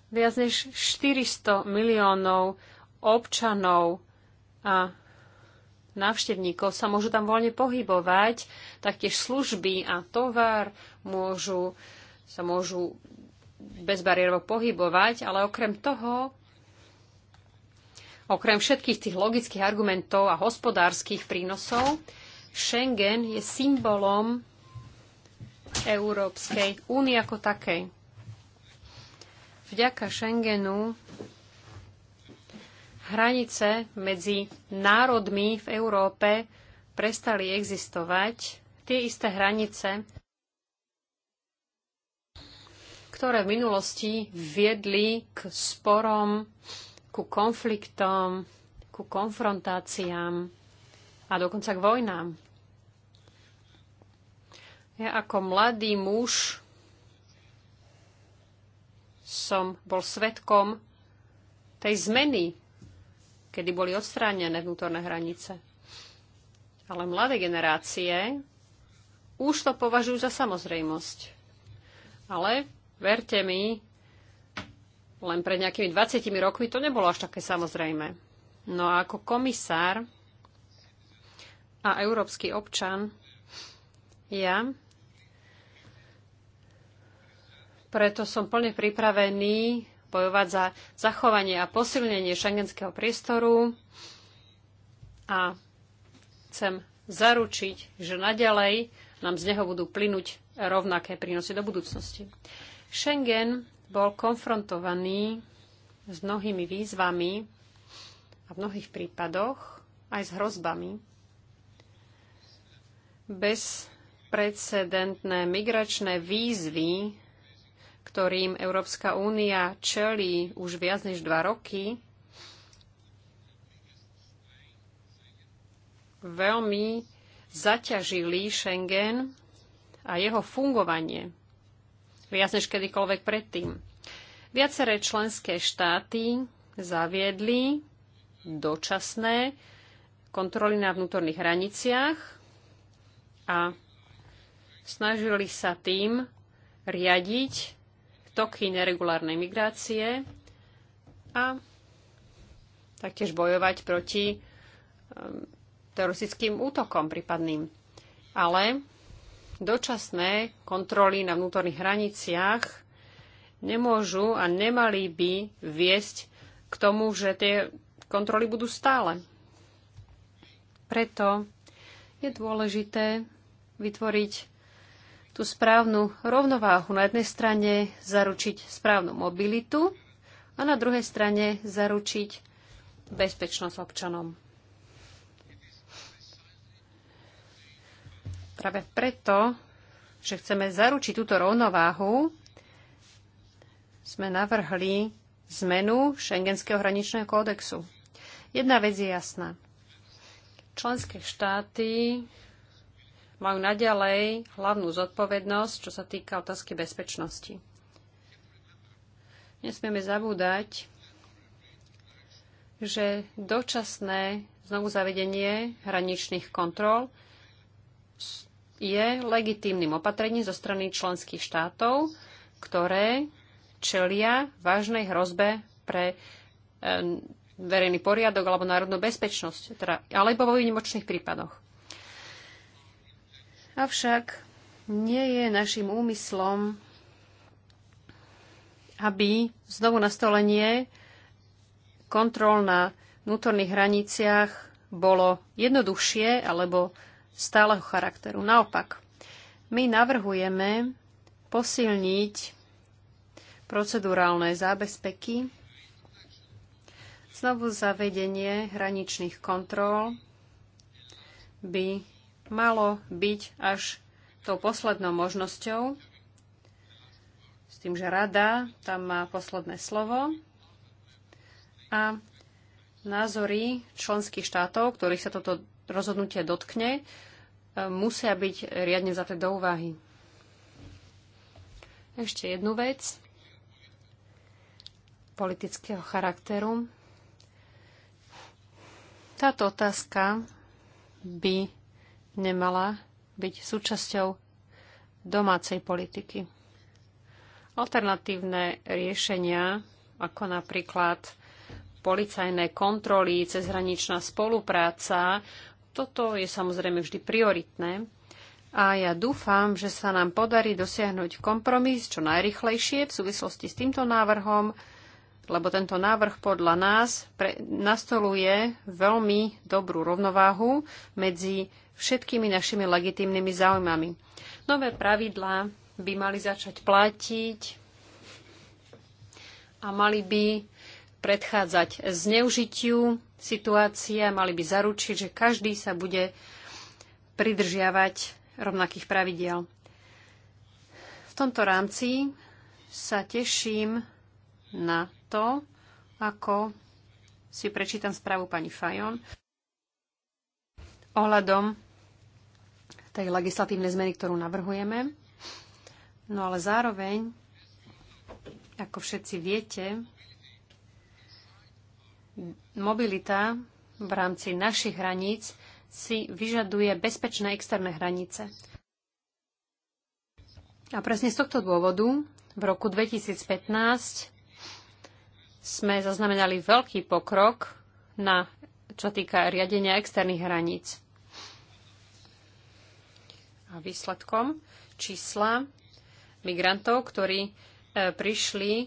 viac než 400 miliónov občanov a návštevníkov sa môžu tam voľne pohybovať, taktiež služby a tovar môžu, sa môžu bezbariérovo pohybovať, ale okrem toho, okrem všetkých tých logických argumentov a hospodárskych prínosov, Schengen je symbolom Európskej únie ako takej vďaka Schengenu hranice medzi národmi v Európe prestali existovať. Tie isté hranice, ktoré v minulosti viedli k sporom, ku konfliktom, ku konfrontáciám a dokonca k vojnám. Ja ako mladý muž som bol svetkom tej zmeny, kedy boli odstránené vnútorné hranice. Ale mladé generácie už to považujú za samozrejmosť. Ale verte mi, len pred nejakými 20 rokmi to nebolo až také samozrejme. No a ako komisár a európsky občan, ja preto som plne pripravený bojovať za zachovanie a posilnenie šengenského priestoru a chcem zaručiť, že naďalej nám z neho budú plynúť rovnaké prínosy do budúcnosti. Schengen bol konfrontovaný s mnohými výzvami a v mnohých prípadoch aj s hrozbami. Bezprecedentné migračné výzvy ktorým Európska únia čelí už viac než dva roky, veľmi zaťažili Schengen a jeho fungovanie viac než kedykoľvek predtým. Viaceré členské štáty zaviedli dočasné kontroly na vnútorných hraniciach a snažili sa tým riadiť toky neregulárnej migrácie a taktiež bojovať proti um, teroristickým útokom prípadným. Ale dočasné kontroly na vnútorných hraniciach nemôžu a nemali by viesť k tomu, že tie kontroly budú stále. Preto je dôležité vytvoriť tú správnu rovnováhu. Na jednej strane zaručiť správnu mobilitu a na druhej strane zaručiť bezpečnosť občanom. Práve preto, že chceme zaručiť túto rovnováhu, sme navrhli zmenu Schengenského hraničného kódexu. Jedna vec je jasná. Členské štáty majú naďalej hlavnú zodpovednosť, čo sa týka otázky bezpečnosti. Nesmieme zabúdať, že dočasné znovu zavedenie hraničných kontrol je legitímnym opatrením zo strany členských štátov, ktoré čelia vážnej hrozbe pre eh, verejný poriadok alebo národnú bezpečnosť, teda, alebo vo výnimočných prípadoch. Avšak nie je našim úmyslom, aby znovu nastolenie kontrol na vnútorných hraniciach bolo jednoduchšie alebo stáleho charakteru. Naopak, my navrhujeme posilniť procedurálne zábezpeky, znovu zavedenie hraničných kontrol by malo byť až tou poslednou možnosťou, s tým, že rada tam má posledné slovo a názory členských štátov, ktorých sa toto rozhodnutie dotkne, e, musia byť riadne vzaté do úvahy. Ešte jednu vec politického charakteru. Táto otázka by nemala byť súčasťou domácej politiky. Alternatívne riešenia, ako napríklad policajné kontroly, cezhraničná spolupráca, toto je samozrejme vždy prioritné. A ja dúfam, že sa nám podarí dosiahnuť kompromis čo najrychlejšie v súvislosti s týmto návrhom, lebo tento návrh podľa nás pre, nastoluje veľmi dobrú rovnováhu medzi všetkými našimi legitímnymi záujmami. Nové pravidlá by mali začať platiť a mali by predchádzať zneužitiu situácie, mali by zaručiť, že každý sa bude pridržiavať rovnakých pravidiel. V tomto rámci sa teším na to, ako si prečítam správu pani Fajon ohľadom tej legislatívnej zmeny, ktorú navrhujeme. No ale zároveň, ako všetci viete, mobilita v rámci našich hraníc si vyžaduje bezpečné externé hranice. A presne z tohto dôvodu v roku 2015 sme zaznamenali veľký pokrok na čo týka riadenia externých hraníc. A výsledkom čísla migrantov, ktorí e, prišli e,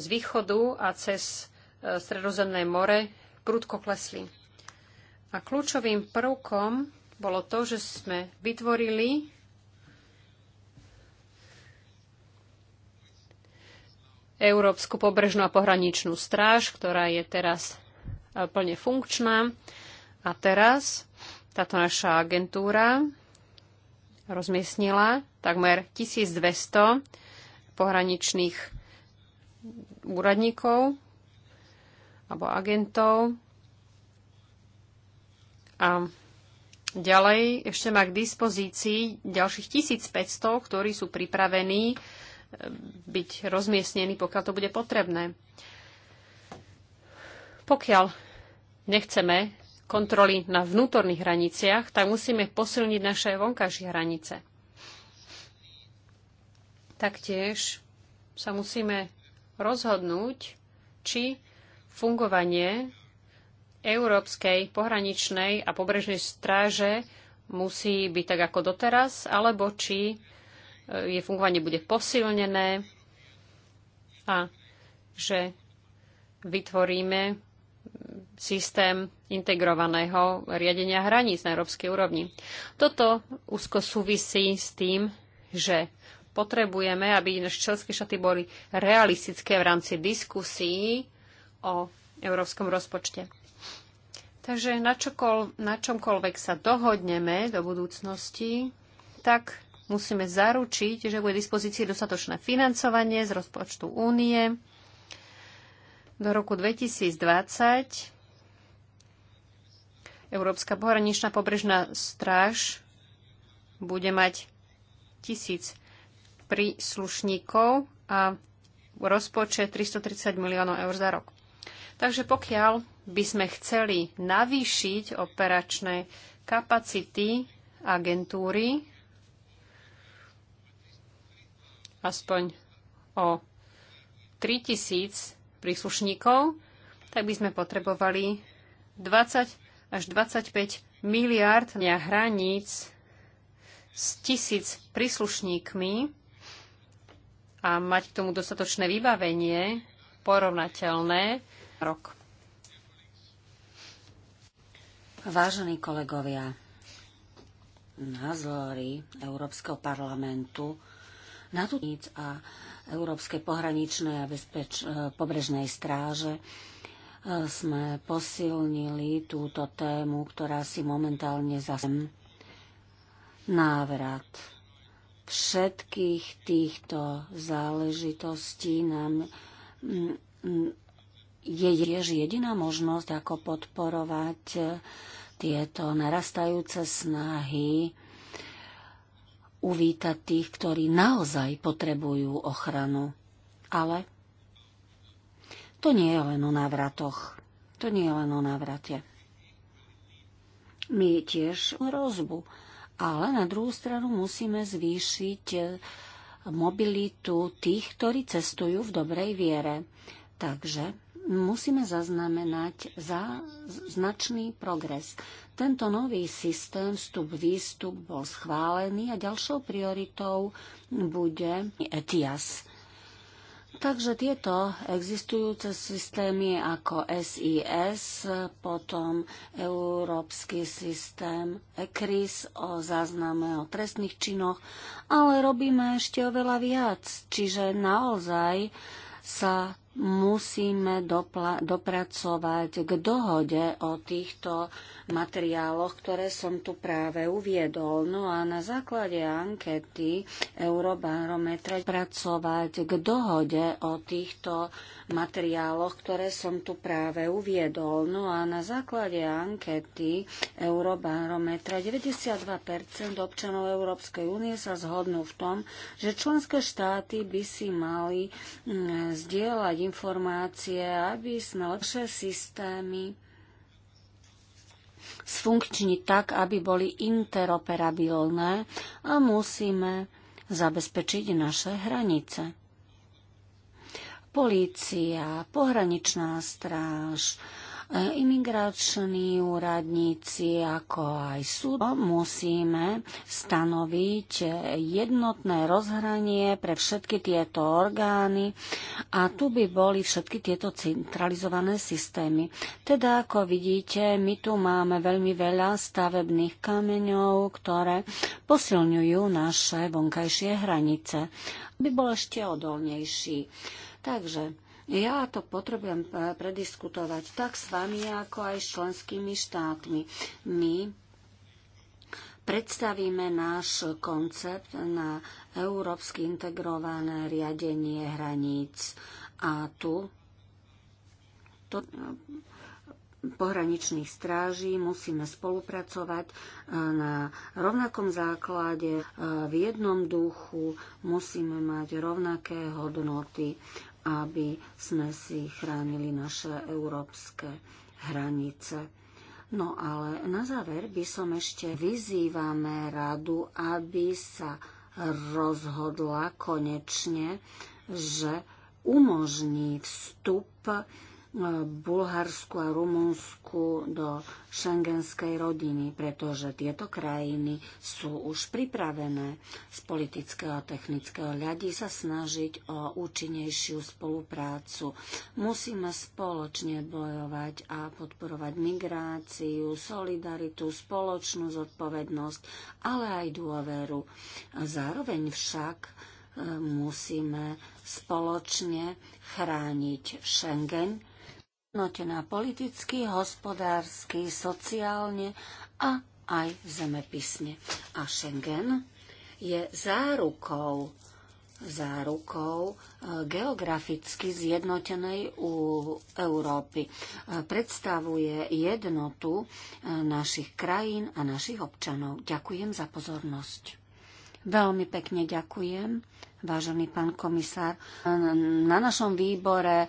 z východu a cez e, Stredozemné more, prudko klesli. A kľúčovým prvkom bolo to, že sme vytvorili Európsku pobrežnú a pohraničnú stráž, ktorá je teraz plne funkčná. A teraz táto naša agentúra rozmiestnila takmer 1200 pohraničných úradníkov alebo agentov. A ďalej ešte má k dispozícii ďalších 1500, ktorí sú pripravení e, byť rozmiestnení, pokiaľ to bude potrebné. Pokiaľ nechceme kontroly na vnútorných hraniciach, tak musíme posilniť naše vonkajšie hranice. Taktiež sa musíme rozhodnúť, či fungovanie Európskej pohraničnej a pobrežnej stráže musí byť tak ako doteraz, alebo či e, je fungovanie bude posilnené a že vytvoríme systém integrovaného riadenia hraníc na európskej úrovni. Toto úzko súvisí s tým, že potrebujeme, aby naše členské štáty boli realistické v rámci diskusí o európskom rozpočte. Takže na, čokol, na čomkoľvek sa dohodneme do budúcnosti, tak musíme zaručiť, že bude v dispozícii dostatočné financovanie z rozpočtu únie do roku 2020 Európska pohraničná pobrežná stráž bude mať tisíc príslušníkov a rozpočet 330 miliónov eur za rok. Takže pokiaľ by sme chceli navýšiť operačné kapacity agentúry aspoň o 3000 príslušníkov, tak by sme potrebovali 20 až 25 miliard hraníc s tisíc príslušníkmi a mať k tomu dostatočné vybavenie porovnateľné rok. Vážení kolegovia, názory Európskeho parlamentu na tú a Európskej pohraničnej a bezpeč- pobrežnej stráže sme posilnili túto tému, ktorá si momentálne zasem návrat všetkých týchto záležitostí nám mm, mm, je tiež jediná možnosť, ako podporovať tieto narastajúce snahy uvítať tých, ktorí naozaj potrebujú ochranu. Ale to nie je len o návratoch. To nie je len o návrate. My tiež rozbu. Ale na druhú stranu musíme zvýšiť e, mobilitu tých, ktorí cestujú v dobrej viere. Takže musíme zaznamenať za značný progres. Tento nový systém vstup-výstup bol schválený a ďalšou prioritou bude ETIAS Takže tieto existujúce systémy ako SIS, potom Európsky systém ECRIS o zázname o trestných činoch, ale robíme ešte oveľa viac. Čiže naozaj sa musíme dopracovať k dohode o týchto materiáloch, ktoré som tu práve uviedol. No a na základe ankety Eurobarometra pracovať k dohode o týchto materiáloch, ktoré som tu práve uviedol. No a na základe ankety Eurobarometra 92% občanov Európskej únie sa zhodnú v tom, že členské štáty by si mali mm, zdieľať informácie, aby sme lepšie systémy sfunkčniť tak, aby boli interoperabilné a musíme zabezpečiť naše hranice. Polícia, pohraničná stráž, E, imigrační úradníci, ako aj súd, musíme stanoviť jednotné rozhranie pre všetky tieto orgány a tu by boli všetky tieto centralizované systémy. Teda, ako vidíte, my tu máme veľmi veľa stavebných kameňov, ktoré posilňujú naše vonkajšie hranice, by bol ešte odolnejší. Takže ja to potrebujem e, prediskutovať tak s vami, ako aj s členskými štátmi. My predstavíme náš koncept na európsky integrované riadenie hraníc. A tu to, e, pohraničných stráží musíme spolupracovať e, na rovnakom základe, v jednom duchu musíme mať rovnaké hodnoty aby sme si chránili naše európske hranice. No ale na záver by som ešte vyzývame radu, aby sa rozhodla konečne, že umožní vstup E, Bulharsku a Rumunsku do šengenskej rodiny, pretože tieto krajiny sú už pripravené z politického a technického ľadí sa snažiť o účinnejšiu spoluprácu. Musíme spoločne bojovať a podporovať migráciu, solidaritu, spoločnú zodpovednosť, ale aj dôveru. Zároveň však e, musíme spoločne chrániť Schengen, hodnotená politicky, hospodársky, sociálne a aj zemepisne. A Schengen je zárukou zárukou e, geograficky zjednotenej u Európy. E, predstavuje jednotu e, našich krajín a našich občanov. Ďakujem za pozornosť. Veľmi pekne ďakujem vážený pán komisár. Na našom výbore e,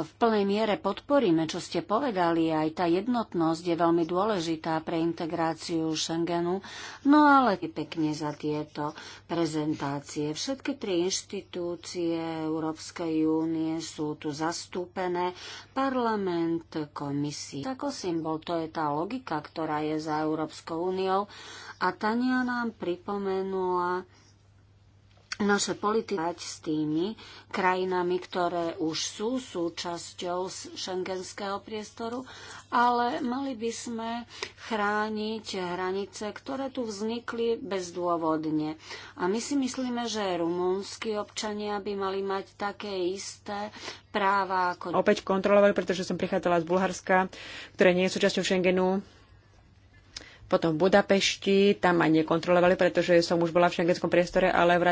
v plnej miere podporíme, čo ste povedali. Aj tá jednotnosť je veľmi dôležitá pre integráciu Schengenu. No ale pekne za tieto prezentácie. Všetky tri inštitúcie Európskej únie sú tu zastúpené. Parlament, komisii. Ako symbol to je tá logika, ktorá je za Európskou úniou. A Tania nám pripomenula, naše politikovať s tými krajinami, ktoré už sú súčasťou šengenského priestoru, ale mali by sme chrániť hranice, ktoré tu vznikli bezdôvodne. A my si myslíme, že rumúnsky občania by mali mať také isté práva ako... Opäť kontrolovali, pretože som prichádzala z Bulharska, ktoré nie je súčasťou Schengenu, potom v Budapešti, tam ma nekontrolovali, pretože som už bola v šengenskom priestore, ale